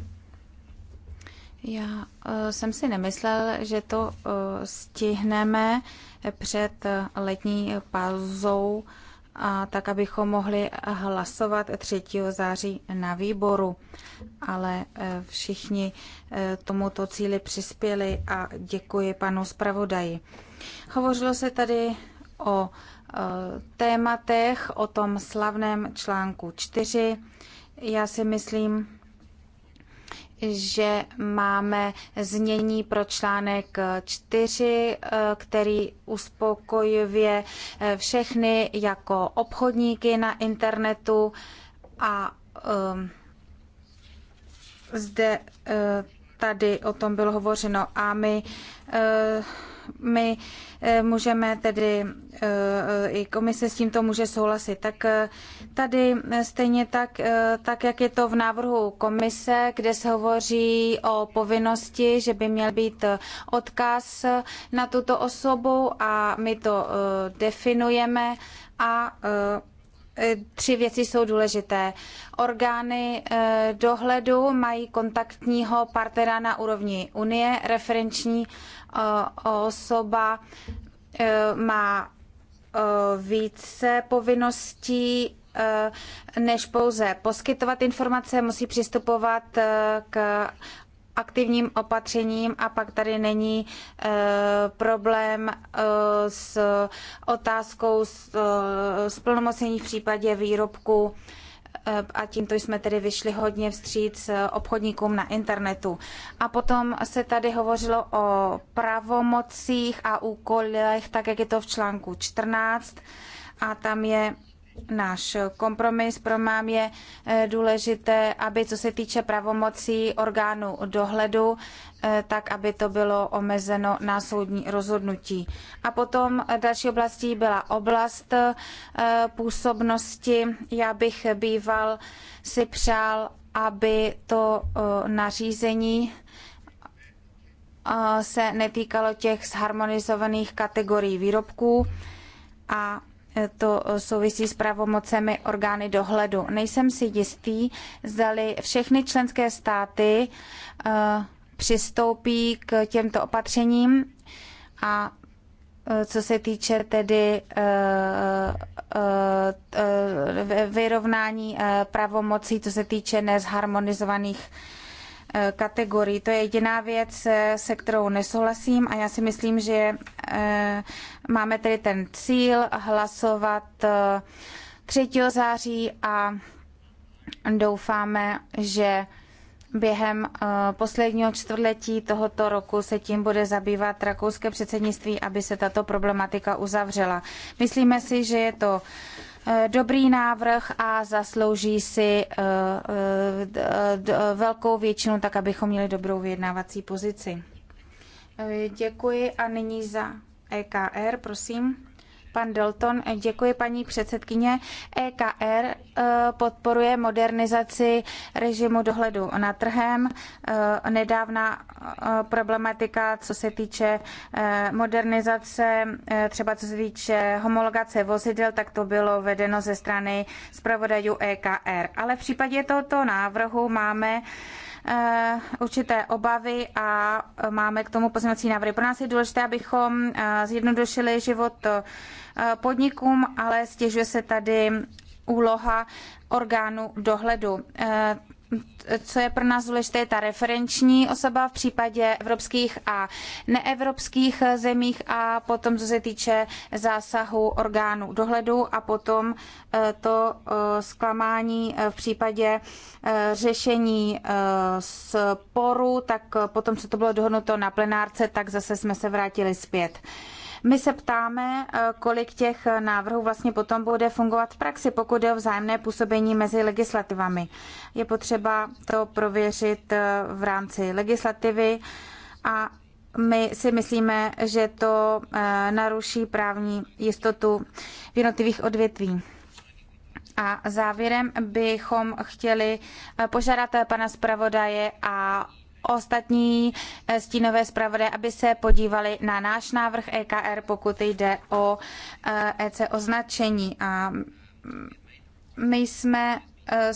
Já uh, jsem si nemyslel, že to uh, stihneme před letní pauzou, a tak abychom mohli hlasovat 3. září na výboru. Ale eh, všichni tomuto cíli přispěli a děkuji panu zpravodaji. Hovořilo se tady o e, tématech, o tom slavném článku 4. Já si myslím, že máme znění pro článek 4, e, který uspokojuje e, všechny jako obchodníky na internetu a zde tady o tom bylo hovořeno a my my eh, můžeme tedy, eh, i komise s tímto může souhlasit. Tak eh, tady stejně tak, tak, jak je to v návrhu komise, kde se hovoří o povinnosti, že by měl být odkaz na tuto osobu a my to definujeme a Tři věci jsou důležité. Orgány dohledu mají kontaktního partnera na úrovni Unie, referenční osoba e, má e, více povinností e, než pouze poskytovat informace, musí přistupovat k aktivním opatřením a pak tady není problém s otázkou s, s v případě výrobku Eh, a tímto jsme tedy vyšli hodně vstříc eh, obchodníkům na internetu. A potom se tady hovořilo o pravomocích a úkolech, tak jak je to v článku 14 a tam je náš kompromis pro mám je eh, důležité, aby co se týče pravomocí orgánu dohledu, eh, tak aby to bylo omezeno na soudní rozhodnutí. A potom eh, další oblastí byla oblast působnosti. Já bych býval si přál, aby to nařízení se netýkalo těch zharmonizovaných kategorií výrobků a to souvisí s pravomocemi orgány dohledu. Nejsem si jistý, zdali všechny členské státy eh, přistoupí k těmto opatřením a eh, co se týče tedy eh, vyrovnání pravomocí, co se týče nezharmonizovaných Eh, kategorií. To je jediná věc, eh, se kterou nesouhlasím a já si myslím, že eh, máme tedy ten cíl hlasovat 3. září a doufáme, že během posledního čtvrtletí tohoto roku se tím bude zabývat rakouské předsednictví, aby se tato problematika uzavřela. Myslíme si, že je to dobrý návrh a zaslouží si eh, eh, eh, velkou většinu, tak abychom měli dobrou vyjednávací pozici. Děkuji a nyní za EKR, prosím. Pan Dalton, děkuji paní předsedkyně. EKR e, podporuje modernizaci režimu dohledu nad trhem. E, nedávná e, problematika, co se týče modernizace, třeba co se týče homologace vozidel, tak to bylo vedeno ze strany zpravodajů EKR. Ale v případě tohoto návrhu máme Eh, určité obavy a máme k tomu pozměňovací návrhy. Pro nás je důležité, abychom eh, zjednodušili život eh, podnikům, ale stěžuje se tady úloha orgánu dohledu co je pro nás důležité, je ta referenční osoba v případě evropských a neevropských zemích a potom, co se týče zásahu orgánů dohledu a potom eh, to eh, zklamání eh, v případě řešení sporu, tak potom, co to bylo dohodnuto na plenárce, tak zase jsme se vrátili zpět. My se ptáme, eh, kolik těch návrhů vlastně potom bude fungovat v praxi, pokud je o vzájemné působení mezi legislativami. Je potřeba to prověřit eh, v rámci legislativy a my si myslíme, že to eh, naruší právní jistotu v jednotlivých odvětví. A závěrem bychom chtěli požádat pana zpravodaje a ostatní eh, stínové zpravodaje, aby se podívali na náš návrh EKR, pokud jde o EC eh, e označení. A mm, my jsme eh,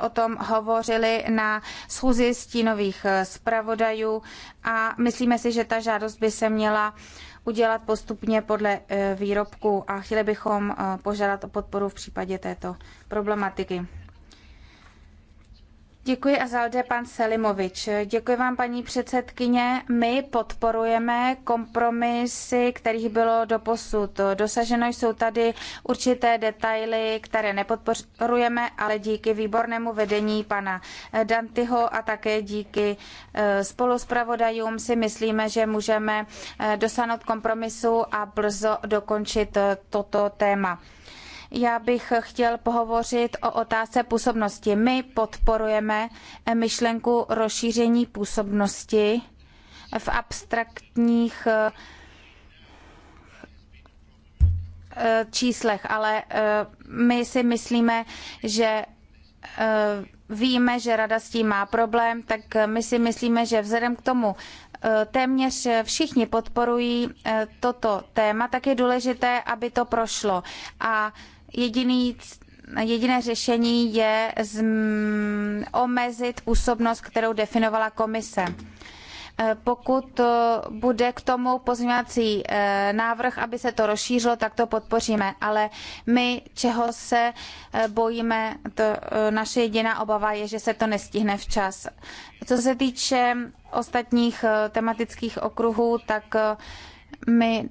o tom hovořili na schůzi stínových zpravodajů a myslíme si, že ta žádost by se měla udělat postupně podle výrobku a chtěli bychom požádat o podporu v případě této problematiky. Děkuji a pan Selimovič. Děkuji vám, paní předsedkyně. My podporujeme kompromisy, kterých bylo doposud dosaženo. Jsou tady určité detaily, které nepodporujeme, ale díky výbornému vedení pana Dantyho a také díky eh, spoluspravodajům si myslíme, že můžeme eh, dosáhnout kompromisu a brzo dokončit eh, toto téma. Já bych chtěl pohovořit o otázce působnosti. My podporujeme myšlenku rozšíření působnosti v abstraktních eh, eh, číslech, ale eh, my si myslíme, že víme, že rada s tím má problém, tak my si myslíme, že vzhledem k tomu, téměř všichni podporují toto téma, tak je důležité, aby to prošlo. A jediný jediné řešení je z, omezit působnost, kterou definovala komise. E, pokud bude k tomu pozměňovací e, návrh, aby se to rozšířilo, tak to podpoříme. Ale my, čeho se e, bojíme, to naše jediná obava je, že se to nestihne včas. Co se týče ostatních tematických okruhů, tak my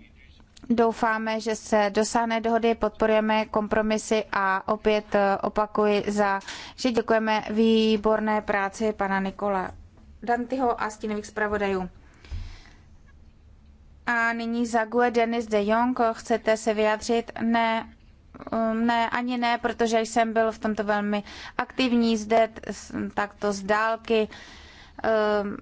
Doufáme, že se dosáhne dohody, podporujeme kompromisy a opět eh, opakuji za, že děkujeme výborné práci pana Nikola Dantyho a stínových zpravodajů. A nyní za GUE Denis de Jong, eh, chcete se vyjádřit? Ne, mm, ne, ani ne, protože jsem byl v tomto velmi aktivní zde, takto z dálky. Ehm,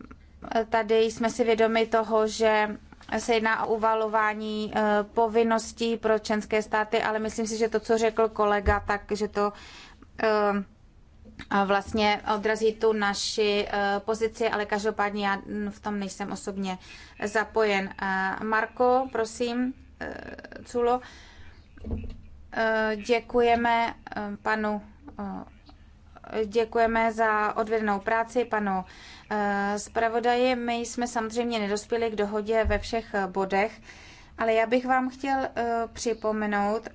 tady jsme si vědomi toho, že se jedná o uvalování eh, povinností pro členské státy, ale myslím si, že to, co řekl kolega, takže to eh, vlastně odrazí tu naši eh, pozici, ale každopádně já v tom nejsem osobně zapojen. Marko, prosím, Culo, děkujeme panu Děkujeme za odvedenou práci panu eh, zpravodaji. My jsme samozřejmě nedospěli k dohodě ve všech bodech, ale já bych vám chtěl eh, připomenout,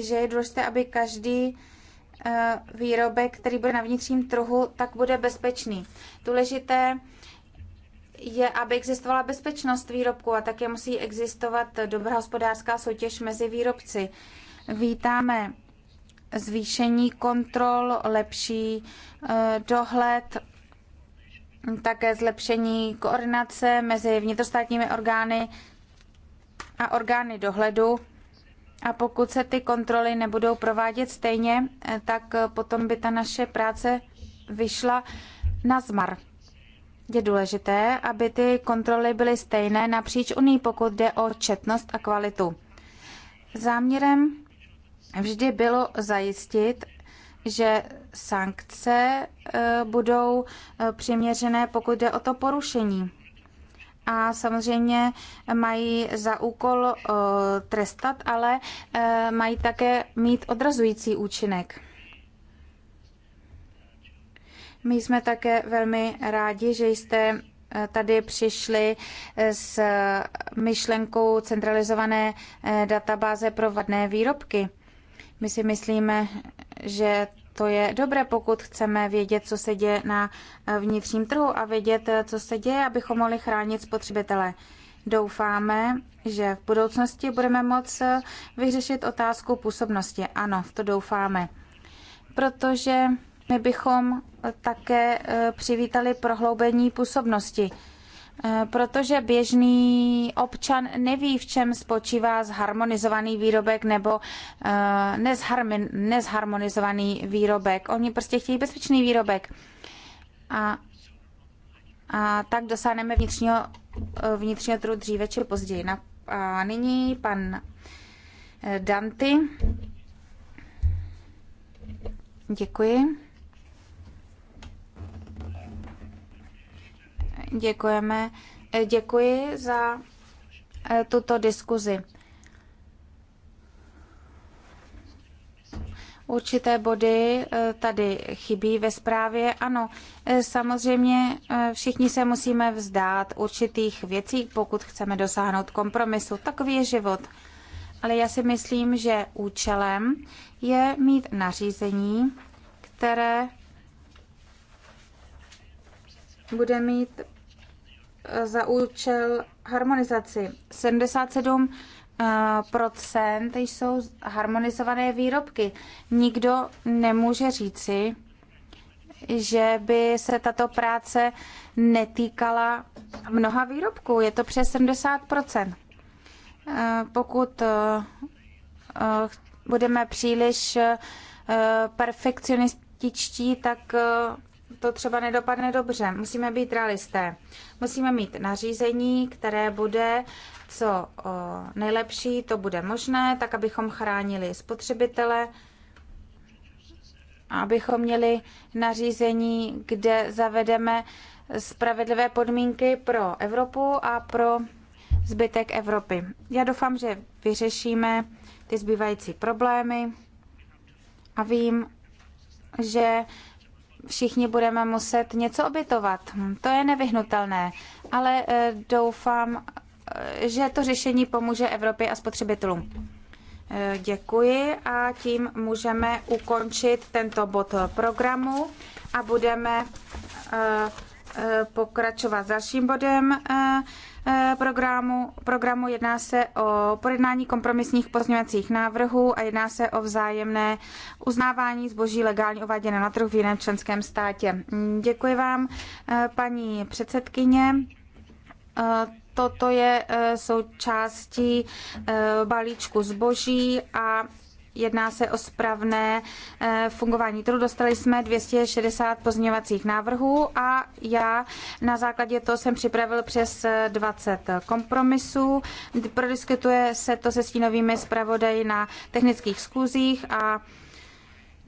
že je důležité, aby každý eh, výrobek, který bude na vnitřním trhu, tak bude bezpečný. Důležité je, aby existovala bezpečnost výrobku a také musí existovat dobrá hospodářská soutěž mezi výrobci. Vítáme zvýšení kontrol, lepší eh, dohled, také zlepšení koordinace mezi vnitrostátními orgány a orgány dohledu. A pokud se ty kontroly nebudou provádět stejně, eh, tak eh, potom by ta naše práce vyšla na zmar. Je důležité, aby ty kontroly byly stejné napříč Unii, pokud jde o četnost a kvalitu. Záměrem vždy bylo zajistit, že sankce eh, budou eh, přiměřené, pokud jde o to porušení. A samozřejmě mají za úkol eh, trestat, ale mají také mít odrazující účinek. My jsme také velmi rádi, že jste tady přišli s myšlenkou centralizované databáze pro vadné výrobky my si myslíme, že to je dobré, pokud chceme vědět, co se děje na vnitřním trhu a vědět, co se děje, abychom mohli chránit spotřebitele. Doufáme, že v budoucnosti budeme moct vyřešit otázku působnosti. Ano, v to doufáme. Protože my bychom také eh, přivítali prohloubení působnosti Eh, protože běžný občan neví, v čem spočívá zharmonizovaný výrobek nebo eh, nezharmonizovaný výrobek. Oni prostě chtějí bezpečný výrobek. A, a tak dosáhneme vnitřního, eh, vnitřního trhu dříve či později. A nyní pan Danty. Děkuji. Děkujeme. E, děkuji za e, tuto diskuzi. Určité body e, tady chybí ve zprávě. Ano, samozřejmě všichni se musíme vzdát určitých věcí, pokud chceme dosáhnout kompromisu. Takový je život. Ale já si myslím, že účelem je mít nařízení, které bude mít za účel harmonizaci. 77 eh, procent jsou harmonizované výrobky. Nikdo nemůže říci, že by se tato práce netýkala mnoha výrobků. Je to přes 70 eh, Pokud eh, budeme příliš perfekcionističtí, tak to třeba nedopadne dobře. Musíme být realisté. Musíme mít nařízení, které bude co nejlepší, to bude možné, tak abychom chránili spotřebitele, abychom měli nařízení, kde zavedeme spravedlivé podmínky pro Evropu a pro zbytek Evropy. Já doufám, že vyřešíme ty zbývající problémy a vím, že všichni budeme muset něco obětovat. To je nevyhnutelné, ale eh, doufám, eh, že to řešení pomůže Evropě a spotřebitelům. Eh, děkuji a tím můžeme ukončit tento bod programu a budeme pokračovat s dalším bodem Eh, programu, programu jedná se o projednání kompromisních pozměňovacích návrhů a jedná se o vzájemné uznávání zboží legálně uváděné na trh v jiném členském státě. Mm, děkuji vám, eh, paní předsedkyně. Eh, toto je součástí balíčku zboží a Jedná se o správné eh, fungování trhu. Dostali jsme 260 pozměňovacích návrhů a já na základě toho jsem připravil přes 20 kompromisů. Prodiskutuje se to se stínovými zpravodaji na technických skluzích a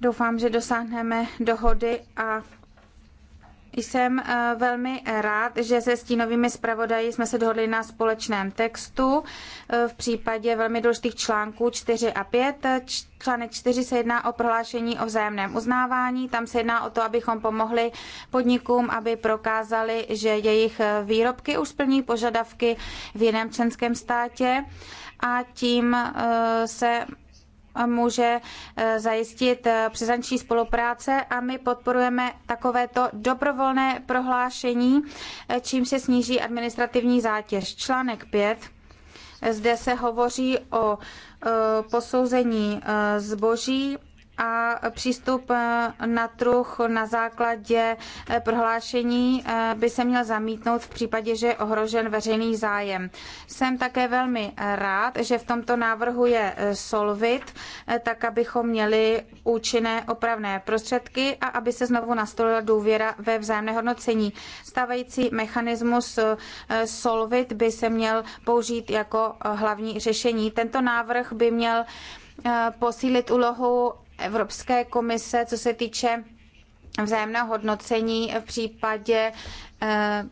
doufám, že dosáhneme dohody a jsem eh, velmi rád, že se stínovými zpravodaji jsme se dohodli na společném textu eh, v případě velmi důležitých článků 4 a 5. Článek 4 se jedná o prohlášení o vzájemném uznávání. Tam se jedná o to, abychom pomohli podnikům, aby prokázali, že jejich eh, výrobky už splní požadavky v jiném členském státě a tím se může eh, zajistit eh, přezanční spolupráce a my podporujeme takovéto dobrovolné prohlášení, eh, čím se sníží administrativní zátěž. Článek 5. Zde se hovoří o posouzení zboží a přístup eh, na trh na základě eh, prohlášení eh, by se měl zamítnout v případě, že je ohrožen veřejný zájem. Jsem také velmi rád, že v tomto návrhu je Solvit, tak abychom měli účinné opravné prostředky a aby se znovu nastolila důvěra ve vzájemné hodnocení. Stávající mechanismus Solvit by se měl použít jako hlavní řešení. Tento návrh by měl posílit úlohu Evropské komise, co se týče vzájemného hodnocení v případě eh,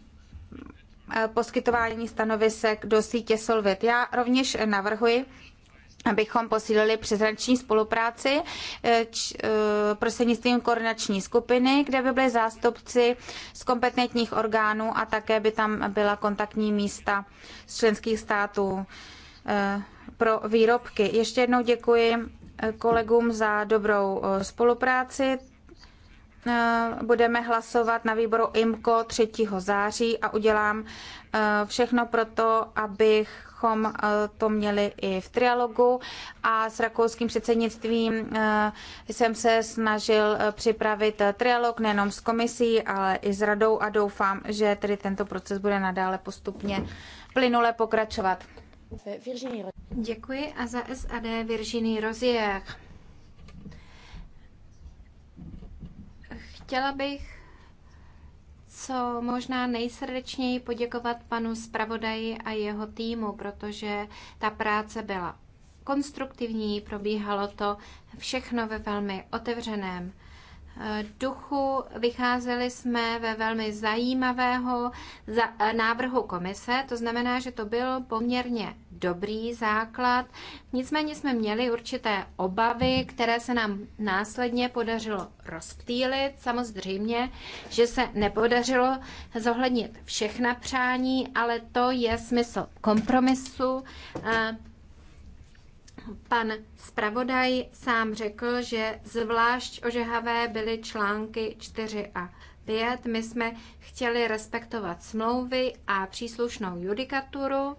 poskytování stanovisek do sítě Solvit. Já rovněž navrhuji, abychom posílili přeshraniční spolupráci eh, eh, prostřednictvím koordinační skupiny, kde by byly zástupci z kompetentních orgánů a také by tam byla kontaktní místa z členských států pro výrobky. Ještě jednou děkuji kolegům za dobrou eh, spolupráci. Eh, budeme hlasovat na výboru IMKO 3. září a udělám eh, všechno pro to, abychom to měli i v trialogu a s rakouským předsednictvím jsem se snažil připravit trialog nejenom s komisí, ale i s radou a doufám, že tedy tento proces bude nadále postupně plynule pokračovat. Virginie. Děkuji a za SAD Virginie Rozier. Chtěla bych co možná nejsrdečněji poděkovat panu zpravodaji a jeho týmu, protože ta práce byla konstruktivní, probíhalo to všechno ve velmi otevřeném duchu vycházeli jsme ve velmi zajímavého návrhu komise, to znamená, že to byl poměrně dobrý základ. Nicméně jsme měli určité obavy, které se nám následně podařilo rozptýlit. Samozřejmě, že se nepodařilo zohlednit všechna přání, ale to je smysl kompromisu. Eh, Pan zpravodaj sám řekl, že zvlášť ožehavé byly články 4 a 5. My jsme chtěli respektovat smlouvy a příslušnou judikaturu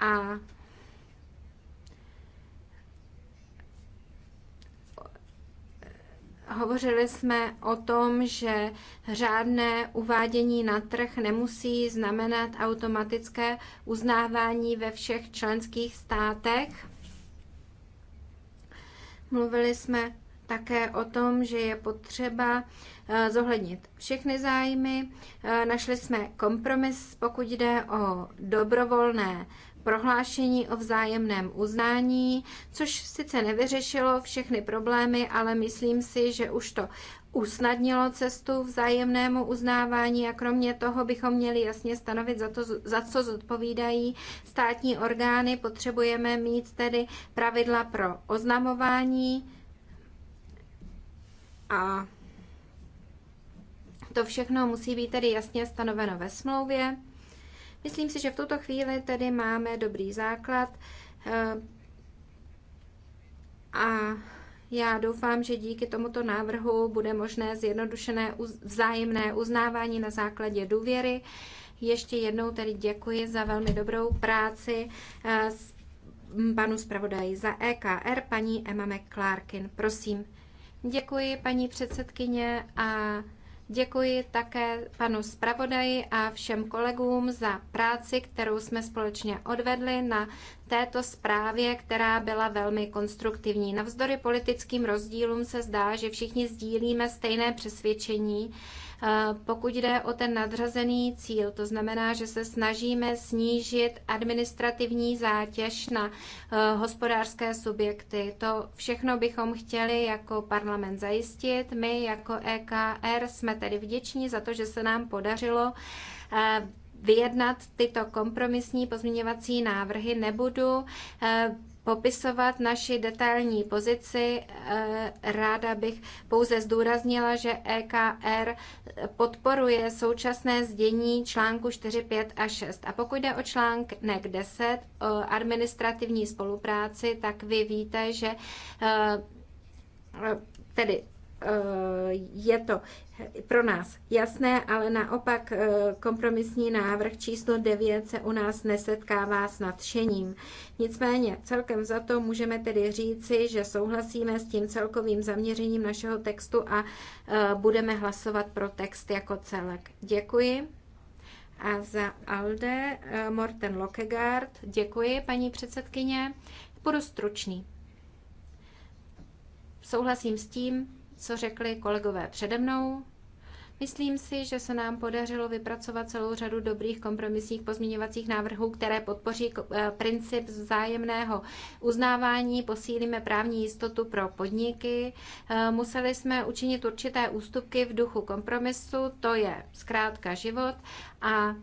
a Hovořili jsme o tom, že řádné uvádění na trh nemusí znamenat automatické uznávání ve všech členských státech. Mluvili jsme také o tom, že je potřeba eh, zohlednit všechny zájmy. Eh, našli jsme kompromis, pokud jde o dobrovolné prohlášení o vzájemném uznání, což sice nevyřešilo všechny problémy, ale myslím si, že už to usnadnilo cestu vzájemnému uznávání a kromě toho bychom měli jasně stanovit, za, to, za co zodpovídají státní orgány. Potřebujeme mít tedy pravidla pro oznamování a to všechno musí být tedy jasně stanoveno ve smlouvě. Myslím si, že v tuto chvíli tedy máme dobrý základ eh, a já doufám, že díky tomuto návrhu bude možné zjednodušené vzájemné uznávání na základě důvěry. Ještě jednou tedy děkuji za velmi dobrou práci eh, panu zpravodaji za EKR, paní Emma McClarkin. Prosím. Děkuji, paní předsedkyně, a Děkuji také panu zpravodaji a všem kolegům za práci, kterou jsme společně odvedli na této zprávě, která byla velmi konstruktivní. Navzdory politickým rozdílům se zdá, že všichni sdílíme stejné přesvědčení, Eh, pokud jde o ten nadřazený cíl, to znamená, že se snažíme snížit administrativní zátěž na eh, hospodářské subjekty. To všechno bychom chtěli jako parlament zajistit. My jako EKR jsme tedy vděční za to, že se nám podařilo eh, vyjednat tyto kompromisní pozměňovací návrhy. Nebudu popisovat naši detailní pozici. Eh, ráda bych pouze zdůraznila, že EKR podporuje současné zdění článku 4, 5 a 6. A pokud jde o článk NEC 10, o administrativní spolupráci, tak vy víte, že eh, tedy Eh, je to pro nás jasné, ale naopak eh, kompromisní návrh číslo 9 se u nás nesetkává s nadšením. Nicméně celkem za to můžeme tedy říci, že souhlasíme s tím celkovým zaměřením našeho textu a eh, budeme hlasovat pro text jako celek. Děkuji. A za Alde Morten Lokegaard. Děkuji, paní předsedkyně. Budu stručný. Souhlasím s tím, co řekli kolegové přede mnou. Myslím si, že se nám podařilo vypracovat celou řadu dobrých kompromisních pozměňovacích návrhů, které podpoří eh, princip vzájemného uznávání, posílíme právní jistotu pro podniky. Eh, museli jsme učinit určité ústupky v duchu kompromisu, to je zkrátka život a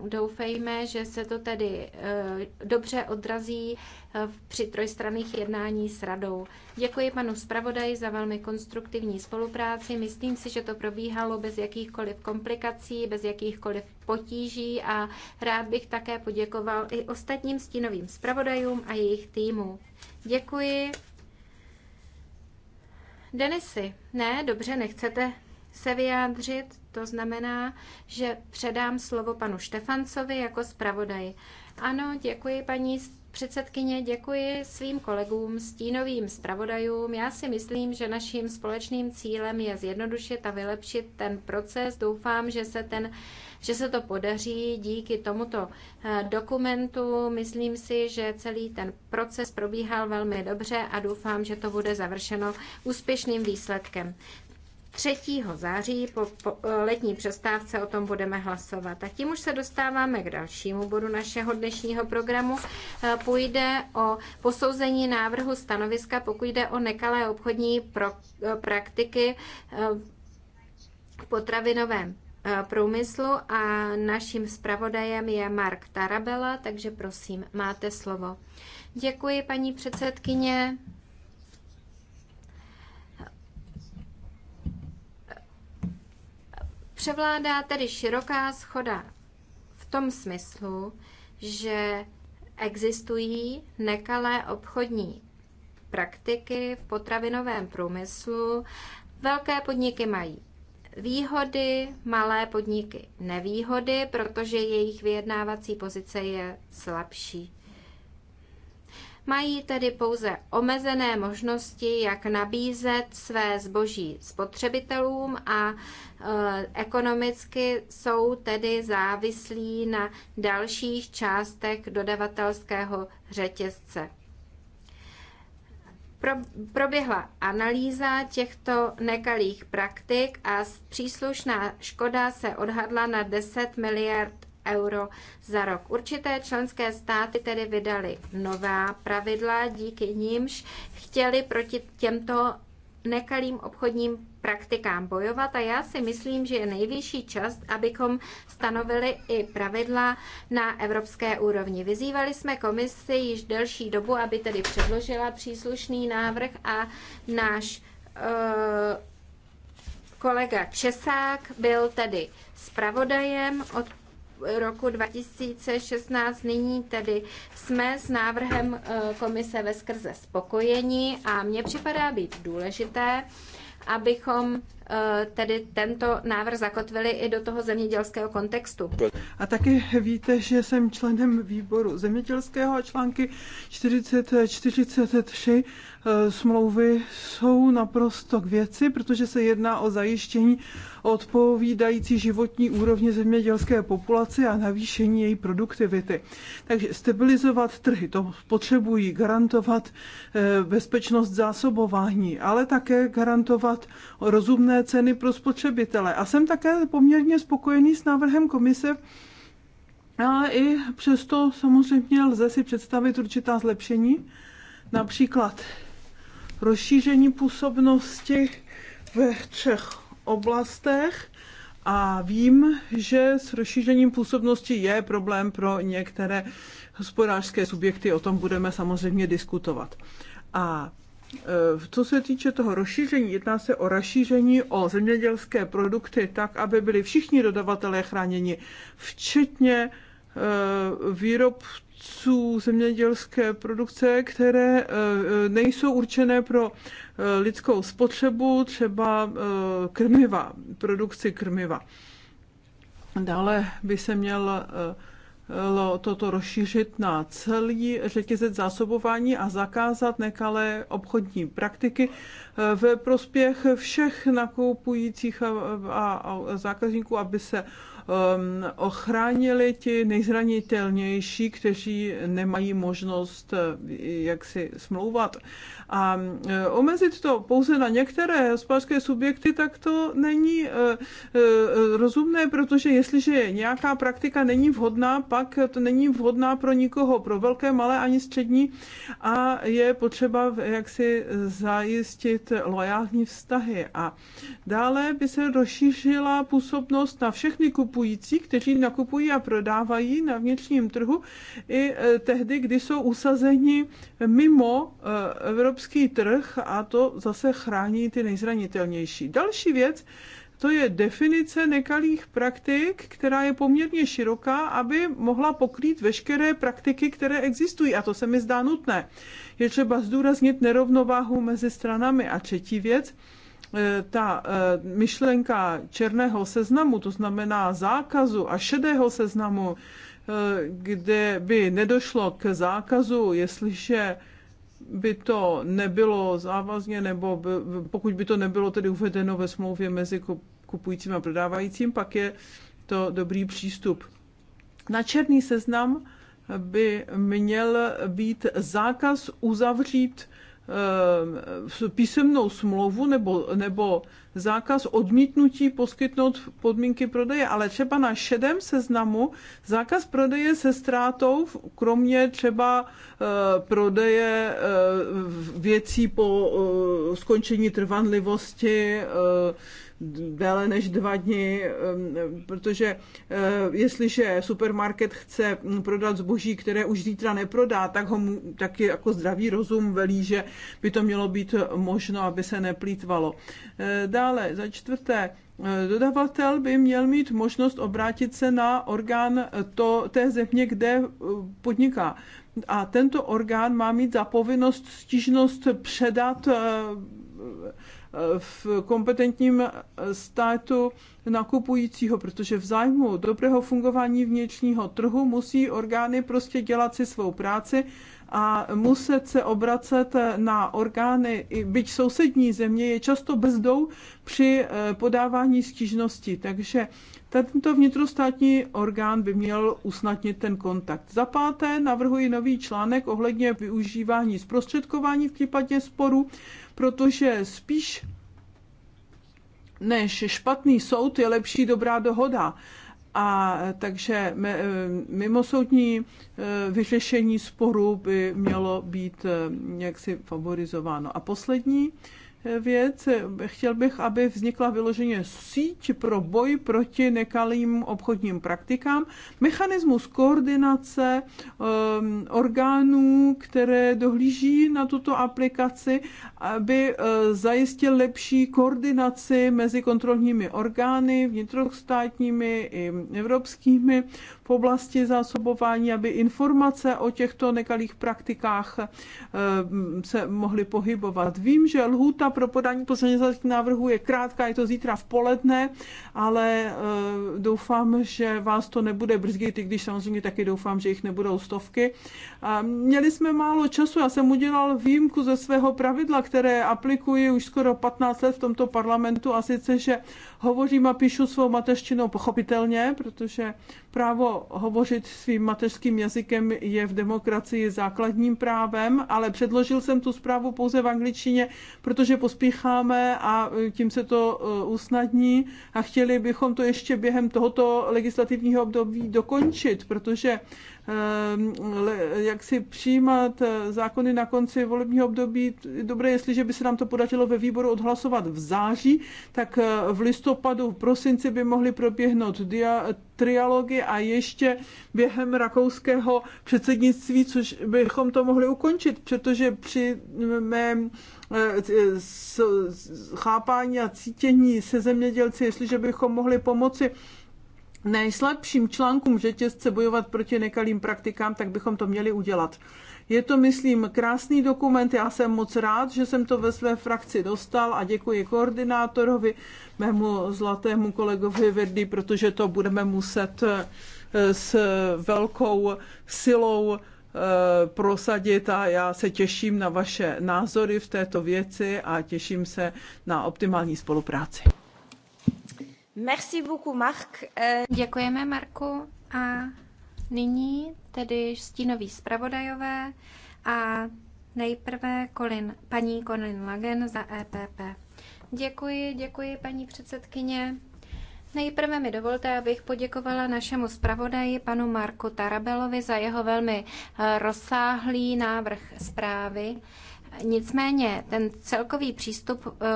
Doufejme, že se to tedy eh, dobře odrazí eh, při trojstranných jednání s radou. Děkuji panu zpravodaji za velmi konstruktivní spolupráci. Myslím si, že to probíhalo bez jakýchkoliv komplikací, bez jakýchkoliv potíží a rád bych také poděkoval i ostatním stínovým zpravodajům a jejich týmu. Děkuji. Denisy, ne, dobře, nechcete se vyjádřit, to znamená, že předám slovo panu Štefancovi jako zpravodaji. Ano, děkuji paní předsedkyně, děkuji svým kolegům, stínovým zpravodajům. Já si myslím, že naším společným cílem je zjednodušit a vylepšit ten proces. Doufám, že se, ten, že se to podaří díky tomuto eh, dokumentu. Myslím si, že celý ten proces probíhal velmi dobře a doufám, že to bude završeno úspěšným výsledkem. 3. září po, po eh, letní přestávce o tom budeme hlasovat. A tím už se dostáváme k dalšímu bodu našeho dnešního programu. Eh, půjde o posouzení návrhu stanoviska, pokud jde o nekalé obchodní pro, eh, praktiky v potravinovém průmyslu a naším zpravodajem je Mark Tarabela, takže prosím, máte slovo. Děkuji, paní předsedkyně. Převládá tedy široká schoda v tom smyslu, že existují nekalé obchodní praktiky v potravinovém průmyslu. Velké podniky mají výhody, malé podniky nevýhody, protože jejich vyjednávací pozice je slabší. Mají tedy pouze omezené možnosti, jak nabízet své zboží spotřebitelům a e, ekonomicky jsou tedy závislí na dalších částech dodavatelského řetězce proběhla analýza těchto nekalých praktik a příslušná škoda se odhadla na 10 miliard euro za rok. Určité členské státy tedy vydaly nová pravidla, díky nímž chtěli proti těmto nekalým obchodním praktikám bojovat a já si myslím, že je nejvyšší čas, abychom stanovili i pravidla na evropské úrovni. Vyzývali jsme komisi již delší dobu, aby tedy předložila příslušný návrh a náš uh, kolega Česák byl tedy zpravodajem od roku 2016. Nyní tedy jsme s návrhem eh, komise ve skrze spokojeni a mně připadá být důležité, abychom eh, tedy tento návrh zakotvili i do toho zemědělského kontextu. A taky víte, že jsem členem výboru zemědělského a články 4043 eh, smlouvy jsou naprosto k věci, protože se jedná o zajištění odpovídající životní úrovně zemědělské populace a navýšení její produktivity. Takže stabilizovat trhy, to potřebují garantovat e, bezpečnost zásobování, ale také garantovat rozumné ceny pro spotřebitele. A jsem také poměrně spokojený s návrhem komise, ale i přesto samozřejmě lze si představit určitá zlepšení, například rozšíření působnosti ve třech oblastech a vím, že s rozšířením působnosti je problém pro některé hospodářské subjekty, o tom budeme samozřejmě diskutovat. A e, co se týče toho rozšíření, jedná se o rozšíření o zemědělské produkty tak, aby byli všichni dodavatelé chráněni, včetně e, výrobců zemědělské produkce, které e, nejsou určené pro Eh, lidskou spotřebu, třeba eh, krmiva, produkci krmiva. Dále by se měl eh, toto rozšířit na celý řetězec zásobování a zakázat nekalé obchodní praktiky ve prospěch všech nakupujících a zákazníků, aby se Um, ochránili ti nejzranitelnější, kteří nemají možnost eh, jak si smlouvat. A eh, omezit to pouze na některé hospodářské subjekty, tak to není eh, rozumné, protože jestliže nějaká praktika není vhodná, pak to není vhodná pro nikoho, pro velké, malé ani střední a je potřeba jak si zajistit lojální vztahy. A dále by se rozšířila působnost na všechny kupující kupující, kteří nakupují a prodávají na vnitřním trhu i eh, tehdy, kdy jsou usazeni mimo eh, evropský trh a to zase chrání ty nejzranitelnější. Další věc, to je definice nekalých praktik, která je poměrně široká, aby mohla pokrýt veškeré praktiky, které existují. A to se mi zdá nutné. Je třeba zdůraznit nerovnováhu mezi stranami. A třetí věc, Eh, ta eh, myšlenka černého seznamu, to znamená zákazu a šedého seznamu, eh, kde by nedošlo k zákazu, jestliže by to nebylo závazně, nebo by, pokud by to nebylo tedy uvedeno ve smlouvě mezi kupujícím a prodávajícím, pak je to dobrý přístup. Na černý seznam by měl být zákaz uzavřít Eh, písemnou smlouvu nebo, nebo zákaz odmítnutí poskytnout podmínky prodeje, ale třeba na šedém seznamu zákaz prodeje se ztrátou, kromě třeba eh, prodeje eh, věcí po skončení trvanlivosti, déle než dva dny, ehm, protože eh, jestliže supermarket chce mm, prodat zboží, které už zítra neprodá, tak ho taky jako zdravý rozum velí, že by to mělo být možno, aby se neplýtvalo. Eh, dále, za čtvrté, eh, Dodavatel by měl mít možnost obrátit se na orgán to, té země, kde podniká. A tento orgán má mít za povinnost stížnost předat v kompetentním státu nakupujícího, protože v zájmu dobrého fungování vnitřního trhu musí orgány prostě dělat si svou práci a muset se obracet na orgány, byť sousední země je často brzdou při eh, podávání stížnosti. Takže tento vnitrostátní orgán by měl usnadnit ten kontakt. Za páté navrhuji nový článek ohledně využívání zprostředkování v případě sporu protože spíš než špatný soud je lepší dobrá dohoda. A takže eh, mimosoudní eh, vyřešení sporu by mělo být eh, jaksi favorizováno. A poslední, věc. Chtěl bych, aby vznikla vyloženě síť pro boj proti nekalým obchodním praktikám, mechanismus koordinace um, orgánů, které dohlíží na tuto aplikaci, aby uh, eh, zajistil lepší koordinaci mezi kontrolními orgány, vnitrostátními i evropskými, v oblasti zásobování, aby informace o těchto nekalých praktikách eh, se mohly pohybovat. Vím, že lhůta pro podání poslaneckých návrhů je krátká, je to zítra v poledne, ale eh, doufám, že vás to nebude brzdit, i když samozřejmě taky doufám, že jich nebudou stovky. Měli jsme málo času, já jsem udělal výjimku ze svého pravidla, které aplikuji už skoro 15 let v tomto parlamentu a sice, že hovořím a píšu svou mateřštinou pochopitelně, protože Právo hovořit svým mateřským jazykem je v demokracii základním právem, ale předložil jsem tu zprávu pouze v angličtině, protože pospícháme a e, tím se to e, usnadní a chtěli bychom to ještě během tohoto legislativního období dokončit, protože Ehm, jak si přijímat eh, zákony na konci volebního období. Dobré, jestliže by se nám to podařilo ve výboru odhlasovat v září, tak eh, v listopadu, v prosinci by mohly proběhnout dia, trialogy a ještě během rakouského předsednictví, což bychom to mohli ukončit, protože při mm, mém eh, chápání a cítění se zemědělci, jestliže bychom mohli pomoci nejslabším článkům řetězce bojovat proti nekalým praktikám, tak bychom to měli udělat. Je to, myslím, krásný dokument. Já jsem moc rád, že jsem to ve své frakci dostal a děkuji koordinátorovi, mému zlatému kolegovi Verdi, protože to budeme muset eh, s velkou silou eh, prosadit a já se těším na vaše názory v této věci a těším se na optimální spolupráci. Merci beaucoup, Mark. Eh, Děkujeme, Marku. A nyní tedy stínoví zpravodajové a nejprve Colin, paní Colin Lagen za EPP. Děkuji, děkuji, paní předsedkyně. Nejprve mi dovolte, abych poděkovala našemu zpravodaji panu Marku Tarabelovi za jeho velmi eh, rozsáhlý návrh zprávy. Nicméně ten celkový přístup eh,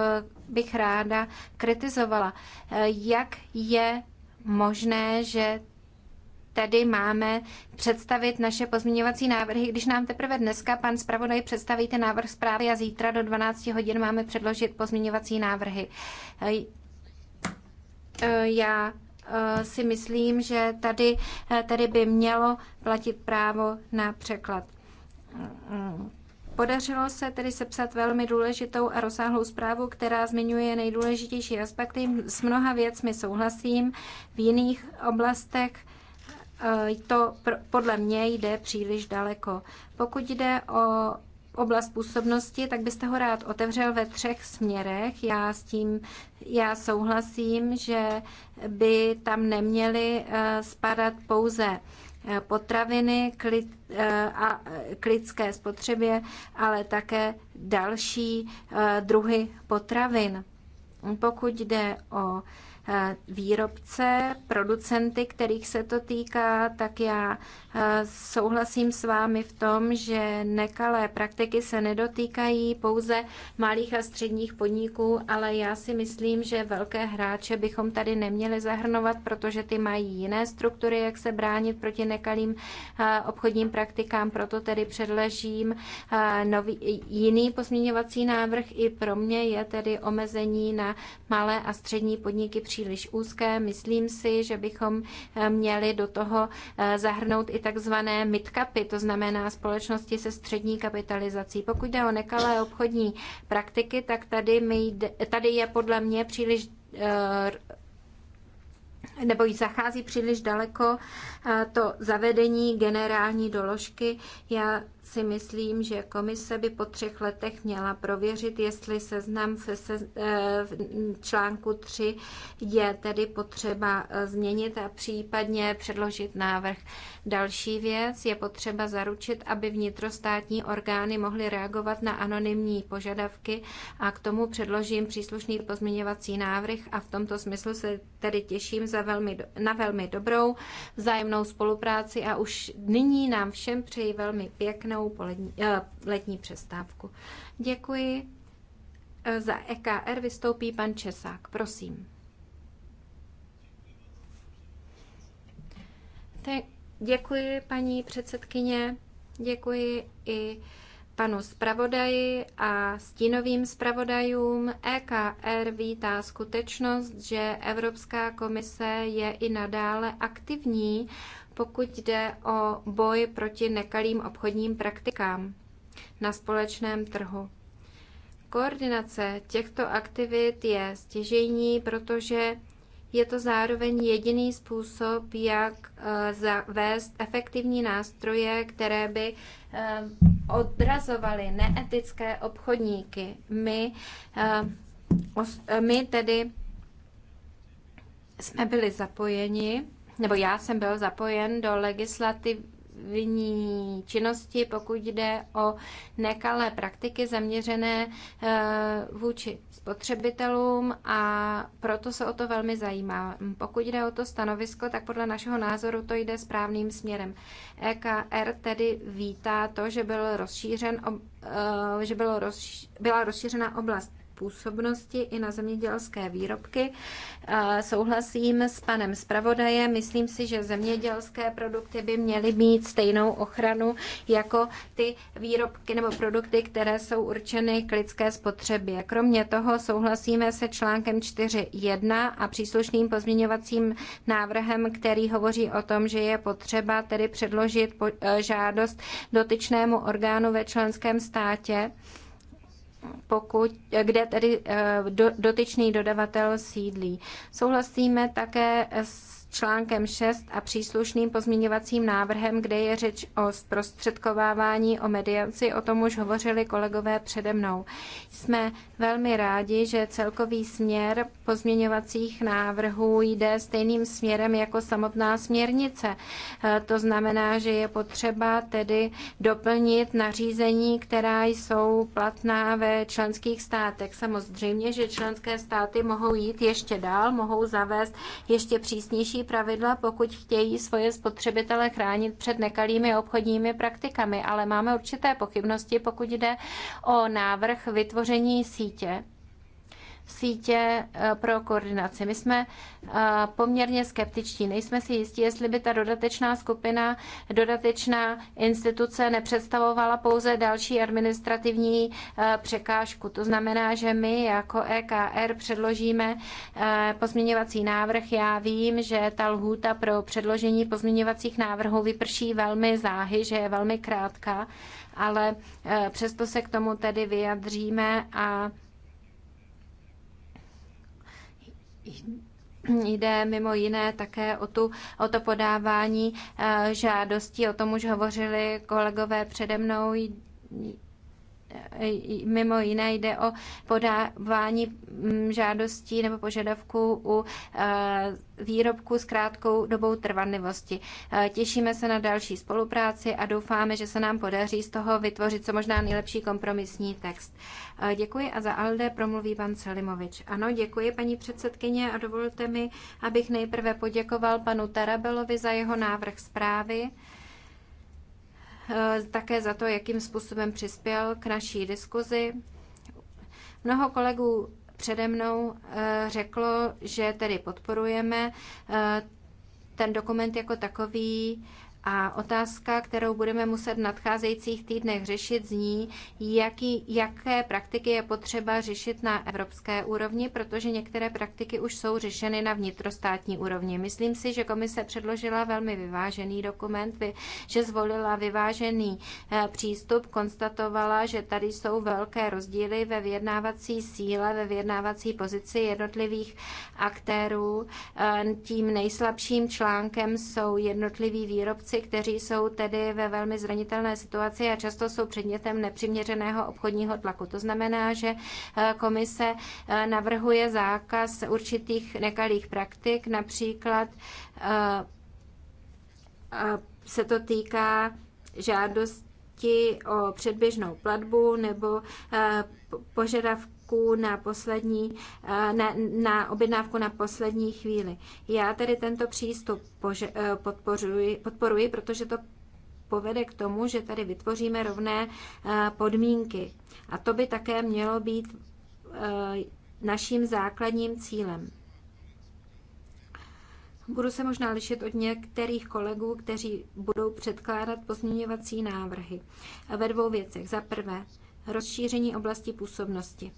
bych ráda kritizovala. Eh, jak je možné, že tedy máme představit naše pozměňovací návrhy, když nám teprve dneska pan zpravodaj představí ten návrh zprávy a zítra do 12 hodin máme předložit pozměňovací návrhy. Eh, já si myslím, že tady, tady by mělo platit právo na překlad. Mm, mm. Podařilo se tedy sepsat velmi důležitou a rozsáhlou zprávu, která zmiňuje nejdůležitější aspekty. S mnoha věcmi souhlasím, v jiných oblastech eh, to podle mě jde příliš daleko. Pokud jde o oblast působnosti, tak byste ho rád otevřel ve třech směrech. Já s tím já souhlasím, že by tam neměly eh, spadat pouze Eh, potraviny eh, a eh, k lidské spotřebě, ale také další druhy potravin. Pokud jde o Eh, výrobce, producenty, kterých se to týká, tak já eh, souhlasím s vámi v tom, že nekalé praktiky se nedotýkají pouze malých a středních podniků, ale já si myslím, že velké hráče bychom tady neměli zahrnovat, protože ty mají jiné struktury, jak se bránit proti nekalým eh, obchodním praktikám. Proto tedy předležím nový, jiný pozměňovací návrh. I pro mě je tedy omezení na malé a střední podniky příliš příliš úzké. Myslím si, že bychom eh, měli do toho eh, zahrnout i takzvané midcapy, to znamená společnosti se střední kapitalizací. Pokud jde o nekalé obchodní praktiky, tak tady, mi jde, tady je podle mě příliš eh, nebo jí zachází příliš daleko to zavedení generální doložky. Já si myslím, že komise by po třech letech měla prověřit, jestli seznam v, se, eh, v článku 3 je tedy potřeba eh, změnit a případně předložit návrh. Další věc je potřeba zaručit, aby vnitrostátní orgány mohly reagovat na anonymní požadavky a k tomu předložím příslušný pozměňovací návrh a v tomto smyslu se tedy těším za velmi, na velmi dobrou vzájemnou spolupráci a už nyní nám všem přeji velmi pěkné pěknou polední, eh, letní přestávku. Děkuji. Eh, za EKR vystoupí pan Česák. Prosím. Te, děkuji, paní předsedkyně. Děkuji i panu zpravodaji a stínovým zpravodajům EKR vítá skutečnost, že Evropská komise je i nadále aktivní pokud jde o boj proti nekalým obchodním praktikám na společném trhu. Koordinace těchto aktivit je stěžejní, protože je to zároveň jediný způsob, jak eh, zavést efektivní nástroje, které by eh, odrazovaly neetické obchodníky. My, eh, my tedy jsme byli zapojeni nebo já jsem byl zapojen do legislativní činnosti, pokud jde o nekalé praktiky zaměřené eh, vůči spotřebitelům a proto se o to velmi zajímá. Pokud jde o to stanovisko, tak podle našeho názoru to jde správným směrem. EKR tedy vítá to, že, byl rozšířen, eh, že bylo rozš, byla rozšířena oblast působnosti i na zemědělské výrobky. Souhlasím s panem zpravodajem. Myslím si, že zemědělské produkty by měly mít stejnou ochranu jako ty výrobky nebo produkty, které jsou určeny k lidské spotřebě. Kromě toho souhlasíme se článkem 4.1 a příslušným pozměňovacím návrhem, který hovoří o tom, že je potřeba tedy předložit e, žádost dotyčnému orgánu ve členském státě, pokud, kde tedy eh, dotyčný dodavatel sídlí. Souhlasíme také s článkem 6 a příslušným pozměňovacím návrhem, kde je řeč o zprostředkovávání, o mediaci, o tom už hovořili kolegové přede mnou. Jsme velmi rádi, že celkový směr pozměňovacích návrhů jde stejným směrem jako samotná směrnice. E, to znamená, že je potřeba tedy doplnit nařízení, která jsou platná ve členských státech. Samozřejmě, že členské státy mohou jít ještě dál, mohou zavést ještě přísnější pravidla, pokud chtějí svoje spotřebitele chránit před nekalými obchodními praktikami, ale máme určité pochybnosti, pokud jde o návrh vytvoření sítě sítě eh, pro koordinaci. My jsme eh, poměrně skeptičtí. Nejsme si jistí, jestli by ta dodatečná skupina, dodatečná instituce nepředstavovala pouze další administrativní eh, překážku. To znamená, že my jako EKR předložíme pozměňovací návrh. Já vím, že ta lhůta pro předložení pozměňovacích návrhů vyprší velmi záhy, že je velmi krátká, ale přesto se k tomu tedy vyjadříme a Jde mimo jiné také o, tu, o to podávání eh, žádostí, o tom už hovořili kolegové přede mnou E, mimo jiné jde o podávání mm, žádostí nebo požadavků u e, výrobku s krátkou dobou trvanlivosti. E, těšíme se na další spolupráci a doufáme, že se nám podaří z toho vytvořit co možná nejlepší kompromisní text. Děkuji a za ALDE promluví pan Selimovič. Ano, děkuji paní předsedkyně a dovolte mi, abych nejprve poděkoval panu Tarabelovi za jeho návrh zprávy. Eh, také za to, jakým způsobem přispěl k naší diskuzi. Mnoho kolegů přede mnou eh, řeklo, že tedy podporujeme eh, ten dokument jako takový. A otázka, kterou budeme muset v nadcházejících týdnech řešit, zní, jaký, jaké praktiky je potřeba řešit na evropské úrovni, protože některé praktiky už jsou řešeny na vnitrostátní úrovni. Myslím si, že komise předložila velmi vyvážený dokument, že zvolila vyvážený eh, přístup, konstatovala, že tady jsou velké rozdíly ve vyjednávací síle, ve vyjednávací pozici jednotlivých aktérů. Eh, tím nejslabším článkem jsou jednotliví výrobci výrobci, kteří jsou tedy ve velmi zranitelné situaci a často jsou předmětem nepřiměřeného obchodního tlaku. To znamená, že eh, komise eh, navrhuje zákaz určitých nekalých praktik, například eh, se to týká žádosti o předběžnou platbu nebo požadavku objednávku na poslední, eh, na, na objednávku na poslední chvíli. Já tedy tento přístup pože, eh, podporuji, podporuji, protože to povede k tomu, že tady vytvoříme rovné eh, podmínky. A to by také mělo být naším základním cílem. Budu se možná lišit od některých kolegů, kteří budou předkládat pozměňovací návrhy. Ve dvou věcech. Za prvé, rozšíření oblasti působnosti.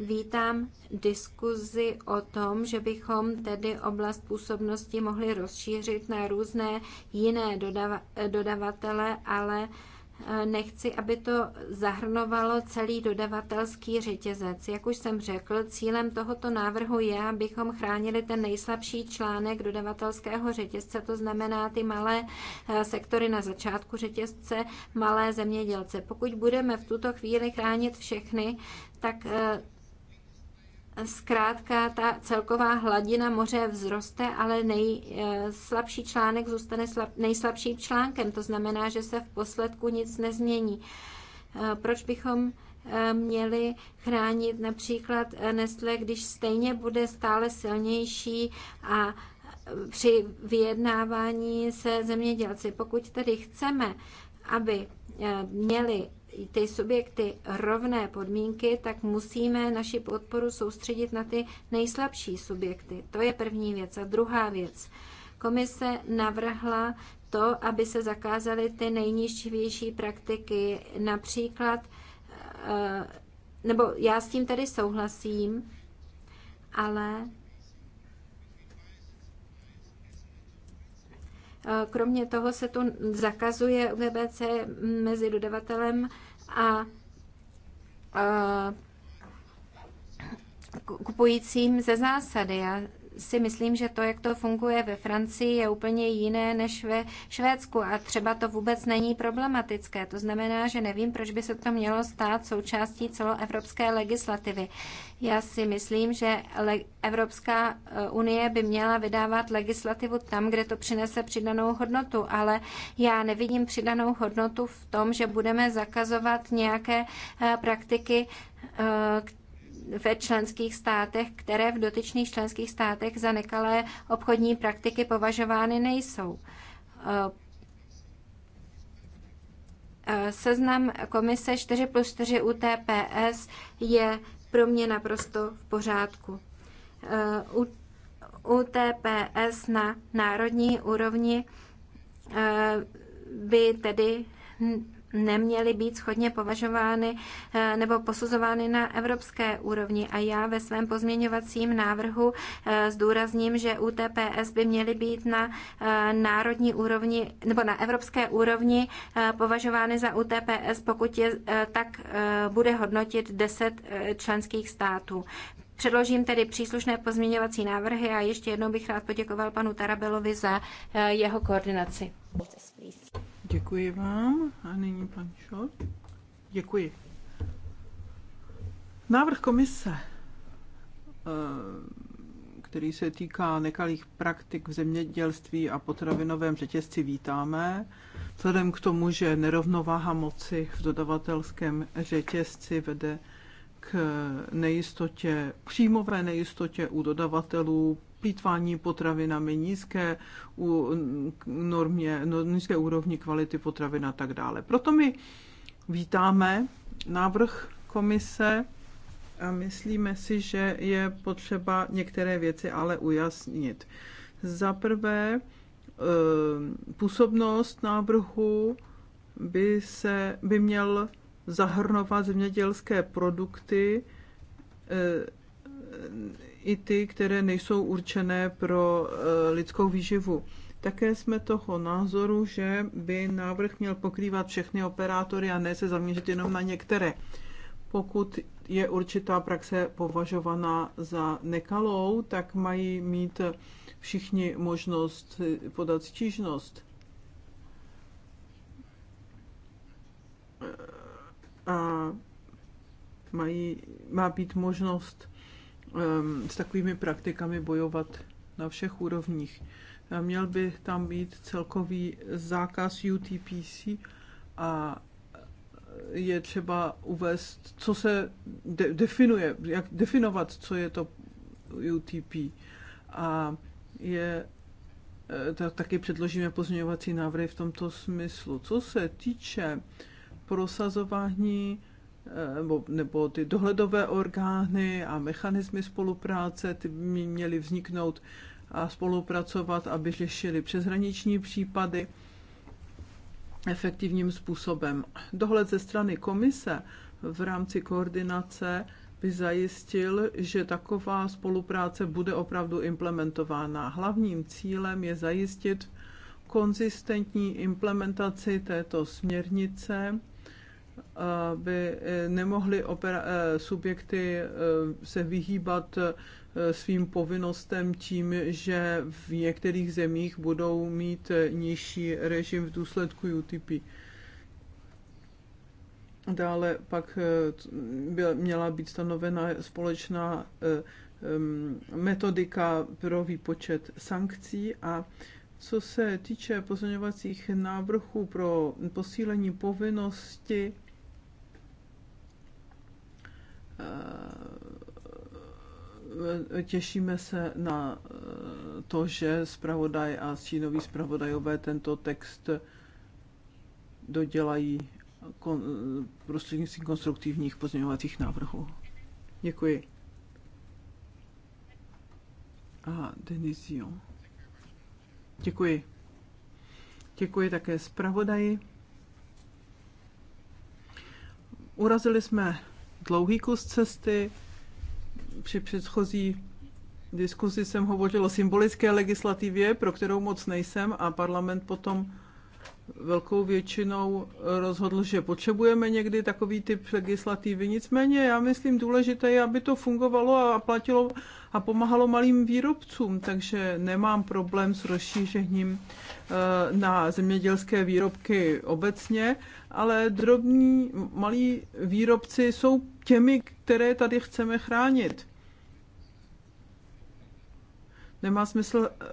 Vítám diskuzi o tom, že bychom tedy oblast působnosti mohli rozšířit na různé jiné dodava- dodavatele, ale eh, nechci, aby to zahrnovalo celý dodavatelský řetězec. Jak už jsem řekl, cílem tohoto návrhu je, abychom chránili ten nejslabší článek dodavatelského řetězce, to znamená ty malé eh, sektory na začátku řetězce, malé zemědělce. Pokud budeme v tuto chvíli chránit všechny, tak eh, Zkrátka ta celková hladina moře vzroste, ale nejslabší eh, článek zůstane slab, nejslabším článkem. To znamená, že se v posledku nic nezmění. Eh, proč bychom eh, měli chránit například Nestle, když stejně bude stále silnější a při vyjednávání se zemědělci. Pokud tedy chceme, aby měli ty subjekty rovné podmínky, tak musíme naši podporu soustředit na ty nejslabší subjekty. To je první věc. A druhá věc. Komise navrhla to, aby se zakázaly ty nejnižší praktiky, například, eh, nebo já s tím tady souhlasím, ale Eh, kromě toho se tu zakazuje GBC mezi dodavatelem a eh, kupujícím ze zásady. Já si myslím, že to, jak to funguje ve Francii, je úplně jiné než ve Švédsku a třeba to vůbec není problematické. To znamená, že nevím, proč by se to mělo stát součástí celoevropské legislativy. Já si myslím, že Evropská eh, unie by měla vydávat legislativu tam, kde to přinese přidanou hodnotu, ale já nevidím přidanou hodnotu v tom, že budeme zakazovat nějaké eh, praktiky, eh, ve členských státech, které v dotyčných členských státech za nekalé obchodní praktiky považovány nejsou. Eh, seznam komise 4 plus 4 UTPS je pro mě naprosto v pořádku. Eh, UTPS na národní úrovni eh, by tedy neměly být schodně považovány eh, nebo posuzovány na evropské úrovni. A já ve svém pozměňovacím návrhu eh, zdůrazním, že UTPS by měly být na eh, národní úrovni nebo na evropské úrovni považovány za UTPS, pokud je tak bude hodnotit 10 členských států. Předložím tedy příslušné pozměňovací návrhy a ještě jednou bych rád poděkoval panu Tarabelovi za jeho koordinaci. Děkuji vám. A nyní pan Šot. Děkuji. Návrh komise, eh, který se týká nekalých praktik v zemědělství a potravinovém řetězci, vítáme. Vzhledem k tomu, že nerovnováha moci v dodavatelském řetězci vede k nejistotě, přímové nejistotě u dodavatelů plítvání potravinami, nízké, u, normě, no, nízké úrovni kvality potravin a tak dále. Proto my vítáme návrh komise a myslíme si, že je potřeba některé věci ale ujasnit. Za prvé, eh, působnost návrhu by, se, by měl zahrnovat zemědělské produkty eh, i ty, které nejsou určené pro eh, lidskou výživu. Také jsme toho názoru, že by návrh měl pokrývat všechny operátory a ne se zaměřit jenom na některé. Pokud je určitá praxe považovaná za nekalou, tak mají mít všichni možnost podat stížnost. Eh, a mají, má být možnost Ehm, s takovými praktikami bojovat na všech úrovních. Měl by tam být celkový zákaz UTPC a je třeba uvést, co se de- definuje, jak definovat, co je to UTP. A je eh, taky předložíme pozměňovací návrhy v tomto smyslu. Co se týče prosazování Eh, nebo ty dohledové orgány a mechanismy spolupráce, ty by měly vzniknout a spolupracovat, aby řešili přeshraniční případy efektivním způsobem. Dohled ze strany komise v rámci koordinace by zajistil, že taková spolupráce bude opravdu implementována. Hlavním cílem je zajistit konzistentní implementaci této směrnice aby eh, nemohly opera- eh, subjekty eh, se vyhýbat svým povinnostem tím, že v některých zemích budou mít nižší režim v důsledku UTP. Dále pak měla být stanovena společná metodika pro výpočet sankcí a co se týče pozměňovacích návrhů pro posílení povinnosti Eh, těšíme se na eh, to, že zpravodaj a stínoví zpravodajové tento text dodělají kon, prostřednictvím konstruktivních pozměňovacích návrhů. Děkuji. A Denis Děkuji. Děkuji také zpravodaji. Urazili jsme dlouhý kus cesty. Při předchozí diskuzi jsem hovořil o symbolické legislativě, pro kterou moc nejsem a parlament potom velkou většinou rozhodl, že potřebujeme někdy takový typ legislativy. Nicméně já myslím důležité je, aby to fungovalo a platilo a pomáhalo malým výrobcům, takže nemám problém s rozšířením eh, na zemědělské výrobky obecně, ale drobní malí výrobci jsou těmi, které tady chceme chránit. Nemá smysl eh,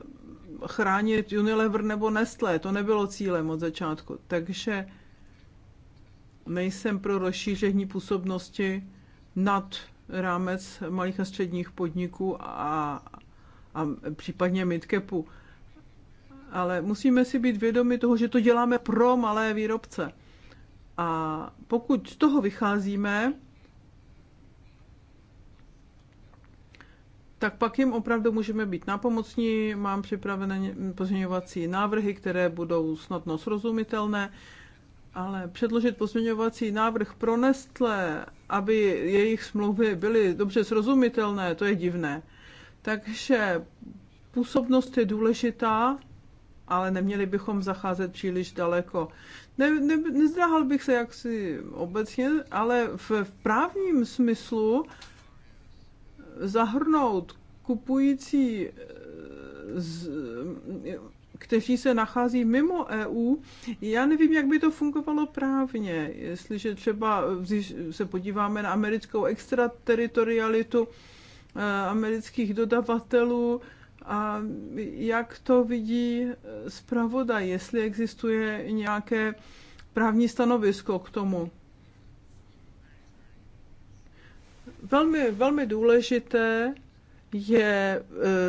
chránit Unilever nebo Nestlé. To nebylo cílem od začátku. Takže nejsem pro rozšíření působnosti nad rámec malých a středních podniků a, a případně midcapu. Ale musíme si být vědomi toho, že to děláme pro malé výrobce. A pokud z toho vycházíme, tak pak jim opravdu můžeme být nápomocní. Mám připravené pozměňovací návrhy, které budou snadno srozumitelné, ale předložit pozměňovací návrh pro Nestlé, aby jejich smlouvy byly dobře srozumitelné, to je divné. Takže působnost je důležitá, ale neměli bychom zacházet příliš daleko. Ne, ne, nezdráhal bych se jaksi obecně, ale v, v právním smyslu zahrnout kupující, eh, z, eh, kteří se nachází mimo EU, já nevím, jak by to fungovalo právně. Jestliže třeba když se podíváme na americkou extrateritorialitu eh, amerických dodavatelů, a jak to vidí zpravodaj, jestli existuje nějaké právní stanovisko k tomu. velmi, velmi důležité je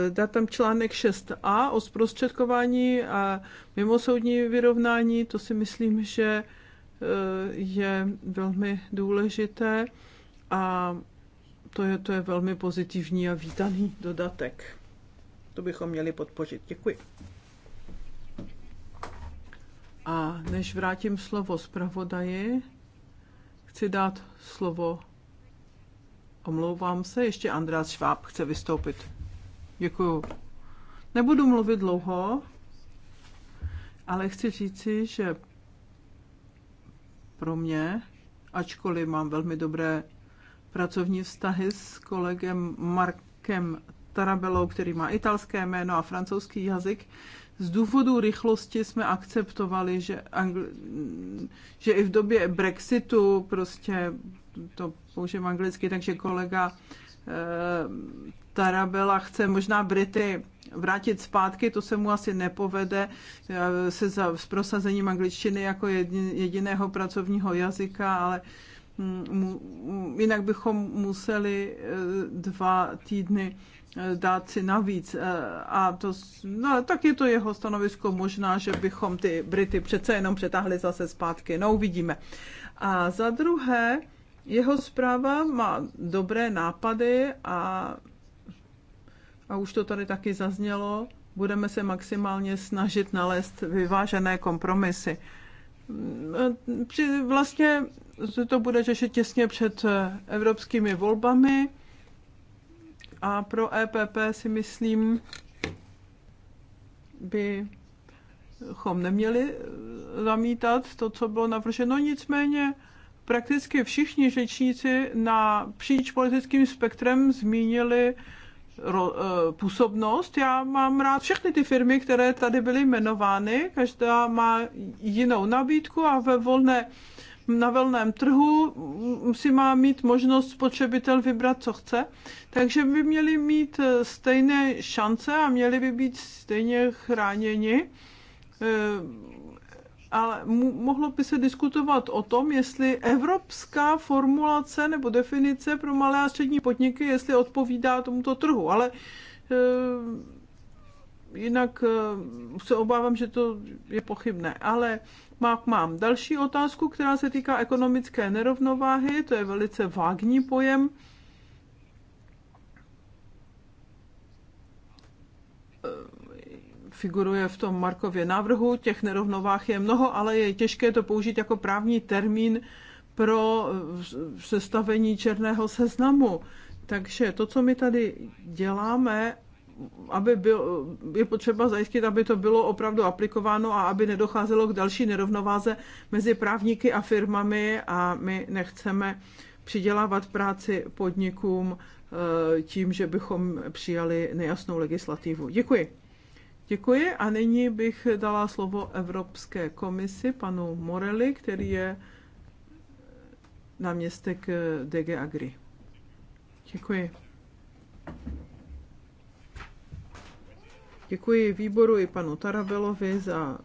eh, dát tam článek 6a o zprostředkování a mimosoudní vyrovnání. To si myslím, že eh, je velmi důležité a to je, to je velmi pozitivní a vítaný dodatek. To bychom měli podpořit. Děkuji. A než vrátím slovo zpravodaji, chci dát slovo Omlouvám se, ještě András Šváb chce vystoupit. Děkuju. Nebudu mluvit dlouho, ale chci říci, že pro mě, ačkoliv mám velmi dobré pracovní vztahy s kolegem Markem Tarabelou, který má italské jméno a francouzský jazyk, z důvodu rychlosti jsme akceptovali, že, Angl- že i v době Brexitu prostě to použijem anglicky, takže kolega eh, Tarabela chce možná Brity vrátit zpátky, to se mu asi nepovede eh, se za, s prosazením angličtiny jako jediného pracovního jazyka, ale mm, mm, jinak bychom museli eh, dva týdny dát si navíc. A to, no, tak je to jeho stanovisko možná, že bychom ty Brity přece jenom přetáhli zase zpátky. No, uvidíme. A za druhé, jeho zpráva má dobré nápady a, a už to tady taky zaznělo. Budeme se maximálně snažit nalézt vyvážené kompromisy. Mm, vlastně to bude řešit těsně před eh, evropskými volbami a pro EPP si myslím, bychom neměli eh, zamítat to, co bylo navrženo. Nicméně prakticky všichni řečníci na příč politickým spektrem zmínili ro, eh, působnost. Já mám rád všechny ty firmy, které tady byly jmenovány. Každá má jinou nabídku a ve volné na volném trhu si má mít možnost spotřebitel vybrat, co chce. Takže by měli mít eh, stejné šance a měli by být stejně chráněni eh, ale mohlo by se diskutovat o tom, jestli evropská formulace nebo definice pro malé a střední podniky, jestli odpovídá tomuto trhu, ale eh, jinak eh, se obávám, že to je pochybné. Ale mám, mám další otázku, která se týká ekonomické nerovnováhy, to je velice vágní pojem. figuruje v tom Markově návrhu. Těch nerovnovách je mnoho, ale je těžké to použít jako právní termín pro eh, sestavení černého seznamu. Takže to, co my tady děláme, aby byl, je potřeba zajistit, aby to bylo opravdu aplikováno a aby nedocházelo k další nerovnováze mezi právníky a firmami a my nechceme přidělávat práci podnikům eh, tím, že bychom přijali nejasnou legislativu. Děkuji. Děkuji a nyní bych dala slovo Evropské komisi panu Morelli, který je náměstek DG Agri. Děkuji. Děkuji výboru i panu Tarabelovi za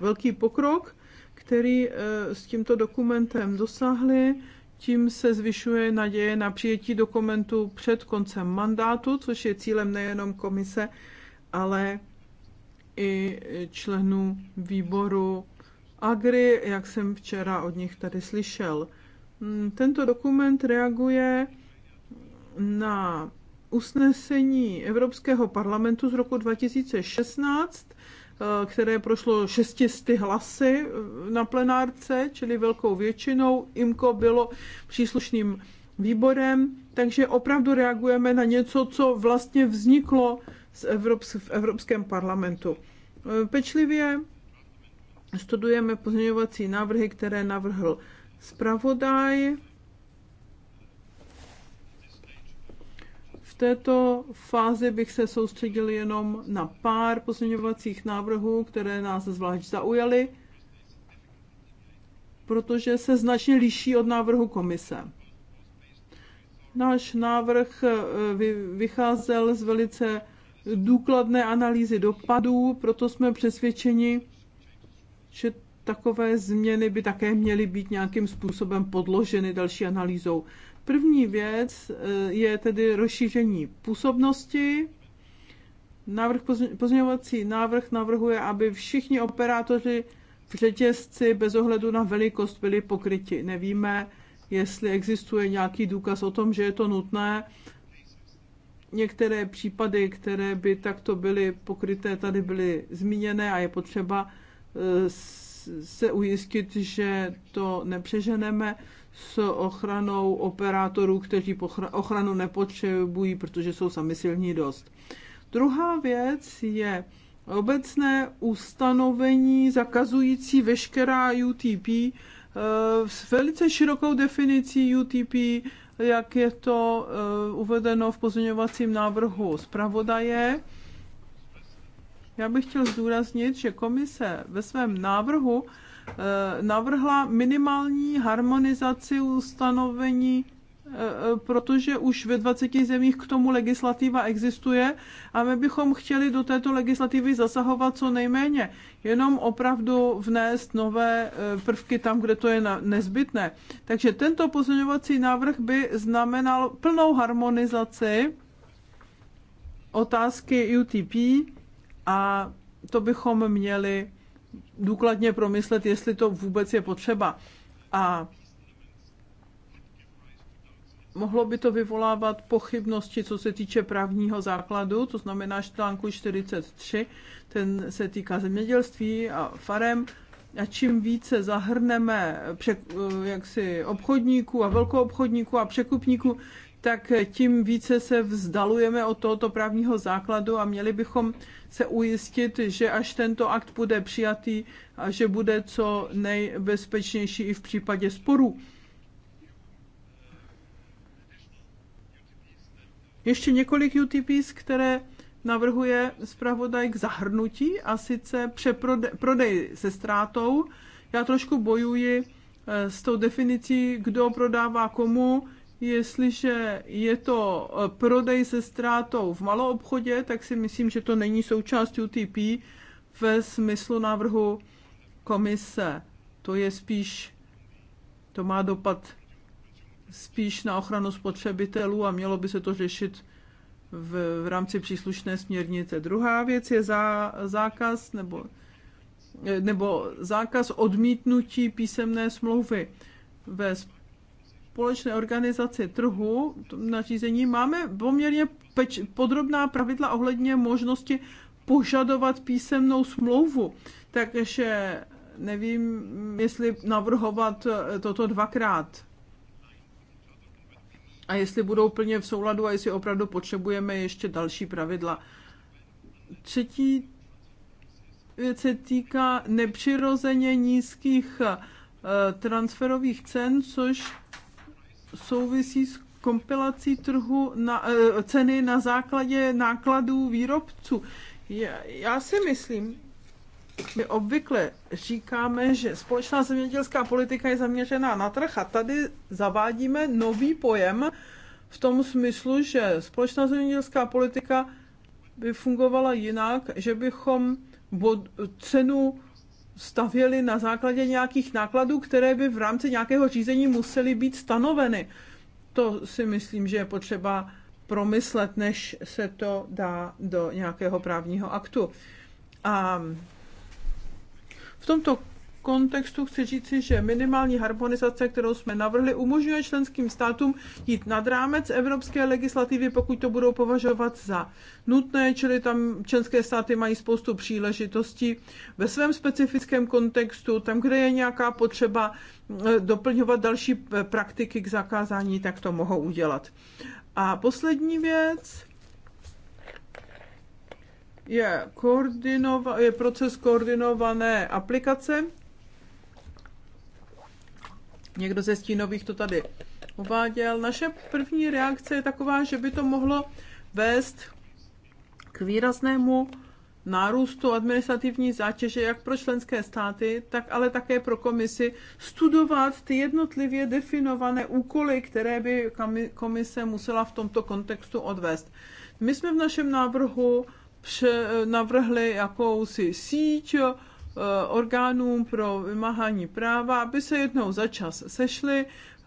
velký pokrok, který eh, s tímto dokumentem dosáhli. Tím se zvyšuje naděje na přijetí dokumentu před koncem mandátu, což je cílem nejenom komise, ale i členů výboru Agri, jak jsem včera od nich tady slyšel. Mm, tento dokument reaguje na usnesení Evropského parlamentu z roku 2016, eh, které prošlo šestisty hlasy eh, na plenárce, čili velkou většinou. IMKO bylo příslušným výborem, takže opravdu reagujeme na něco, co vlastně vzniklo z Evrops- v Evropském parlamentu. E, pečlivě studujeme pozměňovací návrhy, které navrhl zpravodaj. V této fázi bych se soustředil jenom na pár pozměňovacích návrhů, které nás zvlášť zaujaly, protože se značně liší od návrhu komise. Náš návrh e, vycházel z velice důkladné analýzy dopadů, proto jsme přesvědčeni, že takové změny by také měly být nějakým způsobem podloženy další analýzou. První věc eh, je tedy rozšíření působnosti. Návrh pozměňovací návrh navrhuje, aby všichni operátoři v řetězci bez ohledu na velikost byli pokryti. Nevíme, jestli existuje nějaký důkaz o tom, že je to nutné, Některé případy, které by takto byly pokryté, tady byly zmíněné a je potřeba e, se ujistit, že to nepřeženeme s ochranou operátorů, kteří ochranu nepotřebují, protože jsou sami silní dost. Druhá věc je obecné ustanovení zakazující veškerá UTP e, s velice širokou definicí UTP, jak je to eh, uvedeno v pozměňovacím návrhu zpravodaje. Já bych chtěl zdůraznit, že komise ve svém návrhu eh, navrhla minimální harmonizaci ustanovení protože už ve 20 zemích k tomu legislativa existuje a my bychom chtěli do této legislativy zasahovat co nejméně, jenom opravdu vnést nové eh, prvky tam, kde to je nezbytné. Takže tento pozměňovací návrh by znamenal plnou harmonizaci otázky UTP a to bychom měli důkladně promyslet, jestli to vůbec je potřeba. A mohlo by to vyvolávat pochybnosti, co se týče právního základu, to znamená článku 43, ten se týká zemědělství a farem. A čím více zahrneme přek, eh, jaksi obchodníků a obchodníků a překupníků, tak tím více se vzdalujeme od tohoto právního základu a měli bychom se ujistit, že až tento akt bude přijatý, a že bude co nejbezpečnější i v případě sporů ještě několik UTPs, které navrhuje zpravodaj k zahrnutí a sice přeprode, prodej se ztrátou. Já trošku bojuji eh, s tou definicí, kdo prodává komu. Jestliže je to eh, prodej se ztrátou v maloobchodě, tak si myslím, že to není součást UTP ve smyslu návrhu komise. To je spíš, to má dopad spíš na ochranu spotřebitelů a mělo by se to řešit v, v rámci příslušné směrnice. Druhá věc je za, zákaz nebo, nebo zákaz odmítnutí písemné smlouvy. Ve společné organizaci trhu nařízení máme poměrně peč, podrobná pravidla ohledně možnosti požadovat písemnou smlouvu. Takže nevím, jestli navrhovat toto dvakrát a jestli budou plně v souladu a jestli opravdu potřebujeme ještě další pravidla. Třetí věc se týká nepřirozeně nízkých eh, transferových cen, což souvisí s kompilací trhu na, eh, ceny na základě nákladů výrobců. Já, já si myslím, my obvykle říkáme, že společná zemědělská politika je zaměřená na trh a tady zavádíme nový pojem v tom smyslu, že společná zemědělská politika by fungovala jinak, že bychom cenu stavěli na základě nějakých nákladů, které by v rámci nějakého řízení musely být stanoveny. To si myslím, že je potřeba promyslet, než se to dá do nějakého právního aktu. A v tomto kontextu chci říci, že minimální harmonizace, kterou jsme navrhli, umožňuje členským státům jít nad rámec evropské legislativy, pokud to budou považovat za nutné, čili tam členské státy mají spoustu příležitostí ve svém specifickém kontextu, tam, kde je nějaká potřeba eh, doplňovat další eh, praktiky k zakázání, tak to mohou udělat. A poslední věc, je, koordinova- je proces koordinované aplikace. Někdo ze stínových to tady uváděl. Naše první reakce je taková, že by to mohlo vést k výraznému nárůstu administrativní zátěže jak pro členské státy, tak ale také pro komisi studovat ty jednotlivě definované úkoly, které by komise musela v tomto kontextu odvést. My jsme v našem návrhu Eh, navrhli jakousi síť eh, orgánům pro vymáhání práva, aby se jednou za čas sešli,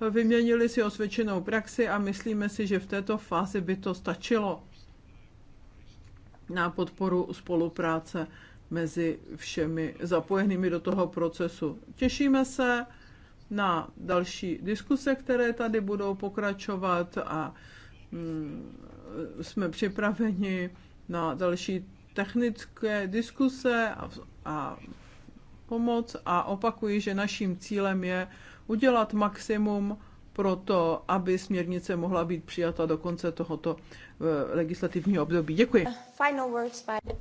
vyměnili si osvědčenou praxi a myslíme si, že v této fázi by to stačilo na podporu spolupráce mezi všemi zapojenými do toho procesu. Těšíme se na další diskuse, které tady budou pokračovat a mm, jsme připraveni na další technické diskuse a, a pomoc a opakuji, že naším cílem je udělat maximum pro to, aby směrnice mohla být přijata do konce tohoto eh, legislativního období. Děkuji. Final words by...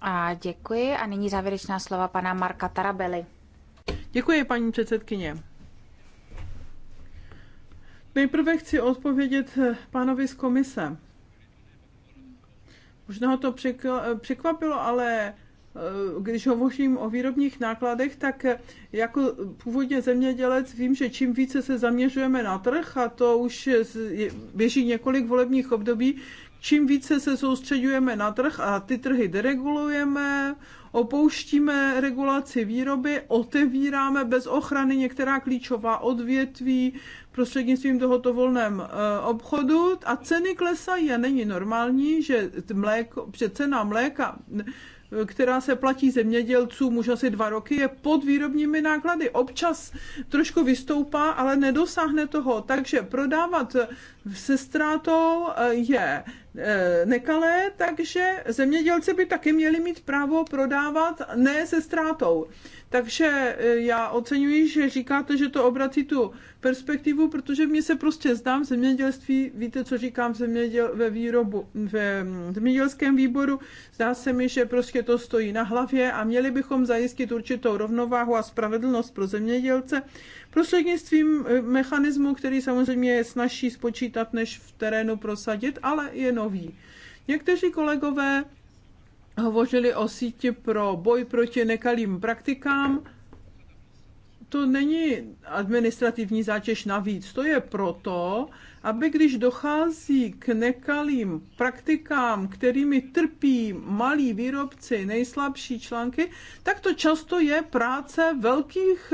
A děkuji a nyní závěrečná slova pana Marka Tarabely. Děkuji, paní předsedkyně. Nejprve chci odpovědět eh, pánovi z komise. Možná ho to překvapilo, ale eh, když hovořím o výrobních nákladech, tak eh, jako původně zemědělec vím, že čím více se zaměřujeme na trh, a to už běží několik volebních období, čím více se soustředujeme na trh a ty trhy deregulujeme, opouštíme regulaci výroby, otevíráme bez ochrany některá klíčová odvětví, prostřednictvím tohoto volném eh, obchodu a ceny klesají a není normální, že mléko, cena mléka, která se platí zemědělcům už asi dva roky, je pod výrobními náklady. Občas trošku vystoupá, ale nedosáhne toho. Takže prodávat eh, se ztrátou eh, je Eh, nekalé, takže zemědělci by taky měli mít právo prodávat ne se ztrátou. Takže eh, já oceňuji, že říkáte, že to obrací tu perspektivu, protože mě se prostě zdám v zemědělství, víte, co říkám v zeměděl, ve výrobu, ve mm, zemědělském výboru, zdá se mi, že prostě to stojí na hlavě a měli bychom zajistit určitou rovnováhu a spravedlnost pro zemědělce prostřednictvím eh, mechanismu, který samozřejmě je snažší spočítat, než v terénu prosadit, ale je nový. Někteří kolegové hovořili o síti pro boj proti nekalým praktikám. To není administrativní zátěž navíc, to je proto, aby když dochází k nekalým praktikám, kterými trpí malí výrobci, nejslabší články, tak to často je práce velkých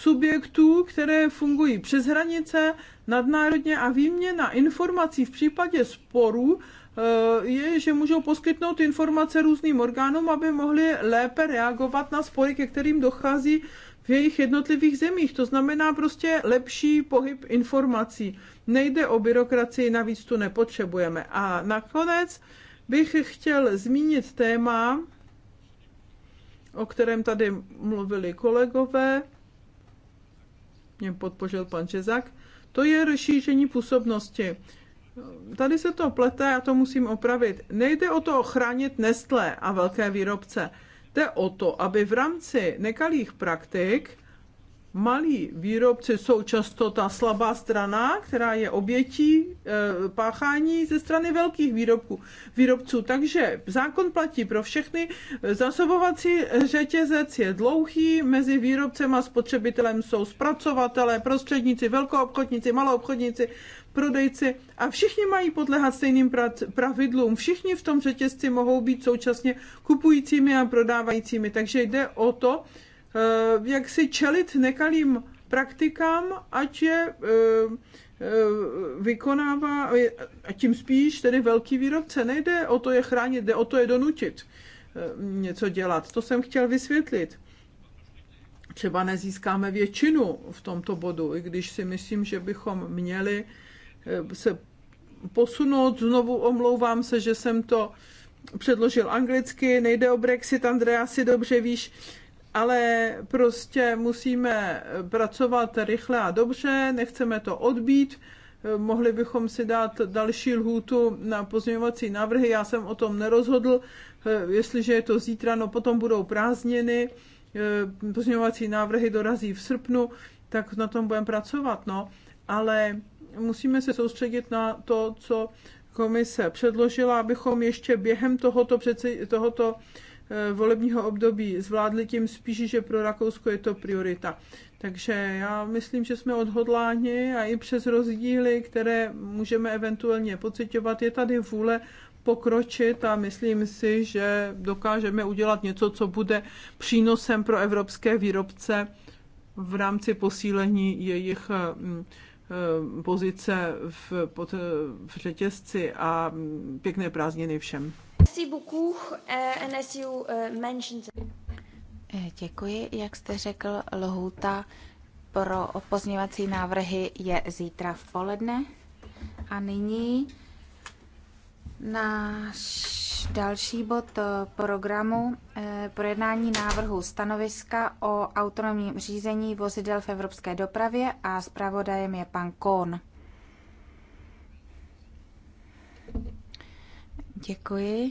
subjektů, které fungují přes hranice, nadnárodně a výměna informací v případě sporů eh, je, že můžou poskytnout informace různým orgánům, aby mohli lépe reagovat na spory, ke kterým dochází v jejich jednotlivých zemích. To znamená prostě lepší pohyb informací. Nejde o byrokracii, navíc tu nepotřebujeme. A nakonec bych chtěl zmínit téma, o kterém tady mluvili kolegové, mě podpořil pan Žezak, to je rozšíření působnosti. Tady se to plete, já to musím opravit. Nejde o to ochránit Nestlé a velké výrobce. Jde o to, aby v rámci nekalých praktik malí výrobci jsou často ta slabá strana, která je obětí e, páchání ze strany velkých výrobků, výrobců. Takže zákon platí pro všechny. zasobovací řetězec je dlouhý, mezi výrobcem a spotřebitelem jsou zpracovatelé, prostředníci, velkoobchodníci, maloobchodníci, prodejci a všichni mají podlehat stejným pravidlům. Všichni v tom řetězci mohou být současně kupujícími a prodávajícími. Takže jde o to, Eh, jak si čelit nekalým praktikám, ať je eh, eh, vykonává, a tím spíš tedy velký výrobce. Nejde o to je chránit, jde o to je donutit něco dělat. To jsem chtěl vysvětlit. Třeba nezískáme většinu v tomto bodu, i když si myslím, že bychom měli se posunout. Znovu omlouvám se, že jsem to předložil anglicky. Nejde o Brexit, Andrea, si dobře víš, ale prostě musíme pracovat rychle a dobře, nechceme to odbít, mohli bychom si dát další lhůtu na pozměňovací návrhy, já jsem o tom nerozhodl, jestliže je to zítra, no potom budou prázdniny, pozměňovací návrhy dorazí v srpnu, tak na tom budeme pracovat, no, ale musíme se soustředit na to, co komise předložila, abychom ještě během tohoto, přeci, tohoto Eh, volebního období zvládli, tím spíš, že pro Rakousko je to priorita. Takže já myslím, že jsme odhodláni a i přes rozdíly, které můžeme eventuálně pocitovat, je tady vůle pokročit a myslím si, že dokážeme udělat něco, co bude přínosem pro evropské výrobce v rámci posílení jejich mm, Eh, pozice v, pod, eh, v řetězci a pěkné prázdniny všem. Eh, děkuji. Jak jste řekl, Lohuta pro pozměvací návrhy je zítra v poledne. A nyní náš další bod eh, programu eh, projednání návrhu stanoviska o autonomním řízení vozidel v evropské dopravě a zpravodajem je pan Kohn. Děkuji.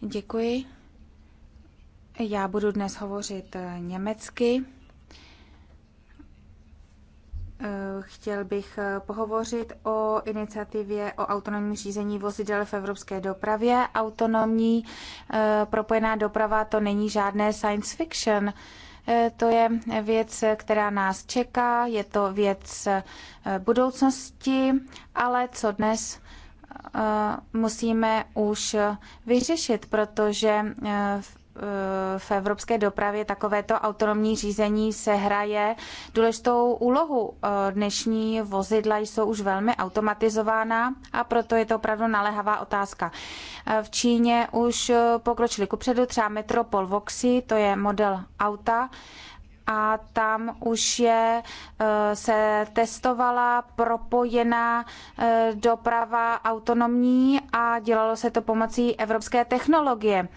Děkuji. Já budu dnes hovořit eh, německy. Eh, chtěl bych eh, pohovořit o iniciativě o autonomním řízení vozidel v evropské dopravě. Autonomní eh, propojená doprava to není žádné science fiction. To je věc, která nás čeká, je to věc budoucnosti, ale co dnes musíme už vyřešit, protože v v evropské dopravě takovéto autonomní řízení se hraje důležitou úlohu. E, dnešní vozidla jsou už velmi automatizována a proto je to opravdu naléhavá otázka. E, v Číně už pokročili kupředu třeba Metropol Voxy, to je model auta, a tam už je, eh, se testovala propojená eh, doprava autonomní a dělalo se to pomocí evropské technologie.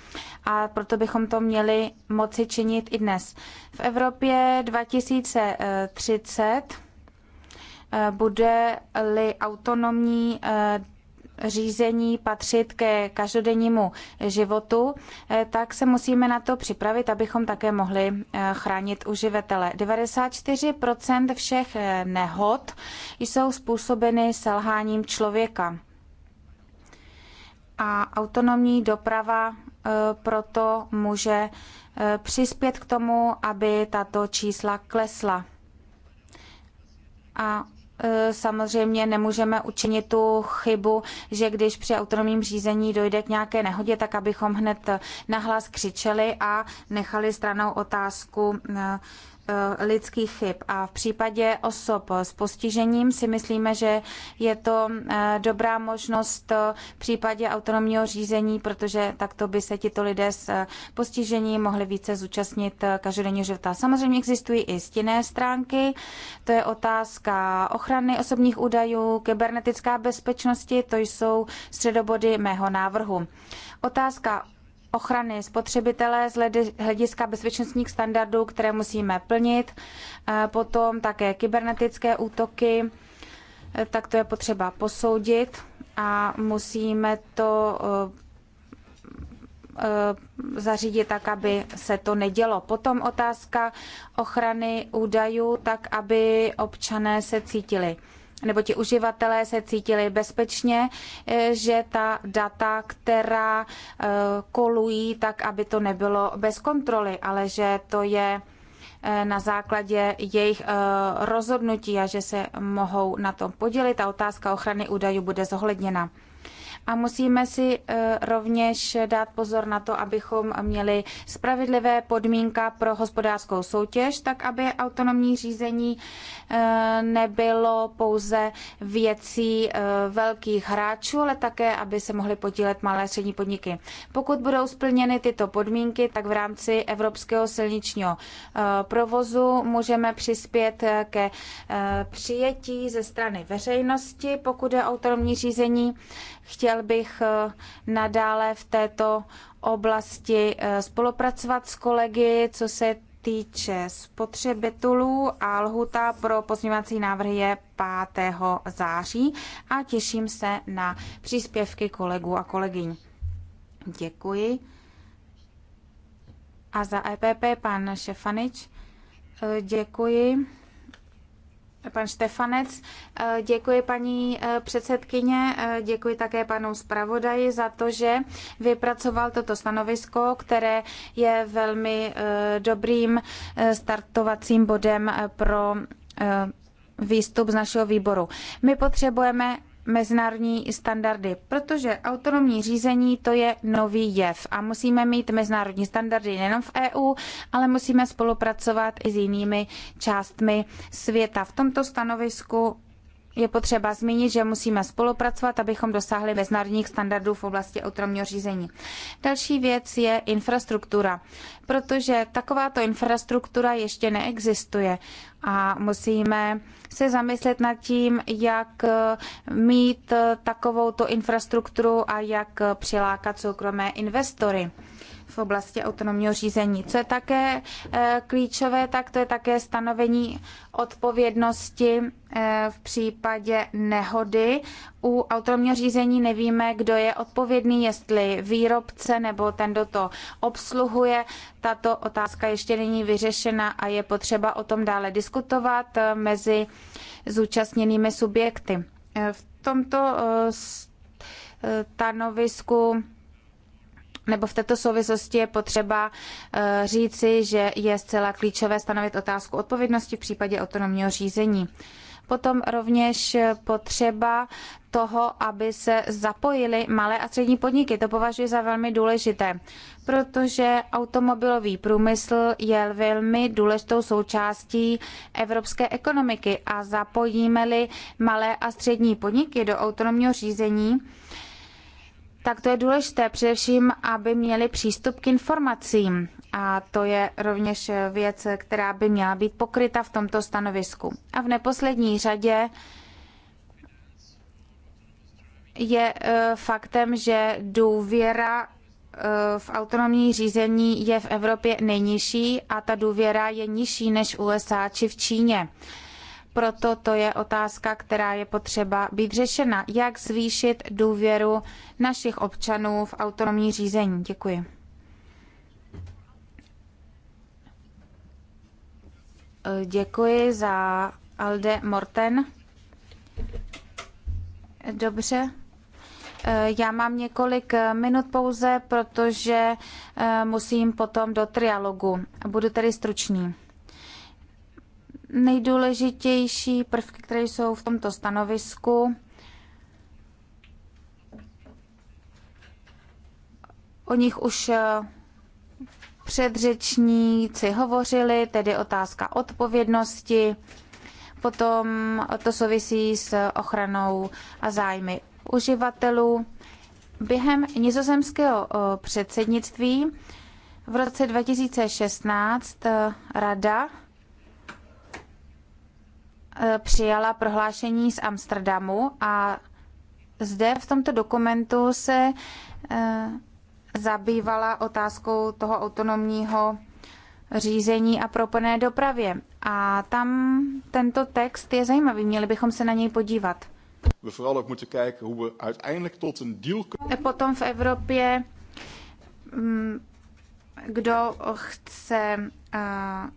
A proto bychom to měli moci činit i dnes. V Evropě 2030 eh, bude-li autonomní řízení patřit ke každodennímu životu, eh, tak se musíme na to připravit, abychom také mohli eh, chránit uživatele. 94% všech eh, nehod jsou způsobeny selháním člověka. A autonomní doprava proto může přispět k tomu, aby tato čísla klesla. A Eh, samozřejmě nemůžeme učinit tu chybu, že když při autonomním řízení dojde k nějaké nehodě, tak abychom hned nahlas křičeli a nechali stranou otázku eh, Eh, lidských chyb. A v případě osob s postižením si myslíme, že je to eh, dobrá možnost eh, v případě autonomního řízení, protože takto by se tito lidé s postižením mohli více zúčastnit každodenního života. Samozřejmě existují i stinné stránky, to je otázka ochrany osobních údajů, kybernetická bezpečnosti, to jsou středobody mého návrhu. Otázka ochrany spotřebitele z hlediska bezpečnostních standardů, které musíme plnit, e, potom také kybernetické útoky, e, tak to je potřeba posoudit a musíme to e, zařídit tak, aby se to nedělo. Potom otázka ochrany údajů, tak aby občané se cítili nebo ti uživatelé se cítili bezpečně, eh, že ta data, která eh, kolují, tak aby to nebylo bez kontroly, ale že to je eh, na základě jejich rozhodnutí a že se mohou na tom podělit a otázka ochrany údajů bude zohledněna. A musíme si eh, rovněž dát pozor na to, abychom měli spravedlivé podmínka pro hospodářskou soutěž, tak aby autonomní řízení eh, nebylo pouze věcí eh, velkých hráčů, ale také, aby se mohly podílet malé a střední podniky. Pokud budou splněny tyto podmínky, tak v rámci evropského silničního provozu můžeme přispět ke přijetí ze strany veřejnosti, pokud je autonomní řízení Chtěl bych eh, nadále v této oblasti eh, spolupracovat s kolegy, co se týče spotřebitelů a lhuta pro pozměňovací návrhy je 5. září a těším se na příspěvky kolegů a kolegyň. Děkuji. A za EPP pan Šefanič. Eh, děkuji. Pan Štefanec, eh, děkuji paní eh, předsedkyně, eh, děkuji také panu zpravodaji za to, že vypracoval toto stanovisko, které je velmi dobrým startovacím bodem pro výstup z našeho výboru. My potřebujeme mezinárodní standardy, protože autonomní řízení to je nový jev a musíme mít mezinárodní standardy nejenom v EU, ale musíme spolupracovat i s jinými částmi světa. V tomto stanovisku je potřeba zmínit, že musíme spolupracovat, abychom dosáhli mezinárodních standardů v oblasti autonomního řízení. Další věc je infrastruktura, protože takováto infrastruktura ještě neexistuje a musíme se zamyslet nad tím, jak eh, mít takovouto infrastrukturu a jak eh, přilákat soukromé investory v oblasti autonomního řízení. Co je také eh, klíčové, tak to je také stanovení odpovědnosti eh, v případě nehody. U autonomního řízení nevíme, kdo je odpovědný, jestli výrobce nebo ten, kdo to obsluhuje. Tato otázka ještě není vyřešena a je potřeba o tom dále diskutovat eh, mezi zúčastněnými subjekty. V tomto stanovisku nebo v této souvislosti je potřeba eh, říci, že je zcela klíčové stanovit otázku odpovědnosti v případě autonomního řízení. Potom rovněž potřeba toho, aby se zapojily malé a střední podniky. To považuji za velmi důležité, protože automobilový průmysl je velmi důležitou součástí evropské ekonomiky a zapojíme-li malé a střední podniky do autonomního řízení, tak to je důležité především, aby měli přístup k informacím. A to je rovněž věc, která by měla být pokryta v tomto stanovisku. A v neposlední řadě je eh, faktem, že důvěra eh, v autonomní řízení je v Evropě nejnižší a ta důvěra je nižší než v USA či v Číně. Proto to je otázka, která je potřeba být řešena. Jak zvýšit důvěru našich občanů v autonomní řízení? Děkuji. Děkuji za Alde Morten. Dobře. Já mám několik minut pouze, protože musím potom do trialogu. Budu tedy stručný. Nejdůležitější prvky, které jsou v tomto stanovisku, o nich už eh, předřečníci hovořili, tedy otázka odpovědnosti, potom to souvisí s ochranou a zájmy uživatelů. Během nizozemského eh, předsednictví v roce 2016 eh, Rada Eh, přijala prohlášení z Amsterdamu a zde v tomto dokumentu se eh, zabývala otázkou toho autonomního řízení a propojené dopravě. A tam tento text je zajímavý, měli bychom se na něj podívat. Potom v Evropě, mm, kdo chce eh,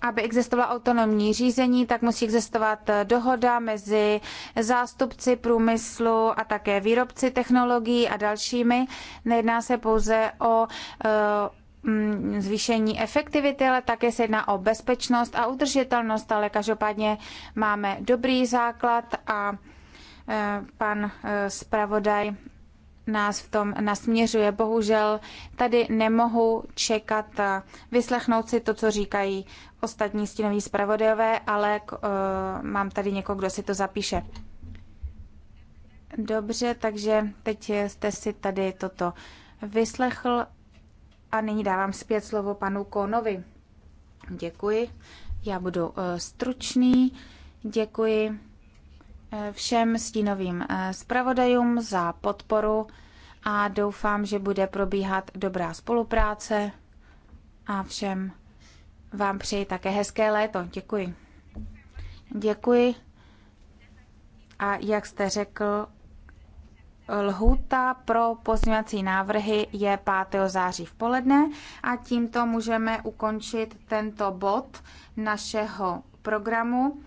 aby existovala autonomní řízení, tak musí existovat eh, dohoda mezi zástupci průmyslu a také výrobci technologií a dalšími. Nejedná se pouze o eh, mm, zvýšení efektivity, ale také se jedná o bezpečnost a udržitelnost, ale každopádně máme dobrý základ a eh, pan zpravodaj nás v tom nasměřuje. Bohužel tady nemohu čekat a vyslechnout si to, co říkají ostatní stínoví zpravodajové, ale uh, mám tady někoho, kdo si to zapíše. Dobře, takže teď jste si tady toto vyslechl a nyní dávám zpět slovo panu Konovi. Děkuji. Já budu uh, stručný. Děkuji eh, všem stínovým zpravodajům za podporu a doufám, že bude probíhat dobrá spolupráce a všem vám přeji také hezké léto. Děkuji. Děkuji. A jak jste řekl, lhůta pro pozměňovací návrhy je 5. září v poledne a tímto můžeme ukončit tento bod našeho programu.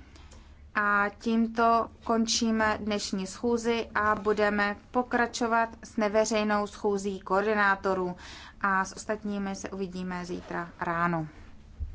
A tímto končíme dnešní schůzi a budeme pokračovat s neveřejnou schůzí koordinátorů a s ostatními se uvidíme zítra ráno.